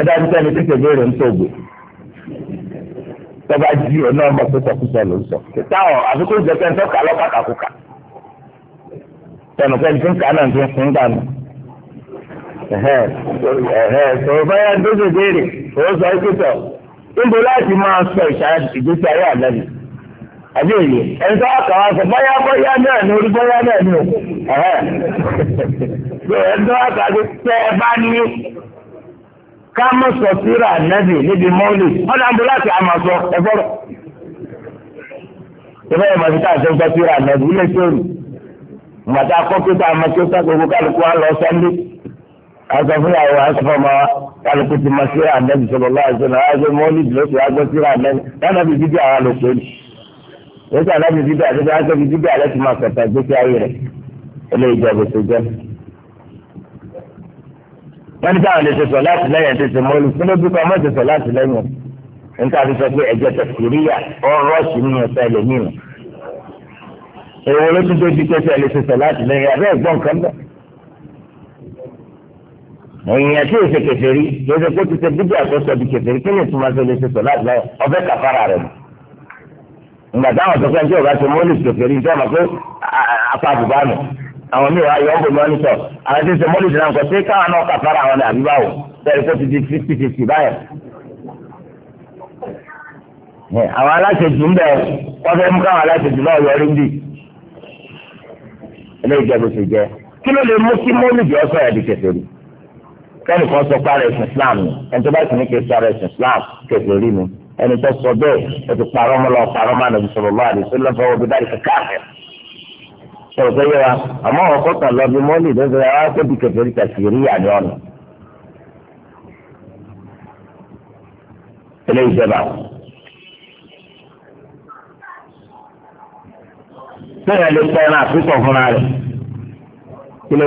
adájú sẹ́ni tẹ́tẹ̀ bẹ́ẹ̀rẹ̀ ń tóògbé tọ́ba jí ọ náà mọ̀ pé sọkúsọ ló ń sọ táwọn àfikún ìjọsẹ́ ń tọ́ka lọ́kàkàkùkà tẹnukẹ́ni tó ń kà náà ti ń fún dànù tó báyà dóso béèrè kò sọ ikú tọ̀ níbo láti máa sọ ìgbésí ayé àdáni àbí èyí ẹni tó kà wá sọ báyà bóyá náà ni orí bóyá náà ni o ẹni tó kà tẹ ẹ bá ní ká sọ síra níbi láti sọ yẹn síra ilé sá gbogbo kálukú wa lọ sọ́ndé. asọfúnni àwọn asọfọmọ kálukú ti máa ṣe ànábì sọlọ lọ àìsàn àgbẹ mọlì lọsọ àgbẹ síra ànábì lánàbì dídí àwọn àlòkè ni lọsọ ànábì dídí àti ànábì dídí àlẹ ti máa sọtà gbèsè ayé rẹ eléyìí jẹ gbèsè jẹ. wọn ní káwọn lè ṣe sọ láti lẹ́yìn tètè mọlì fún lóbi kan mọ ṣe sọ láti lẹ́yìn níta ti sọ pé ẹ̀jẹ̀ tẹsíríyà ọ̀rọ̀ sí ní ọsẹ ẹlẹmìíràn èèwọ̀ ló tún dé bí tẹsí ẹ lè ṣe sọ èèyàn tí èsè kèfèrí lóṣè kó ti ṣe bíbí àkóso di kèfèrí kí ni ìtumọ̀ tó lè ṣe sọ láti lọ ọbẹ̀ kàfàrà rẹ̀ mọ́. ìgbà táwọn tó kẹ́ńtì ọ̀gá ti mọ́lì kèfèrí nítorí ọmọ pé apá àbùbá nù àwọn míì wá yọ ọ́ bòmí ọ́nìtọ̀ àwọn tí ń ṣe mọ́lì náà kọ́ sí káwọn náà kàfàrà àwọn ní àbíbáwò bẹ́ẹ̀ kó ti di fifty báyẹn. kí ló lè mú kí mọ́lì jẹ́ sọ̀rọ̀ di kèfèrí kẹ́ni kan sọ pàrọ̀ ẹ̀sìn Islam ni ẹni tó bá sì ní kí sọ̀rọ̀ ẹ̀sìn Islam kẹfẹ́ rí mi ẹni tó sọ bẹ́ẹ̀ ẹ ti parọ́ mọ́ lọ parọ́ mọ́ ànàbì sọ̀rọ̀ lọ́wọ́ àdìsí lọ́fọ́ òbí dárí kàkàfẹ́. sọ̀rọ̀ pé yẹ wa àmọ́ àwọn kọ́tà lọ bí mọ́lì lọ́sọ̀rọ̀ àwọn akẹ́bí kẹfẹ́ rí kàkì rí àní ọ̀nà. ilé ìjọba bẹ́ẹ̀ lè pẹ́ ẹran àfikọ̀ fúnra rẹ̀ kí ló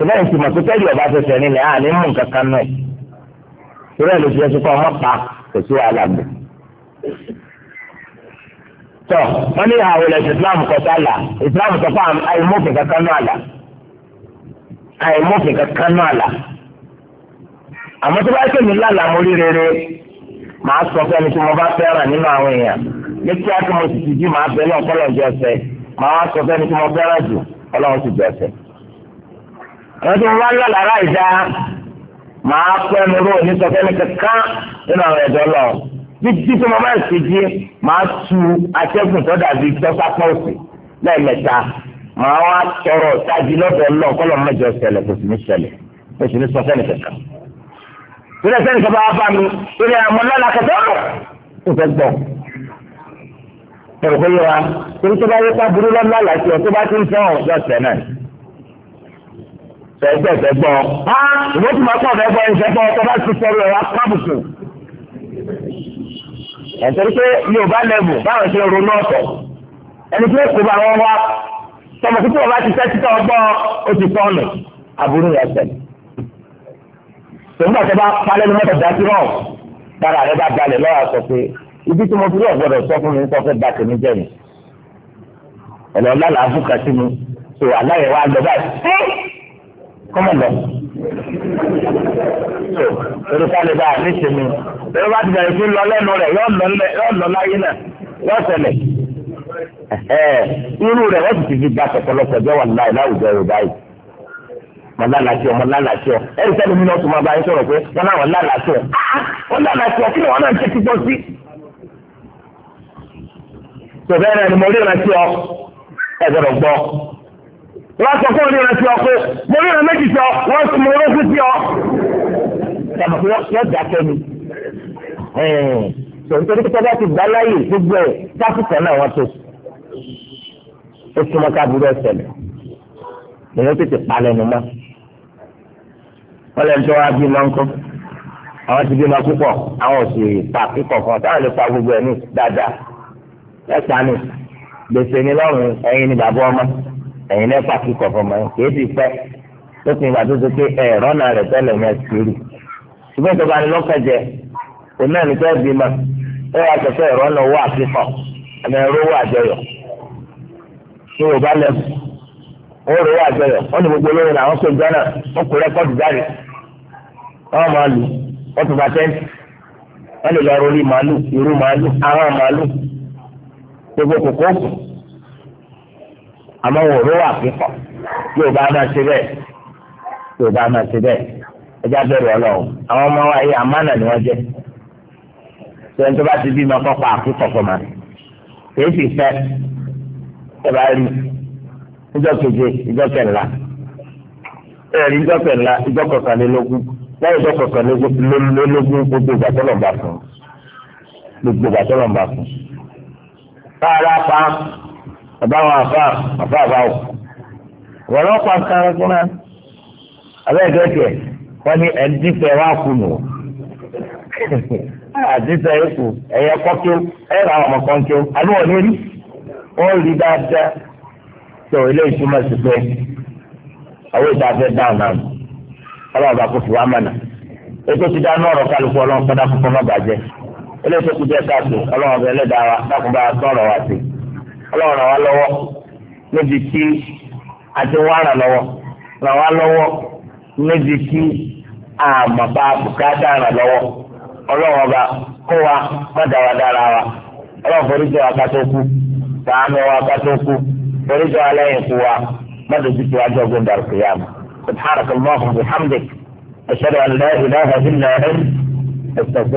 ìbẹ́ yìí ti mọ̀ pé tẹ́lẹ̀ ọba fẹsẹ̀ nílẹ̀ á ní mú nǹkan kan náà ìrẹ́ ló fi ẹsẹ̀ kọ́ ọmọ pa kò sí wàhálà bẹ̀. tọ́ wọ́n ní ìhàwọ̀ ilẹ̀ islam kọjá àlà islam sọ fún àìmọ́fìn kankan náà àlà àìmọ́fìn kankan náà àlà àmọ́ tó bá kéwì lálàá mo rí rere màá sọ fẹ́ni tí mo bá fẹ́ràn nínú àwọn èèyàn ní kíá mo sì ti di màá bẹ náà kọ́lọ̀ ọ̀sẹ̀ màá sọ fẹ́ni tí mo fẹ́ràn jù ọlọ́run sì jẹ́ ọ̀sẹ̀ àwọn tí mo bá ń lọ lára ìdá màá pẹ́ mi ró ní sọfẹ́ mi kankan nínú àwọn ẹ̀dọ́ lọ títí tí mo bá ń ṣèjì màá tu atẹ́gùn tó dàbí tọ́sápọ̀ òsì lẹ́ẹ̀mẹ́ta màá wá tọrọ táàjì lọ́dọ̀ lọ kọ́lọ̀ mẹ́jọ ṣẹlẹ̀ kò sì ní ṣẹlẹ̀ kò sì ní sọfẹ́ mi kankan. ìrẹ́ sẹ́ni kan bá wá bá mi ìrẹ́ àmọ́ lọ́la kẹtọ́ tó fẹ́ gbọ́. ẹ̀rọ tẹ̀gbẹ́ tẹ̀gbọ́. ìwé tí màá kọ́ ọ̀dọ́ ẹgbẹ́ ẹ̀ṣẹ̀ gbọ́ ọ̀tọ́ bá ti sọ̀rọ̀ ẹ̀wà kábùkù. ẹ̀sẹ̀ pé mi ò bá lẹ́bù báwọn ṣe ronú ọ̀tọ̀. ẹni tí ó kó bá wọn wá tọmọ kí tí wọn bá ti tẹ́ títọ́ ọgbọ́n ó ti tọ́ ọ̀nà àbúrò rẹ̀ sẹ̀lẹ̀. tòun àti bá palẹ́ ní mọ́tò dásí náà bára rẹ̀ bá balẹ̀ lọ́wọ́ sọ pé ibi tí mo fi rí ọ̀gbọ́dọ̀ sọ fún mi ń sọ fẹ́ bá tèmi jẹ́ mi. ẹ̀lọ́ lálàá fún kàtí mi tó aláyẹ̀wò àgbẹ̀ báyìí. kọ́mọ̀ lọ. Èrúkà lè bá Bẹ́ẹ̀ bá ti bẹ̀rẹ̀ sí lọ lẹ́nu rẹ̀ yóò lọ láyé náà gba wà láwùjọ lálàáṣẹ́ lálàáṣẹ́ ọ. Ẹ̀rí sẹ́ni mi náà tún máa bá yín sọ̀rọ̀ pé wọ́n lálàáṣẹ́ ọ. Ah, wọ́n lálàáṣẹ́ ọ kí ni wọ́n náà ń sí. ni ọ. wọ́n sọ fún onírin sí ọkọ mo rí ìrìn méjì sọ wọ́n sì mú orí sí ọ. dàbà pé wọ́n dákẹ́ ni tó nítorí pé tọ́lá ti gbá láyè gbogbo ẹ̀ sáfìkàn náà wọ́n tó ó túmọ̀ ká burú ẹsẹ̀ lẹ̀ lèyìn tètè palẹ̀ nu mọ́ wọ́n lẹ́nu tó wá bí máa ń kọ́ àwọn ti bí máa púpọ̀ àwọn ò sì pa kíkọ̀ kan táwọn lè pa gbogbo ẹ̀ ní dáadáa ẹ̀ta ni gbèsè ni ẹ̀yin lẹ́pà kíkọ̀ fọmọ yẹn kìí ti pẹ́ lópin ìgbà tó ti pé ẹ̀rọ náà rẹ̀ tẹ́lẹ̀ yẹn kiri ṣùgbọ́n ìjọba ni lọ́kẹ̀jẹ̀ òun náà ní fẹ́ẹ́ bímọ ẹ wá sọ pé ẹ̀rọ náà wà fífọ̀ ẹ̀mẹ̀ ẹ̀rọ wà jọyọ̀ ní yorùbá lẹ́mù wọ́n rẹ̀ wà jọyọ̀ ní gbogbo olórin àwọn tó jọ́nà wọ́n kó rẹ́kọ́dù jáde wọ́n máa lù wọ́n tó bá tẹ́ǹtì wọ́n lè lọ rọrí màálù irú màálù àwọn màálù gbogbo kòkó àmọ́ wọn ò rówó àfikọ́ yóò bá máa ṣe bẹ́ẹ̀ yóò bá máa ṣe bẹ́ẹ̀ ẹjá bẹ̀rù ọlọ́run àwọn ọmọ wa yìí àmánà ni wọ́n jẹ́ sẹ́ni tó bá ti bí ma kọ́kọ́ àfikọ́ fún ma kìí sì fẹ́ ẹ bá rí ìjọ keje ìjọ kẹ̀ńlá ẹ̀rí ìjọ kẹ̀ńlá ìjọ kọkànlélógún lẹ́yìn ìjọ kọkànlélógún gbogbo ìgbà tó lọ́nba fún gbogbo ìgbà tó lọ́nba fún. báwa bàbá wọn àfà àfà àbáwò wọ́n lọ́ pa kára fún wa abẹ́ẹ̀dẹ́ tiẹ̀ wọ́n ní ẹ̀ńdífẹ́ wa kù nù àdìsẹ́ ikú ẹ̀yẹ kọ́kí ẹ̀rọ àwọn ọmọ kan kí ó àbúrò lórí wọ́n rí dáadáa tó ilé ìtumọ̀ sí pé àwọn ìta fẹ́ dáhùn náà ọlọ́ọ̀bà kò fi wá mọ̀nà ètò ti dáná ọ̀rọ̀ kálukú ọlọ́run kọ́dá kúkọ́ má bàjẹ́ ilé ìtòkùjẹ́ káàtó ọlọ́run ọ̀bẹ ẹlẹ́dàá wa dákúnbá tọ́rọ̀ wá sí i ọlọ́run ràn wá lọ́wọ́ níbi tí a ti wá ràn lọ́wọ́ ràn wá lọ́wọ́ níbi tí àmọ́ bá bùkátà ràn lọ́wọ́ ọlọ́run ọba kó wa mọ́tà wa dára wa ọlọ́run foríjì wa ká tó kú sàánú wa ká tó kú foríjì wa lẹ́yìn kú wa mọ́tò títí wa jọ̀gbọ́n dàrúkú yá mi. سبحانك اللهم وبحمدك أشهد أن لا إله إلا أنت أستغفرك